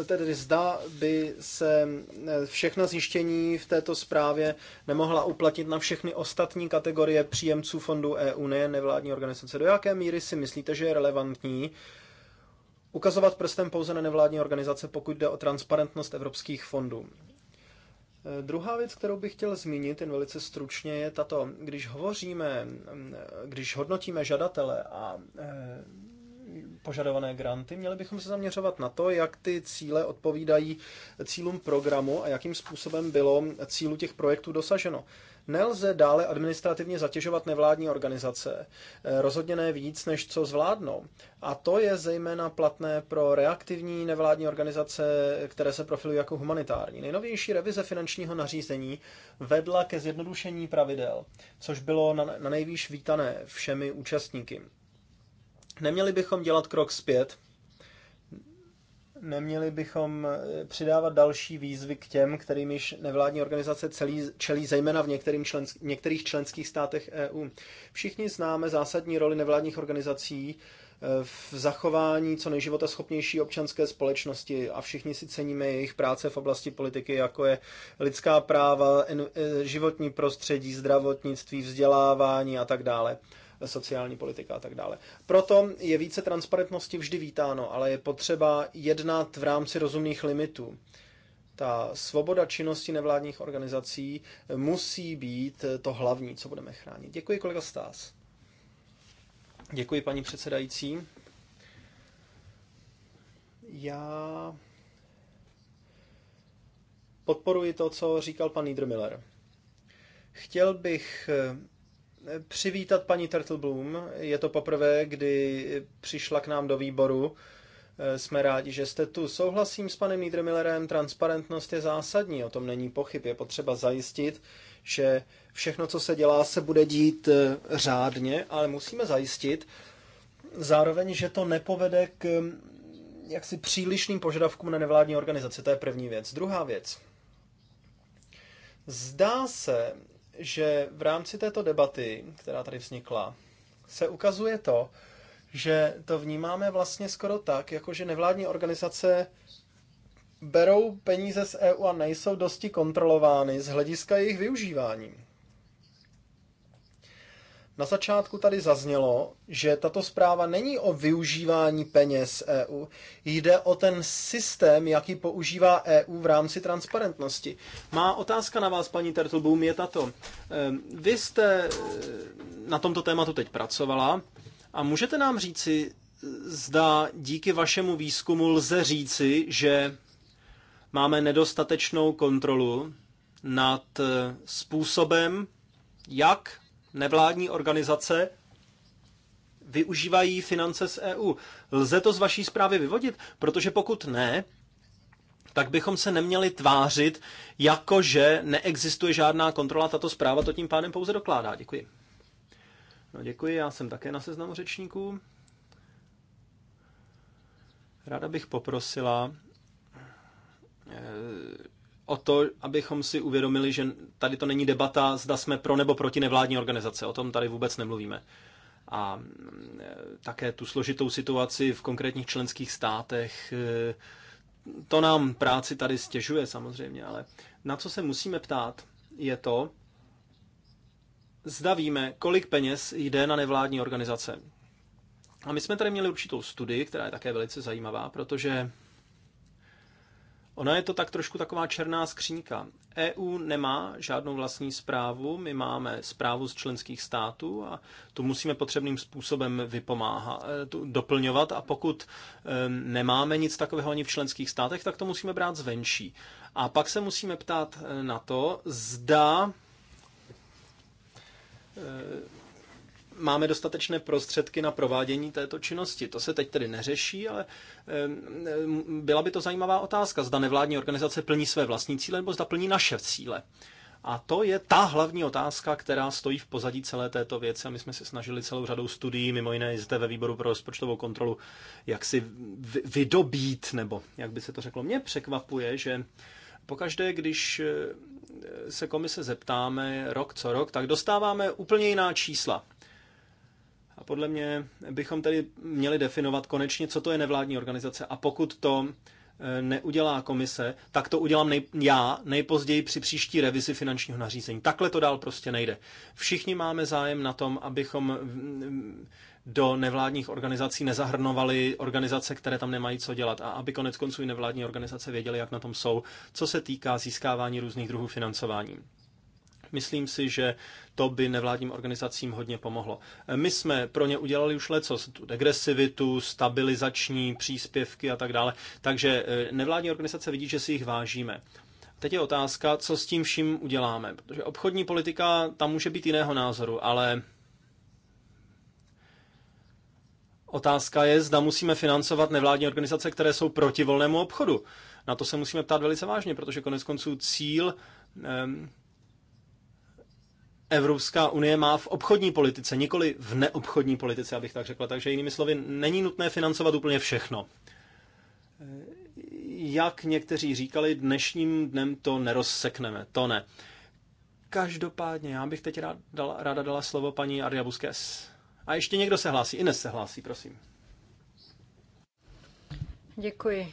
B: tedy zda by se eh, všechna zjištění v této zprávě nemohla uplatnit na všechny ostatní kategorie příjemců fondů EU, ne nevládní organizace. Do jaké míry si myslíte, že je relevantní ukazovat prstem pouze na nevládní organizace, pokud jde o transparentnost evropských fondů? Eh, druhá věc, kterou bych chtěl zmínit, jen velice stručně, je tato. Když hovoříme, mm, eh, když hodnotíme žadatele a požadované granty, měli bychom se zaměřovat na to, jak ty cíle odpovídají cílům programu a jakým způsobem bylo cílu těch projektů dosaženo. Nelze dále administrativně zatěžovat nevládní organizace, rozhodně ne víc, než co zvládnou. A to je zejména platné pro reaktivní nevládní organizace, které se profilují jako humanitární. Nejnovější revize finančního nařízení vedla ke zjednodušení pravidel, což bylo na, na nejvýš vítané všemi účastníky. Neměli bychom dělat krok zpět, neměli bychom eh, přidávat další výzvy k těm, kterým již nevládní organizace celý, čelí, zejména v některým člensk, některých členských státech EU. Všichni známe zásadní roli nevládních organizací eh, v zachování co nejživotaschopnější občanské společnosti a všichni si ceníme jejich práce v oblasti politiky, jako je lidská práva, eh, životní prostředí, zdravotnictví, vzdělávání a tak dále sociální politika a tak dále. Proto je více transparentnosti vždy vítáno, ale je potřeba jednat v rámci rozumných limitů. Ta svoboda činnosti nevládních organizací musí být to hlavní, co budeme chránit. Děkuji, kolega Stás. Děkuji, paní předsedající. Já podporuji to, co říkal pan Niedermiller. Chtěl bych přivítat paní Turtlebloom. Je to poprvé, kdy přišla k nám do výboru. Eh, jsme rádi, že jste tu. Souhlasím s panem Niedermillerem, transparentnost je zásadní, o tom není pochyb. Je potřeba zajistit, že všechno, co se dělá, se bude dít eh, řádně, ale musíme zajistit zároveň, že to nepovede k hm, jaksi přílišným požadavkům na nevládní organizace. To je první věc. Druhá věc. Zdá se, že v rámci této debaty, která tady vznikla, se ukazuje to, že to vnímáme vlastně skoro tak, jako že nevládní organizace berou peníze z EU a nejsou dosti kontrolovány z hlediska jejich využívání. Na začátku tady zaznělo, že tato zpráva není o využívání peněz EU, jde o ten systém, jaký používá EU v rámci transparentnosti. Má otázka na vás, paní Tertlboum, je tato. Ehm, vy jste eh, na tomto tématu teď pracovala a můžete nám říci, zda díky vašemu výzkumu lze říci, že máme nedostatečnou kontrolu nad eh, způsobem, jak nevládní organizace využívají finance z EU. Lze to z vaší zprávy vyvodit? Protože pokud ne, tak bychom se neměli tvářit, jakože neexistuje žádná kontrola. Tato zpráva to tím pádem pouze dokládá. Děkuji. No děkuji, já jsem také na seznamu řečníků. Ráda bych poprosila eh, o to, abychom si uvědomili, že tady to není debata, zda jsme pro nebo proti nevládní organizace. O tom tady vůbec nemluvíme. A mm, také tu složitou situaci v konkrétních členských státech, e, to nám práci tady stěžuje samozřejmě, ale na co se musíme ptát, je to, zda víme, kolik peněz jde na nevládní organizace. A my jsme tady měli určitou studii, která je také velice zajímavá, protože Ona je to tak trošku taková černá skřínka. EU nemá žádnou vlastní zprávu, my máme zprávu z členských států a tu musíme potřebným způsobem vypomáhat, e, doplňovat a pokud nemáme nic takového ani v členských státech, tak to musíme brát zvenší. A pak se musíme ptát e, na to, zda e, máme dostatečné prostředky na provádění této činnosti. To se teď tedy neřeší, ale eh, byla by to zajímavá otázka, zda nevládní organizace plní své vlastní cíle nebo zda plní naše cíle. A to je ta hlavní otázka, která stojí v pozadí celé této věci. A my jsme se snažili celou řadou studií, mimo jiné i zde ve výboru pro rozpočtovou kontrolu, jak si vydobít, nebo jak by se to řeklo. Mě překvapuje, že pokaždé, když eh, se komise zeptáme rok co rok, tak dostáváme úplně jiná čísla. A podle mě bychom tedy měli definovat konečně, co to je nevládní organizace. A pokud to e, neudělá komise, tak to udělám nej, já nejpozději při příští revizi finančního nařízení. Takhle to dál prostě nejde. Všichni máme zájem na tom, abychom do nevládních organizací nezahrnovali organizace, které tam nemají co dělat a aby konec konců i nevládní organizace věděly, jak na tom jsou, co se týká získávání různých druhů financování. Myslím si, že to by nevládním organizacím hodně pomohlo. My jsme pro ně udělali už leco, tu degresivitu, stabilizační příspěvky a tak dále, takže eh, nevládní organizace vidí, že si jich vážíme. Teď je otázka, co s tím vším uděláme, protože obchodní politika, tam může být jiného názoru, ale otázka je, zda musíme financovat nevládní organizace, které jsou proti volnému obchodu. Na to se musíme ptát velice vážně, protože konec konců cíl ehm, Evropská unie má v obchodní politice, nikoli v neobchodní politice, abych tak řekla. Takže jinými slovy, není nutné financovat úplně všechno. Jak někteří říkali, dnešním dnem to nerozsekneme, to ne. Každopádně, já bych teď rád, dala, ráda dala slovo paní Aria Buskes. A ještě někdo se hlásí, Ines se hlásí, prosím.
D: Děkuji.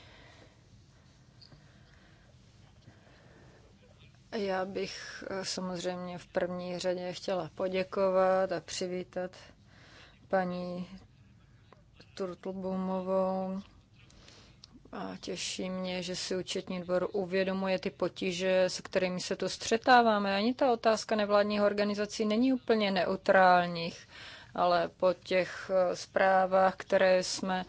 D: Já bych eh, samozřejmě v první řadě chtěla poděkovat a přivítat paní Turtlbumovou. A těší mě, že si účetní dvor uvědomuje ty potíže, se kterými se tu střetáváme. Ani ta otázka nevládních organizací není úplně neutrálních, ale po těch eh, zprávách, které jsme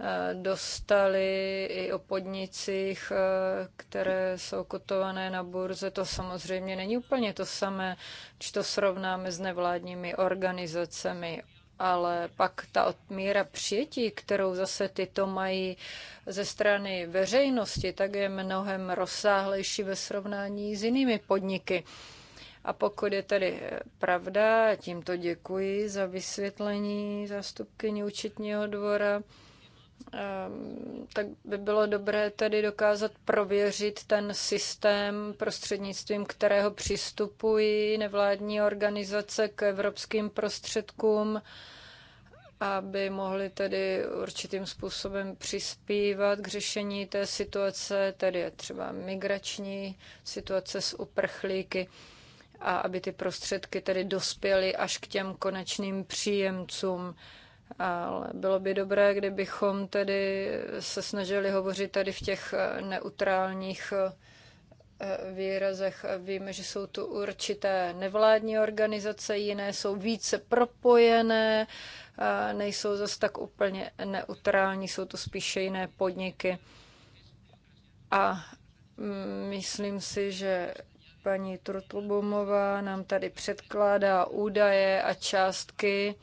D: Eh, dostali i o podnicích, eh, které jsou kotované na burze. To samozřejmě není úplně to samé, či to srovnáme s nevládními organizacemi ale pak ta míra přijetí, kterou zase tyto mají ze strany veřejnosti, tak je mnohem rozsáhlejší ve srovnání s jinými podniky. A pokud je tedy pravda, tímto děkuji za vysvětlení zástupkyni účetního dvora, Ehm, tak by bylo dobré tedy dokázat prověřit ten systém, prostřednictvím kterého přistupují nevládní organizace k evropským prostředkům, aby mohli tedy určitým způsobem přispívat k řešení té situace, tedy je třeba migrační situace s uprchlíky a aby ty prostředky tedy dospěly až k těm konečným příjemcům. Ale bylo by dobré, kdybychom tedy se snažili hovořit tady v těch eh, neutrálních eh, výrazech. Víme, že jsou tu určité nevládní organizace, jiné jsou více propojené, eh, nejsou zase tak úplně neutrální, jsou to spíše jiné podniky. A mm, myslím si, že paní Trutlbumová nám tady předkládá údaje a částky,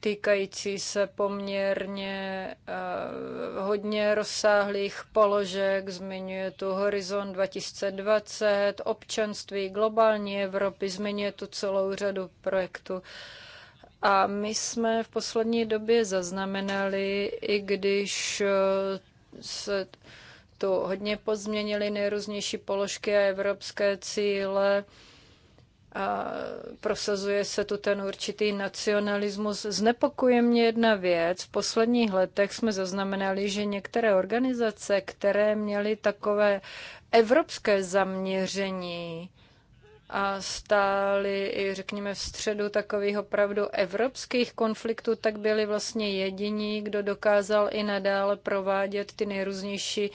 D: týkající se poměrně eh, hodně rozsáhlých položek. Zmiňuje tu Horizon 2020, občanství globální Evropy, zmiňuje tu celou řadu projektů. A my jsme v poslední době zaznamenali, i když eh, se tu hodně pozměnily nejrůznější položky a evropské cíle, a prosazuje se tu ten určitý nacionalismus. Znepokuje mě jedna věc. V posledních letech jsme zaznamenali, že některé organizace, které měly takové evropské zaměření, a stáli i, řekněme, v středu takových opravdu evropských konfliktů, tak byli vlastně jediní, kdo dokázal i nadále provádět ty nejrůznější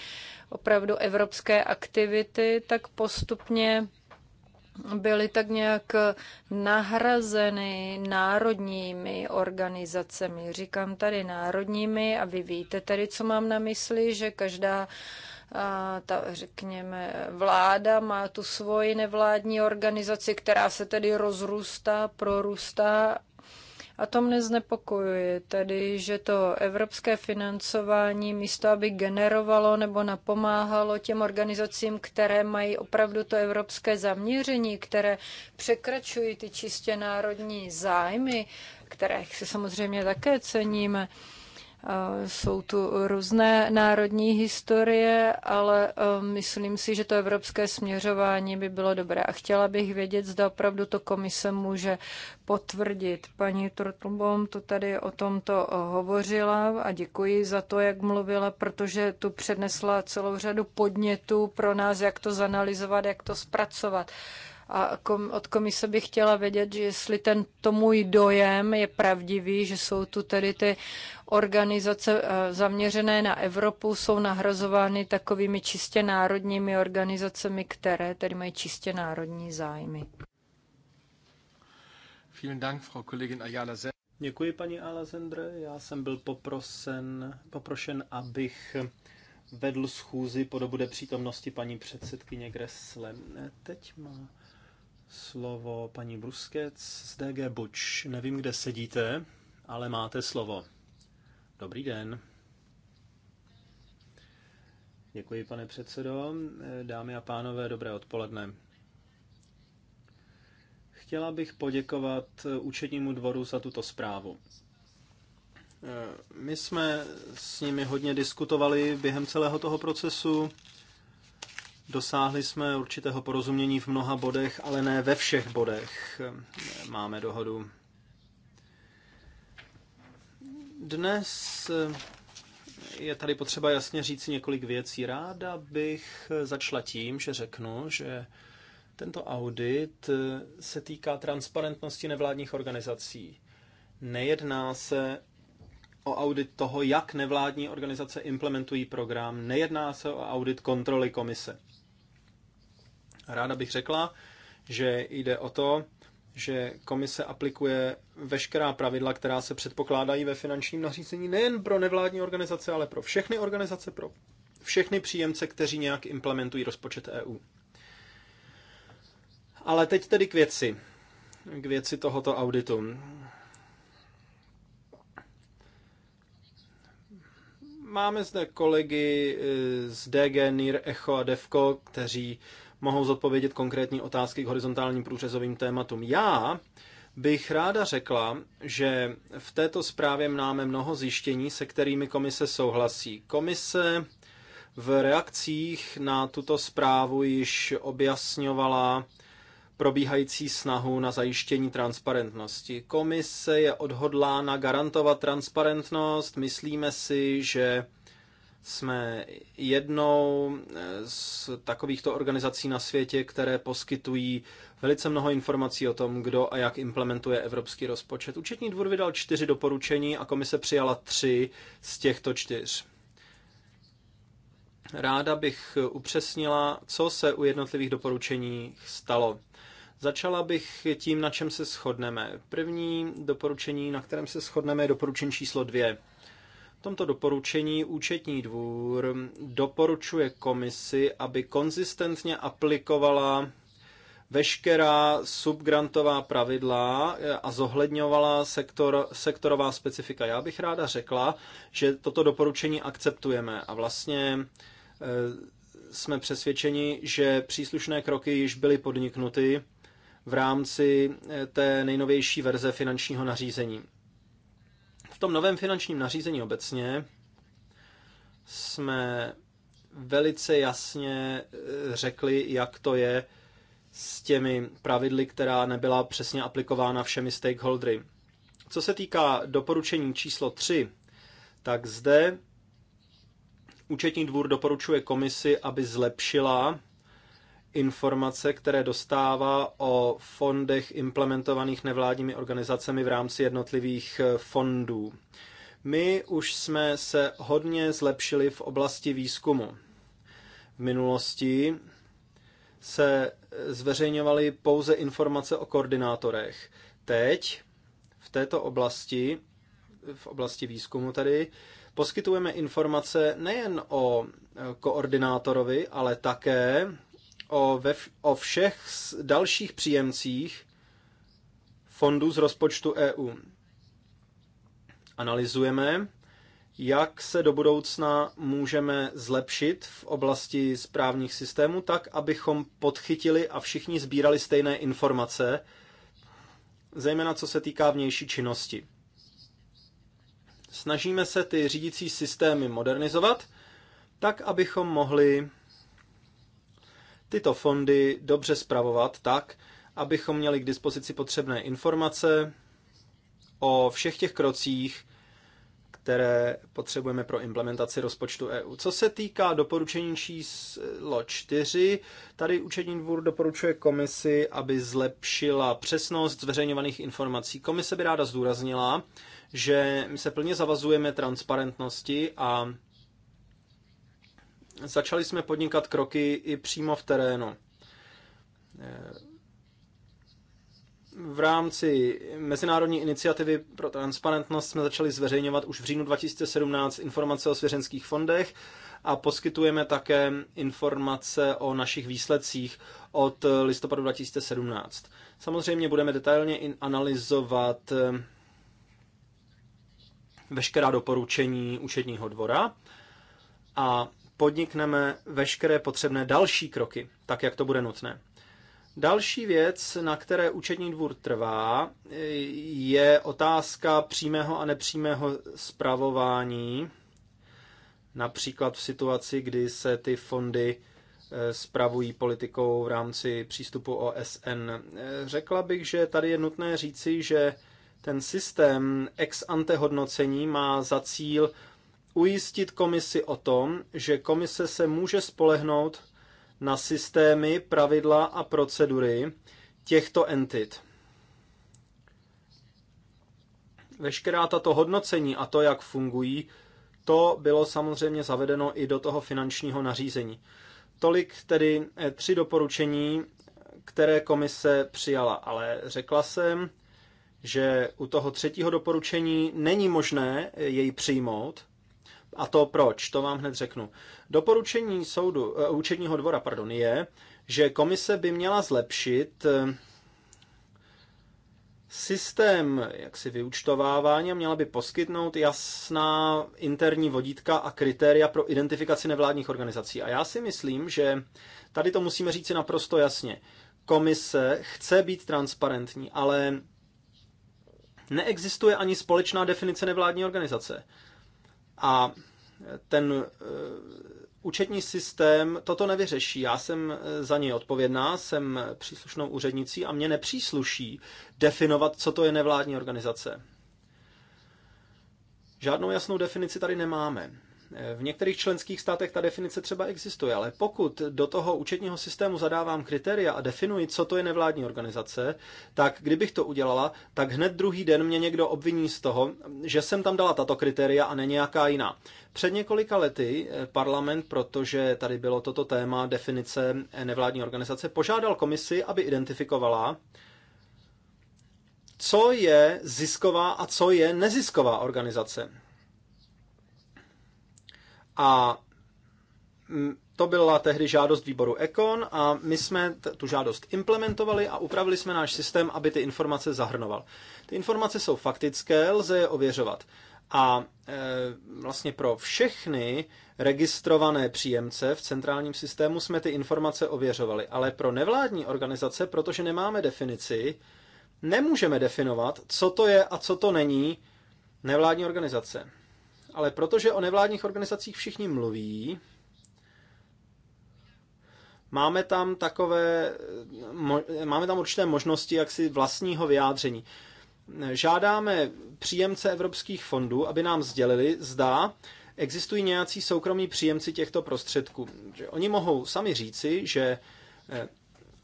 D: opravdu evropské aktivity, tak postupně byly tak nějak nahrazeny národními organizacemi. Říkám tady národními a vy víte tady, co mám na mysli, že každá a ta, řekněme, vláda má tu svoji nevládní organizaci, která se tedy rozrůstá, prorůstá a to mne znepokojuje, tedy, že to evropské financování místo, aby generovalo nebo napomáhalo těm organizacím, které mají opravdu to evropské zaměření, které překračují ty čistě národní zájmy, které si samozřejmě také ceníme, Eh, jsou tu různé národní historie, ale eh, myslím si, že to evropské směřování by bylo dobré. A chtěla bych vědět, zda opravdu to komise může potvrdit. Paní Trottlbom to tady o tomto eh, hovořila a děkuji za to, jak mluvila, protože tu přednesla celou řadu podnětů pro nás, jak to zanalizovat, jak to zpracovat. A kom, od komise bych chtěla vědět, že jestli tento můj dojem je pravdivý, že jsou tu tedy ty organizace eh, zaměřené na Evropu, jsou nahrazovány takovými čistě národními organizacemi, které tedy mají čistě národní zájmy.
B: Děkuji, paní Alazendre. Já jsem byl poprosen, poprošen, abych vedl schůzi po dobu přítomnosti paní předsedkyně Greslem. Teď má slovo paní Bruskec z DG Buč. Nevím, kde sedíte, ale máte slovo. Dobrý den. Děkuji, pane předsedo. Dámy a pánové, dobré odpoledne. Chtěla bych poděkovat účetnímu dvoru za tuto zprávu. My jsme s nimi hodně diskutovali během celého toho procesu Dosáhli jsme určitého porozumění v mnoha bodech, ale ne ve všech bodech eh, máme dohodu. Dnes eh, je tady potřeba jasně říct několik věcí. Ráda bych eh, začala tím, že řeknu, že tento audit se týká transparentnosti nevládních organizací. Nejedná se o audit toho, jak nevládní organizace implementují program, nejedná se o audit kontroly komise. Ráda bych řekla, že jde o to, že komise aplikuje veškerá pravidla, která se předpokládají ve finančním nařízení nejen pro nevládní organizace, ale pro všechny organizace, pro všechny příjemce, kteří nějak implementují rozpočet EU. Ale teď tedy k věci. K věci tohoto auditu. Máme zde kolegy eh, z DG, NIR, ECHO a DEVKO, kteří mohou zodpovědět konkrétní otázky k horizontálním průřezovým tématům. Já bych ráda řekla, že v této zprávě máme mnoho zjištění, se kterými komise souhlasí. Komise v reakcích na tuto zprávu již objasňovala probíhající snahu na zajištění transparentnosti. Komise je odhodlána garantovat transparentnost. Myslíme si, že jsme jednou eh, z takovýchto organizací na světě, které poskytují velice mnoho informací o tom, kdo a jak implementuje evropský rozpočet. Účetní dvůr vydal čtyři doporučení a komise přijala tři z těchto čtyř. Ráda bych upřesnila, co se u jednotlivých doporučení stalo. Začala bych tím, na čem se shodneme. První doporučení, na kterém se shodneme, je doporučení číslo dvě tomto doporučení účetní dvůr doporučuje komisi, aby konzistentně aplikovala veškerá subgrantová pravidla a zohledňovala sektor, sektorová specifika. Já bych ráda řekla, že toto doporučení akceptujeme a vlastně e, jsme přesvědčeni, že příslušné kroky již byly podniknuty v rámci e, té nejnovější verze finančního nařízení tom novém finančním nařízení obecně jsme velice jasně eh, řekli, jak to je s těmi pravidly, která nebyla přesně aplikována všemi stakeholdery. Co se týká doporučení číslo 3, tak zde účetní dvůr doporučuje komisi, aby zlepšila informace, které dostává o fondech implementovaných nevládními organizacemi v rámci jednotlivých eh, fondů. My už jsme se hodně zlepšili v oblasti výzkumu. V minulosti se eh, zveřejňovaly pouze informace o koordinátorech. Teď v této oblasti, v oblasti výzkumu tady, poskytujeme informace nejen o eh, koordinátorovi, ale také o, ve, o všech dalších příjemcích fondů z rozpočtu EU. Analyzujeme, jak se do budoucna můžeme zlepšit v oblasti správních systémů, tak abychom podchytili a všichni sbírali stejné informace, zejména co se týká vnější činnosti. Snažíme se ty řídící systémy modernizovat, tak abychom mohli tyto fondy dobře spravovat tak, abychom měli k dispozici potřebné informace o všech těch krocích, které potřebujeme pro implementaci rozpočtu EU. Co se týká doporučení číslo 4, tady účetní dvůr doporučuje komisi, aby zlepšila přesnost zveřejňovaných informací. Komise by ráda zdůraznila, že my se plně zavazujeme transparentnosti a Začali jsme podnikat kroky i přímo v terénu. V rámci Mezinárodní iniciativy pro transparentnost jsme začali zveřejňovat už v říjnu 2017 informace o svěřenských fondech a poskytujeme také informace o našich výsledcích od listopadu 2017. Samozřejmě budeme detailně analyzovat eh, veškerá doporučení účetního dvora a podnikneme veškeré potřebné další kroky, tak jak to bude nutné. Další věc, na které účetní dvůr trvá, je otázka přímého a nepřímého zpravování. Například v situaci, kdy se ty fondy eh, spravují politikou v rámci přístupu OSN. Eh, řekla bych, že tady je nutné říci, že ten systém ex ante hodnocení má za cíl ujistit komisi o tom, že komise se může spolehnout na systémy, pravidla a procedury těchto entit. Veškerá tato hodnocení a to, jak fungují, to bylo samozřejmě zavedeno i do toho finančního nařízení. Tolik tedy eh, tři doporučení, které komise přijala, ale řekla jsem, že u toho třetího doporučení není možné eh, jej přijmout, a to proč, to vám hned řeknu. Doporučení soudu, eh, účetního dvora pardon, je, že komise by měla zlepšit eh, systém jak si vyučtovávání a měla by poskytnout jasná interní vodítka a kritéria pro identifikaci nevládních organizací. A já si myslím, že tady to musíme říci naprosto jasně. Komise chce být transparentní, ale neexistuje ani společná definice nevládní organizace. A ten eh, účetní systém toto nevyřeší. Já jsem eh, za něj odpovědná, jsem příslušnou úřednicí a mě nepřísluší definovat, co to je nevládní organizace. Žádnou jasnou definici tady nemáme. V některých členských státech ta definice třeba existuje, ale pokud do toho účetního systému zadávám kritéria a definuji, co to je nevládní organizace, tak kdybych to udělala, tak hned druhý den mě někdo obviní z toho, že jsem tam dala tato kritéria a ne nějaká jiná. Před několika lety eh, parlament, protože tady bylo toto téma definice eh, nevládní organizace, požádal komisi, aby identifikovala, co je zisková a co je nezisková organizace. A to byla tehdy žádost výboru Econ a my jsme tu žádost implementovali a upravili jsme náš systém, aby ty informace zahrnoval. Ty informace jsou faktické, lze je ověřovat. A e, vlastně pro všechny registrované příjemce v centrálním systému jsme ty informace ověřovali, ale pro nevládní organizace, protože nemáme definici, nemůžeme definovat, co to je a co to není nevládní organizace ale protože o nevládních organizacích všichni mluví, máme tam takové, máme tam určité možnosti jaksi vlastního vyjádření. Žádáme příjemce evropských fondů, aby nám sdělili, zda existují nějací soukromí příjemci těchto prostředků. Že oni mohou sami říci, že eh,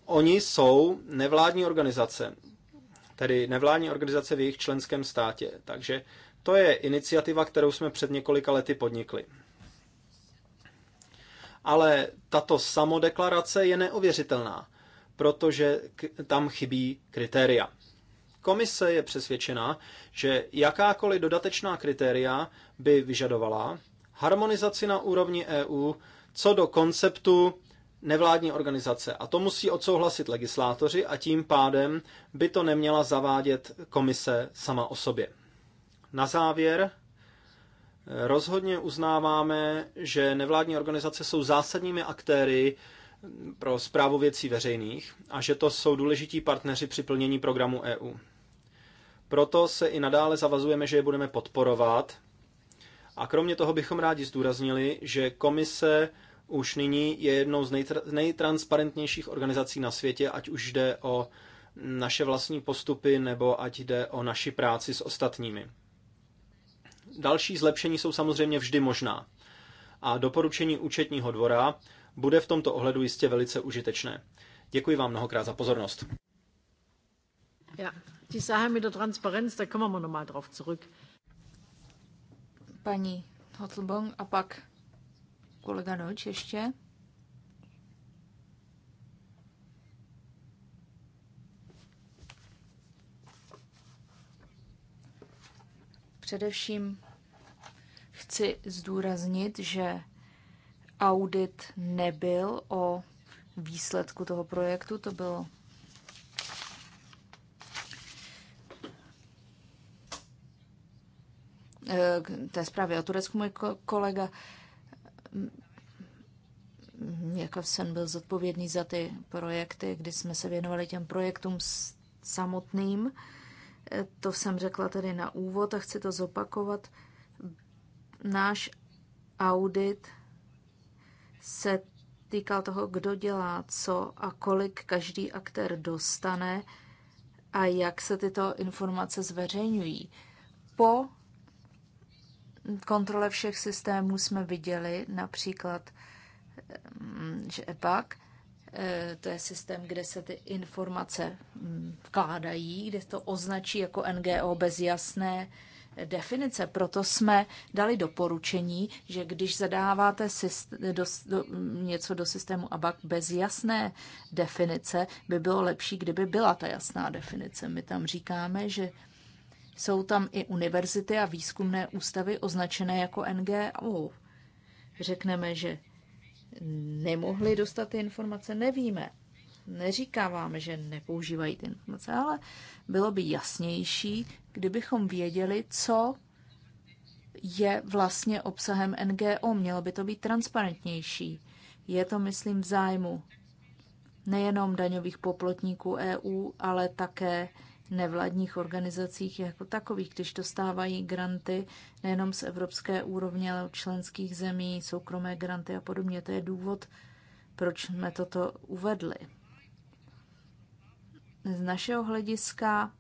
B: oni jsou nevládní organizace, tedy nevládní organizace v jejich členském státě. Takže to je iniciativa, kterou jsme před několika lety podnikli. Ale tato samodeklarace je neověřitelná, protože tam chybí kritéria. Komise je přesvědčena, že jakákoliv dodatečná kritéria by vyžadovala harmonizaci na úrovni EU co do konceptu nevládní organizace. A to musí odsouhlasit legislátoři a tím pádem by to neměla zavádět komise sama o sobě. Na závěr rozhodně uznáváme, že nevládní organizace jsou zásadními aktéry pro zprávu věcí veřejných a že to jsou důležití partneři při plnění programu EU. Proto se i nadále zavazujeme, že je budeme podporovat. A kromě toho bychom rádi zdůraznili, že komise už nyní je jednou z nejtr- nejtransparentnějších organizací na světě, ať už jde o naše vlastní postupy nebo ať jde o naši práci s ostatními. Další zlepšení jsou samozřejmě vždy možná. A doporučení účetního dvora bude v tomto ohledu jistě velice užitečné. Děkuji vám mnohokrát za pozornost.
C: Ja,
D: die Sache mit der Transparenz, da kommen wir nochmal drauf zurück.
A: Paní Hotelbong a pak kolega Noč ještě. Především chci zdůraznit, že audit nebyl o výsledku toho projektu, to bylo eh, té zprávě o Turecku můj kolega mm, Jakovsen byl zodpovědný za ty projekty, kdy jsme se věnovali těm projektům samotným. Eh, to jsem řekla tedy na úvod a chci to zopakovat. Náš audit se týkal toho, kdo dělá co a kolik každý aktér dostane a jak se tyto informace zveřejňují. Po kontrole všech systémů jsme viděli například, mm, že EPAC, eh, to je systém, kde se ty informace mm, vkládají, kde to označí jako NGO bez jasné definice. Proto jsme dali doporučení, že když zadáváte do, do, něco do systému ABAC bez jasné definice, by bylo lepší, kdyby byla ta jasná definice. My tam říkáme, že jsou tam i univerzity a výzkumné ústavy označené jako NGO. Řekneme, že nemohli dostat ty informace, nevíme. Neříká vám, že nepoužívají ty informace, ale bylo by jasnější, kdybychom věděli, co je vlastně obsahem NGO. Mělo by to být transparentnější. Je to, myslím, v zájmu nejenom daňových poplotníků EU, ale také nevládních organizacích jako takových, když dostávají granty nejenom z evropské úrovně, ale od členských zemí, soukromé granty a podobně. To je důvod, proč jsme toto uvedli z našeho hlediska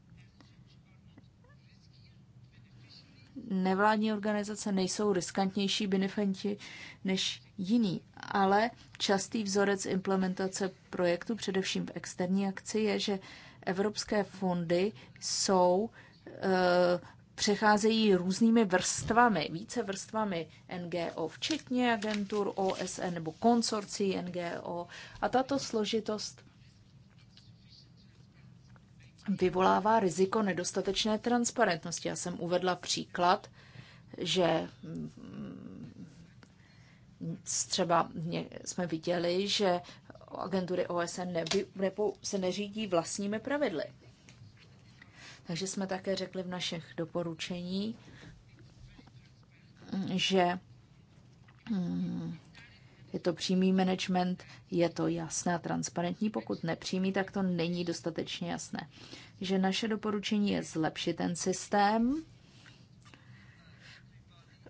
A: nevládní organizace nejsou riskantnější benefenti než jiný, ale častý vzorec implementace projektu, především v externí akci, je, že evropské fondy jsou e, přecházejí různými vrstvami, více vrstvami NGO, včetně agentur OSN nebo konsorcí NGO. A tato složitost vyvolává riziko nedostatečné transparentnosti. Já jsem uvedla příklad, že mm, třeba jsme viděli, že agentury OSN neby, nebo se neřídí vlastními pravidly. Takže jsme také řekli v našich doporučení, že mm, je to přímý management, je to jasné a transparentní. Pokud nepřímý, tak to není dostatečně jasné. Že naše doporučení je zlepšit ten systém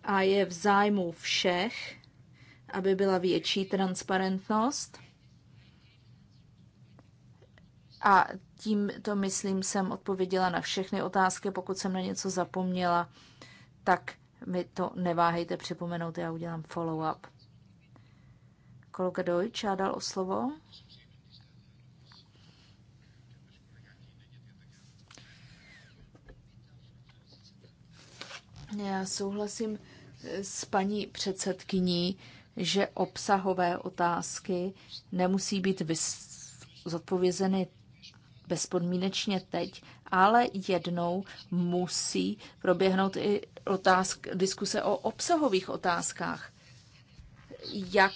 A: a je v zájmu všech, aby byla větší transparentnost. A tím to, myslím, jsem odpověděla na všechny otázky. Pokud jsem na něco zapomněla, tak mi to neváhejte připomenout, já udělám follow-up. Kolega Dojč žádal o slovo. Já souhlasím s paní předsedkyní, že obsahové otázky nemusí být zodpovězeny bezpodmínečně teď, ale jednou musí proběhnout i otázk, diskuse o obsahových otázkách. Jak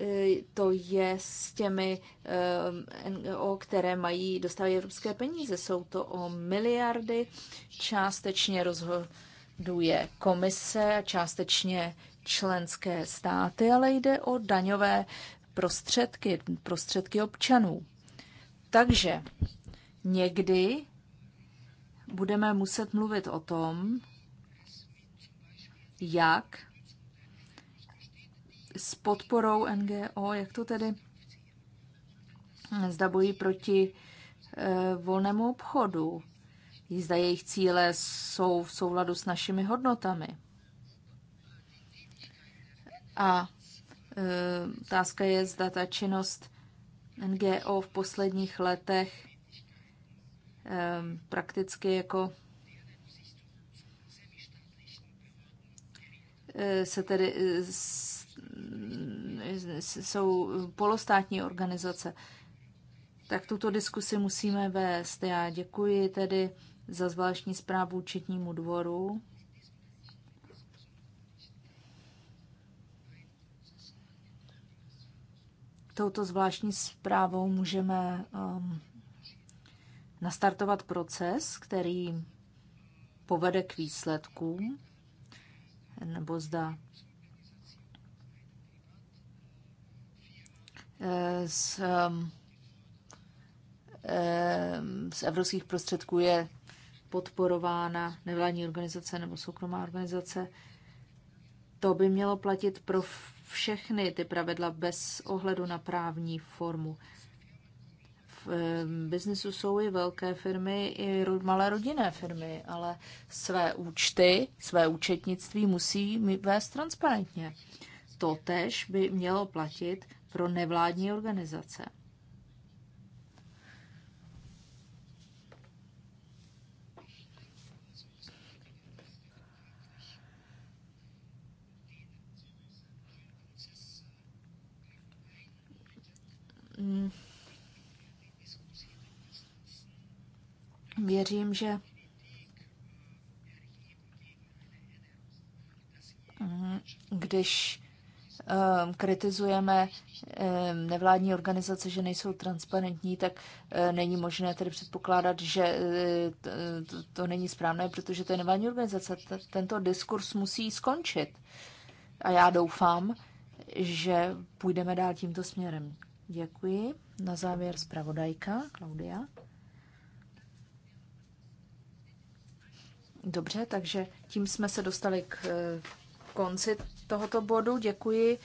A: Eh, to je s těmi eh, NGO, které mají dostávají evropské peníze. Jsou to o miliardy, částečně rozhoduje komise, částečně členské státy, ale jde o daňové prostředky, prostředky občanů. Takže někdy budeme muset mluvit o tom, jak s podporou NGO, jak to tedy zda bojí proti eh, volnému obchodu, zda jejich cíle jsou v souladu s našimi hodnotami. A eh, otázka je, zda ta činnost NGO v posledních letech eh, prakticky jako se tedy jsou polostátní organizace. Tak tuto diskusi musíme vést. Já děkuji tedy za zvláštní zprávu četnímu dvoru. Touto zvláštní zprávou můžeme um, nastartovat proces, který povede k výsledkům, nebo zda Eh, z, z evropských prostředků je podporována nevládní organizace nebo soukromá organizace. To by mělo platit pro všechny ty pravidla bez ohledu na právní formu. V biznesu jsou i velké firmy, i malé rodinné firmy, ale své účty, své účetnictví musí vést transparentně. Totež by mělo platit pro nevládní organizace. Mm. Věřím, že mm, když Ehm, kritizujeme ehm, nevládní organizace, že nejsou transparentní, tak eh, není možné tedy předpokládat, že eh, to není správné, protože to je nevládní organizace. Tento diskurs musí skončit. A já doufám, že půjdeme dál tímto směrem. Děkuji. Na závěr zpravodajka Klaudia. Dobře, takže tím jsme se dostali k eh, konci tohoto bodu. Děkuji